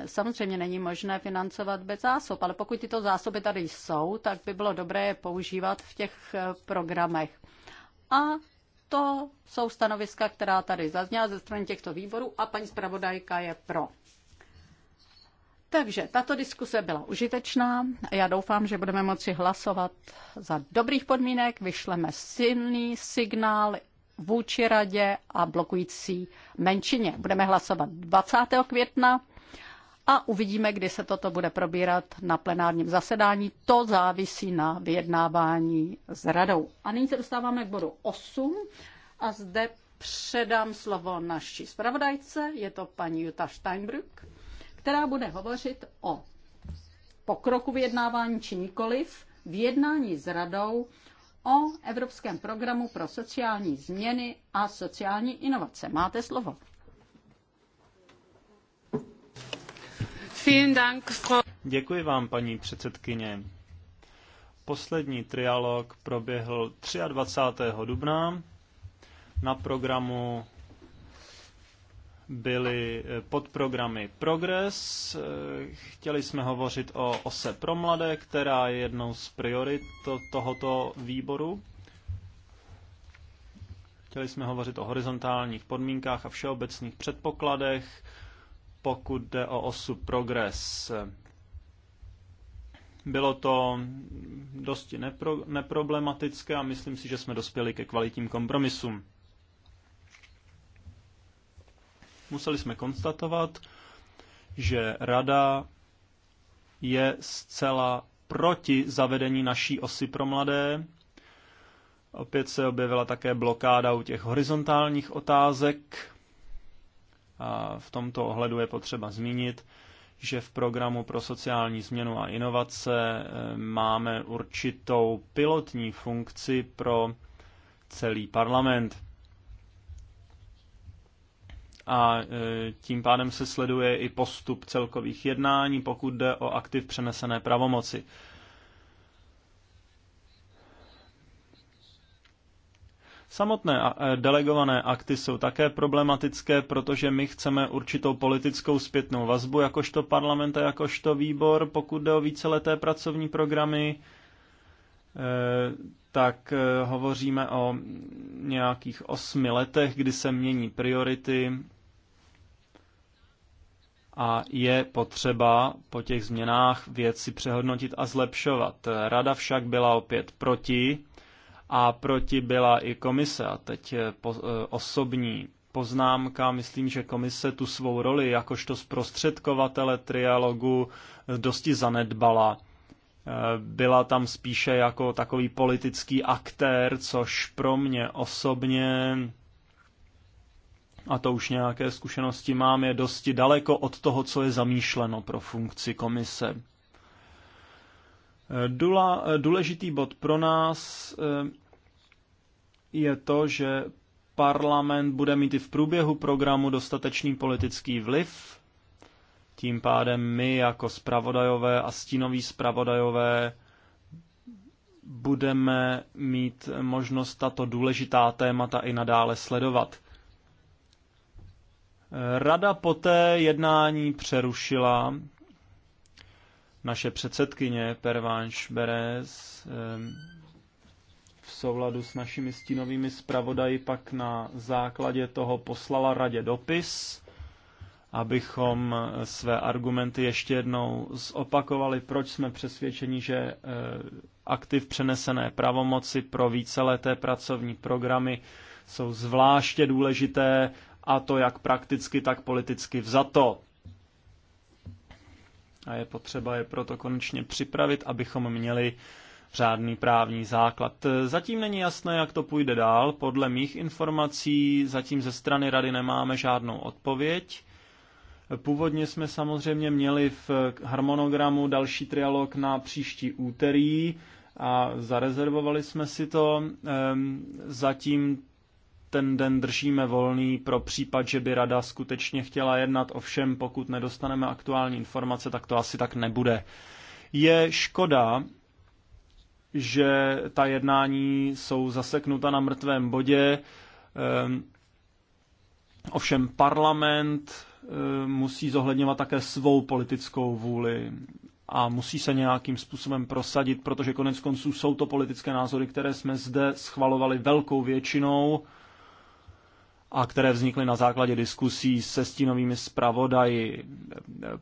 Samozřejmě není možné financovat bez zásob, ale pokud tyto zásoby tady jsou, tak by bylo dobré je používat v těch eh, programech. A to jsou stanoviska, která tady zazněla ze strany těchto výborů a paní zpravodajka je pro. Takže tato diskuse byla užitečná a já doufám, že budeme moci hlasovat za dobrých podmínek, vyšleme silný signál vůči radě a blokující menšině. Budeme hlasovat 20. května a uvidíme, kdy se toto bude probírat na plenárním zasedání. To závisí na vyjednávání s radou. A nyní se dostáváme k bodu 8 a zde předám slovo naší zpravodajce, je to paní Jutta Steinbrück, která bude hovořit o pokroku vyjednávání či nikoliv, vyjednání s radou o Evropském programu pro sociální změny a sociální inovace. Máte slovo. Děkuji vám, paní předsedkyně. Poslední trialog proběhl 23. dubna. Na programu byly eh, podprogramy Progress. Eh, chtěli jsme hovořit o ose pro mladé, která je jednou z priorit tohoto výboru. Chtěli jsme hovořit o horizontálních podmínkách a všeobecných předpokladech pokud jde o osu progres. Bylo to dosti nepro, neproblematické a myslím si, že jsme dospěli ke kvalitním kompromisům. Museli jsme konstatovat, že rada je zcela proti zavedení naší osy pro mladé. Opět se objevila také blokáda u těch horizontálních otázek, a v tomto ohledu je potřeba zmínit, že v programu pro sociální změnu a inovace eh, máme určitou pilotní funkci pro celý parlament. A eh, tím pádem se sleduje i postup celkových jednání, pokud jde o aktiv přenesené pravomoci. Samotné e, delegované akty jsou také problematické, protože my chceme určitou politickou zpětnou vazbu, jakožto parlament a jakožto výbor, pokud jde o víceleté pracovní programy, e, tak e, hovoříme o nějakých osmi letech, kdy se mění priority a je potřeba po těch změnách věci přehodnotit a zlepšovat. Rada však byla opět proti a proti byla i komise. A teď eh, po, eh, osobní poznámka. Myslím, že komise tu svou roli jakožto zprostředkovatele trialogu eh, dosti zanedbala. Byla tam spíše jako takový politický aktér, což pro mě osobně a to už nějaké zkušenosti mám, je dosti daleko od toho, co je zamýšleno pro funkci komise. Dula, důležitý bod pro nás eh, je to, že parlament bude mít i v průběhu programu dostatečný politický vliv. Tím pádem my jako spravodajové a stínoví spravodajové budeme mít možnost tato důležitá témata i nadále sledovat. Rada poté jednání přerušila naše předsedkyně Pervanš Beres v souladu s našimi stínovými zpravodaji pak na základě toho poslala radě dopis, abychom své argumenty ještě jednou zopakovali, proč jsme přesvědčeni, že eh, aktiv přenesené pravomoci pro víceleté pracovní programy jsou zvláště důležité, a to jak prakticky, tak politicky vzato a je potřeba je proto konečně připravit, abychom měli řádný právní základ. Zatím není jasné, jak to půjde dál. Podle mých informací zatím ze strany rady nemáme žádnou odpověď. Původně jsme samozřejmě měli v harmonogramu další trialog na příští úterý a zarezervovali jsme si to. Ehm, zatím ten den držíme volný pro případ, že by rada skutečně chtěla jednat. Ovšem, pokud nedostaneme aktuální informace, tak to asi tak nebude. Je škoda, že ta jednání jsou zaseknuta na mrtvém bodě. Ehm, ovšem parlament ehm, musí zohledňovat také svou politickou vůli a musí se nějakým způsobem prosadit, protože konec konců jsou to politické názory, které jsme zde schvalovali velkou většinou a které vznikly na základě diskusí se stínovými zpravodaji,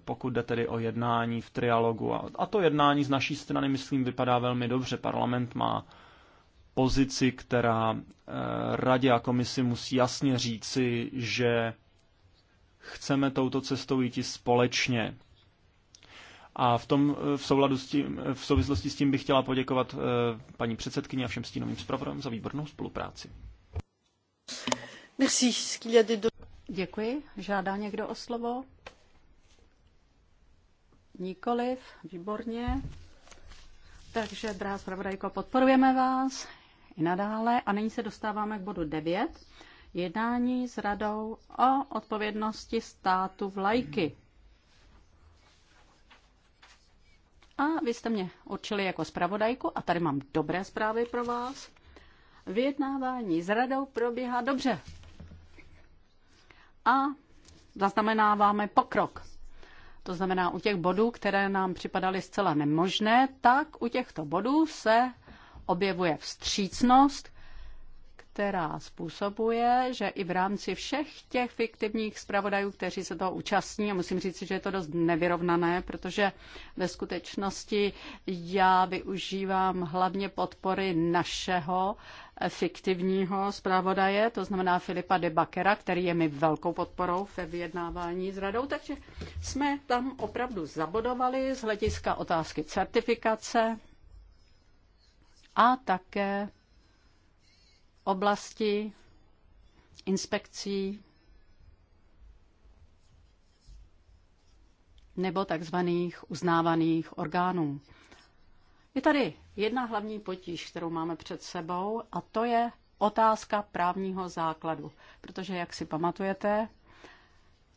pokud jde tedy o jednání v trialogu. A to jednání z naší strany, myslím, vypadá velmi dobře. Parlament má pozici, která eh, radě a komisi musí jasně říci, že chceme touto cestou jít společně. A v, tom, eh, v, souladu s tím, eh, v souvislosti s tím bych chtěla poděkovat paní předsedkyni a všem stínovým zpravodajům za výbornou spolupráci. Děkuji. Žádá někdo o slovo? Nikoliv. Výborně. Takže, drahá zpravodajko, podporujeme vás i nadále. A nyní se dostáváme k bodu 9. Jednání s radou o odpovědnosti státu v lajky. A vy jste mě určili jako zpravodajku a tady mám dobré zprávy pro vás. Vyjednávání s radou probíhá dobře a zaznamenáváme pokrok. To znamená, u těch bodů, které nám připadaly zcela nemožné, tak u těchto bodů se objevuje vstřícnost, která způsobuje, že i v rámci všech těch fiktivních zpravodajů, kteří se toho účastní, a musím říct, že je to dost nevyrovnané, protože ve skutečnosti já využívám hlavně podpory našeho fiktivního zpravodaje, to znamená Filipa de Bakera, který je mi velkou podporou ve vyjednávání s radou, takže jsme tam opravdu zabodovali z hlediska otázky certifikace a také oblasti inspekcí nebo takzvaných uznávaných orgánů. Je tady jedna hlavní potíž, kterou máme před sebou, a to je otázka právního základu. Protože, jak si pamatujete,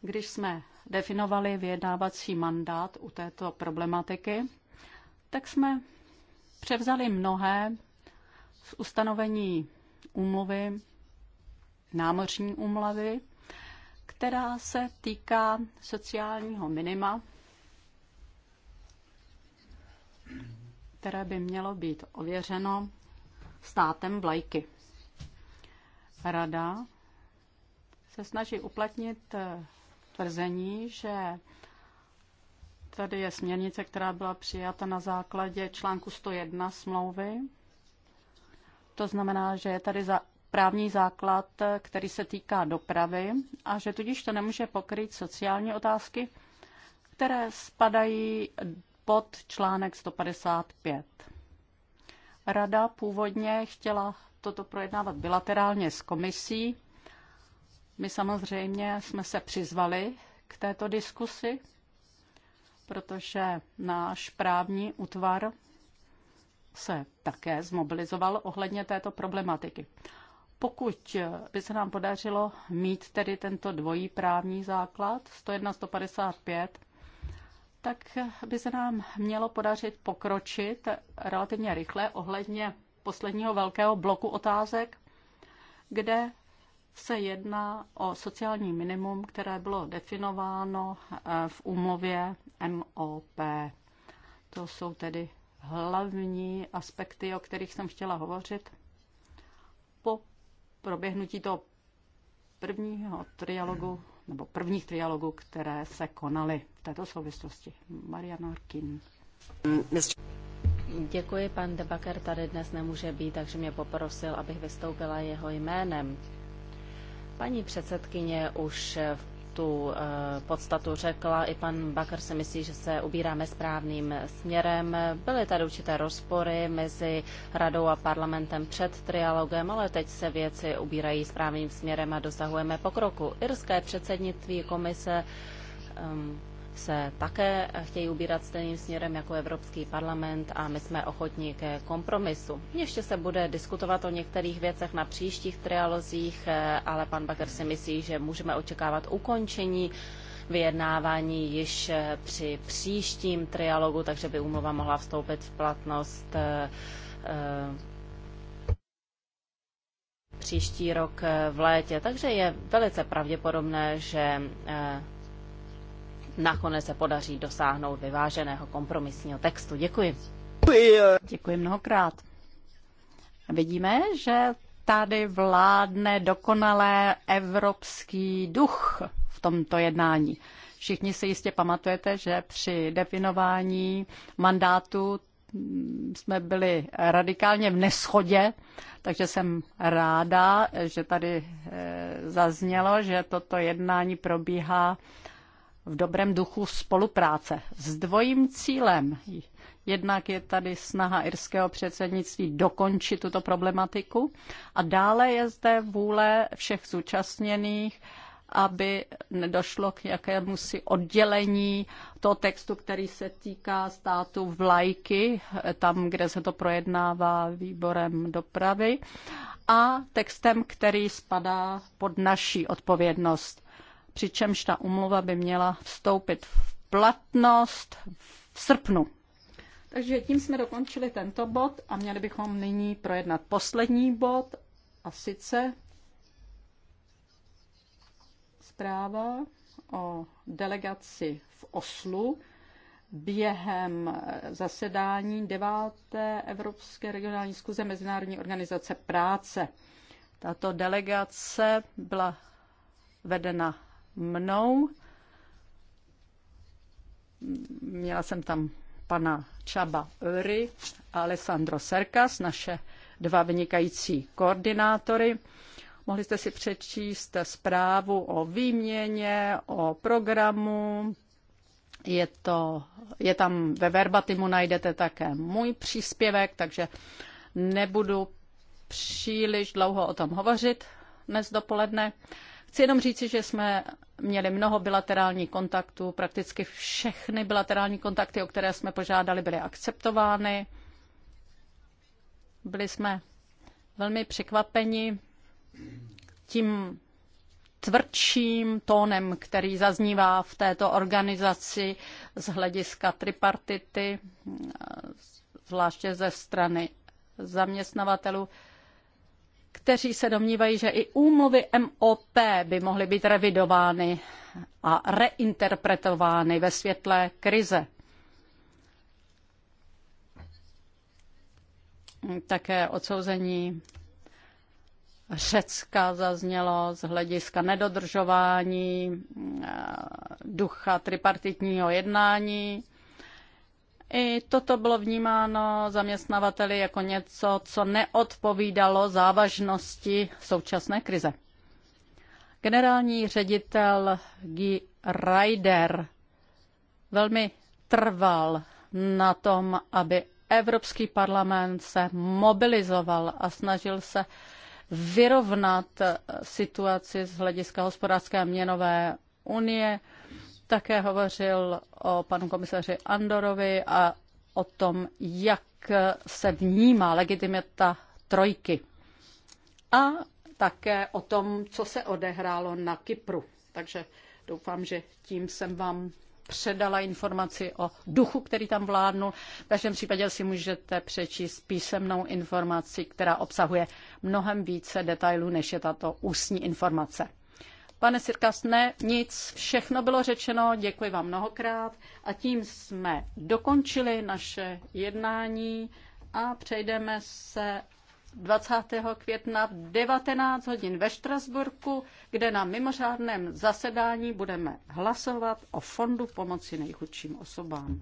když jsme definovali vyjednávací mandát u této problematiky, tak jsme převzali mnohé z ustanovení úmluvy, námořní úmluvy, která se týká sociálního minima které by mělo být ověřeno státem vlajky. Rada se snaží uplatnit eh, tvrzení, že tady je směrnice, která byla přijata na základě článku 101 smlouvy. To znamená, že je tady za právní základ, eh, který se týká dopravy a že tudíž to nemůže pokryt sociální otázky, které spadají pod článek 155. Rada původně chtěla toto projednávat bilaterálně s komisí. My samozřejmě jsme se přizvali k této diskusi, protože náš právní útvar se také zmobilizoval ohledně této problematiky. Pokud by se nám podařilo mít tedy tento dvojí právní základ 101-155, tak by se nám mělo podařit pokročit relativně rychle ohledně posledního velkého bloku otázek, kde se jedná o sociální minimum, které bylo definováno eh, v úmluvě MOP. To jsou tedy hlavní aspekty, o kterých jsem chtěla hovořit. Po proběhnutí toho prvního trialogu nebo prvních trialogů, které se konaly v této souvislosti. Mariana Kin. Děkuji, pan Debaker tady dnes nemůže být, takže mě poprosil, abych vystoupila jeho jménem. Paní předsedkyně už v tu eh, podstatu řekla. I pan Bakr si myslí, že se ubíráme správným směrem. Byly tady určité rozpory mezi radou a parlamentem před trialogem, ale teď se věci ubírají správným směrem a dosahujeme pokroku. Irské předsednictví komise um, se také chtějí ubírat stejným směrem jako Evropský parlament a my jsme ochotní ke kompromisu. Ještě se bude diskutovat o některých věcech na příštích trialozích, ale pan Baker si myslí, že můžeme očekávat ukončení vyjednávání již při příštím trialogu, takže by úmluva mohla vstoupit v platnost eh, příští rok eh, v létě. Takže je velice pravděpodobné, že eh, nakonec se podaří dosáhnout vyváženého kompromisního textu. Děkuji. Děkuji mnohokrát. Vidíme, že tady vládne dokonalé evropský duch v tomto jednání. Všichni si jistě pamatujete, že při definování mandátu jsme byli radikálně v neschodě, takže jsem ráda, že tady eh, zaznělo, že toto jednání probíhá v dobrém duchu spolupráce s dvojím cílem. Jednak je tady snaha irského předsednictví dokončit tuto problematiku a dále je zde vůle všech zúčastněných, aby nedošlo k jakému si oddělení toho textu, který se týká státu vlajky, tam, kde se to projednává výborem dopravy, a textem, který spadá pod naší odpovědnost přičemž ta umluva by měla vstoupit v platnost v srpnu. Takže tím jsme dokončili tento bod a měli bychom nyní projednat poslední bod a sice zpráva o delegaci v Oslu během zasedání 9. Evropské regionální zkuze Mezinárodní organizace práce. Tato delegace byla vedena mnou. Měla jsem tam pana Čaba Öry a Alessandro Serkas, naše dva vynikající koordinátory. Mohli jste si přečíst zprávu o výměně, o programu. Je, to, je tam ve verbatimu najdete také můj příspěvek, takže nebudu příliš dlouho o tom hovořit dnes dopoledne. Chci jenom říci, že jsme měli mnoho bilaterálních kontaktů, prakticky všechny bilaterální kontakty, o které jsme požádali, byly akceptovány. Byli jsme velmi překvapeni tím tvrdším tónem, který zaznívá v této organizaci z hlediska tripartity, zvláště ze strany zaměstnavatelů kteří se domnívají, že i úmluvy MOP by mohly být revidovány a reinterpretovány ve světle krize. Také odsouzení Řecka zaznělo z hlediska nedodržování eh, ducha tripartitního jednání. I toto bylo vnímáno zaměstnavateli jako něco, co neodpovídalo závažnosti současné krize. Generální ředitel G. Ryder velmi trval na tom, aby Evropský parlament se mobilizoval a snažil se vyrovnat situaci z hlediska hospodářské a měnové unie také hovořil o panu komisaři Andorovi a o tom, jak se vnímá legitimita trojky. A také o tom, co se odehrálo na Kypru. Takže doufám, že tím jsem vám předala informaci o duchu, který tam vládnul. V každém případě si můžete přečíst písemnou informaci, která obsahuje mnohem více detailů, než je tato ústní informace. Pane Sirkas, ne, nic, všechno bylo řečeno, děkuji vám mnohokrát a tím jsme dokončili naše jednání a přejdeme se 20. května v 19 hodin ve Štrasburku, kde na mimořádném zasedání budeme hlasovat o Fondu pomoci nejchudším osobám.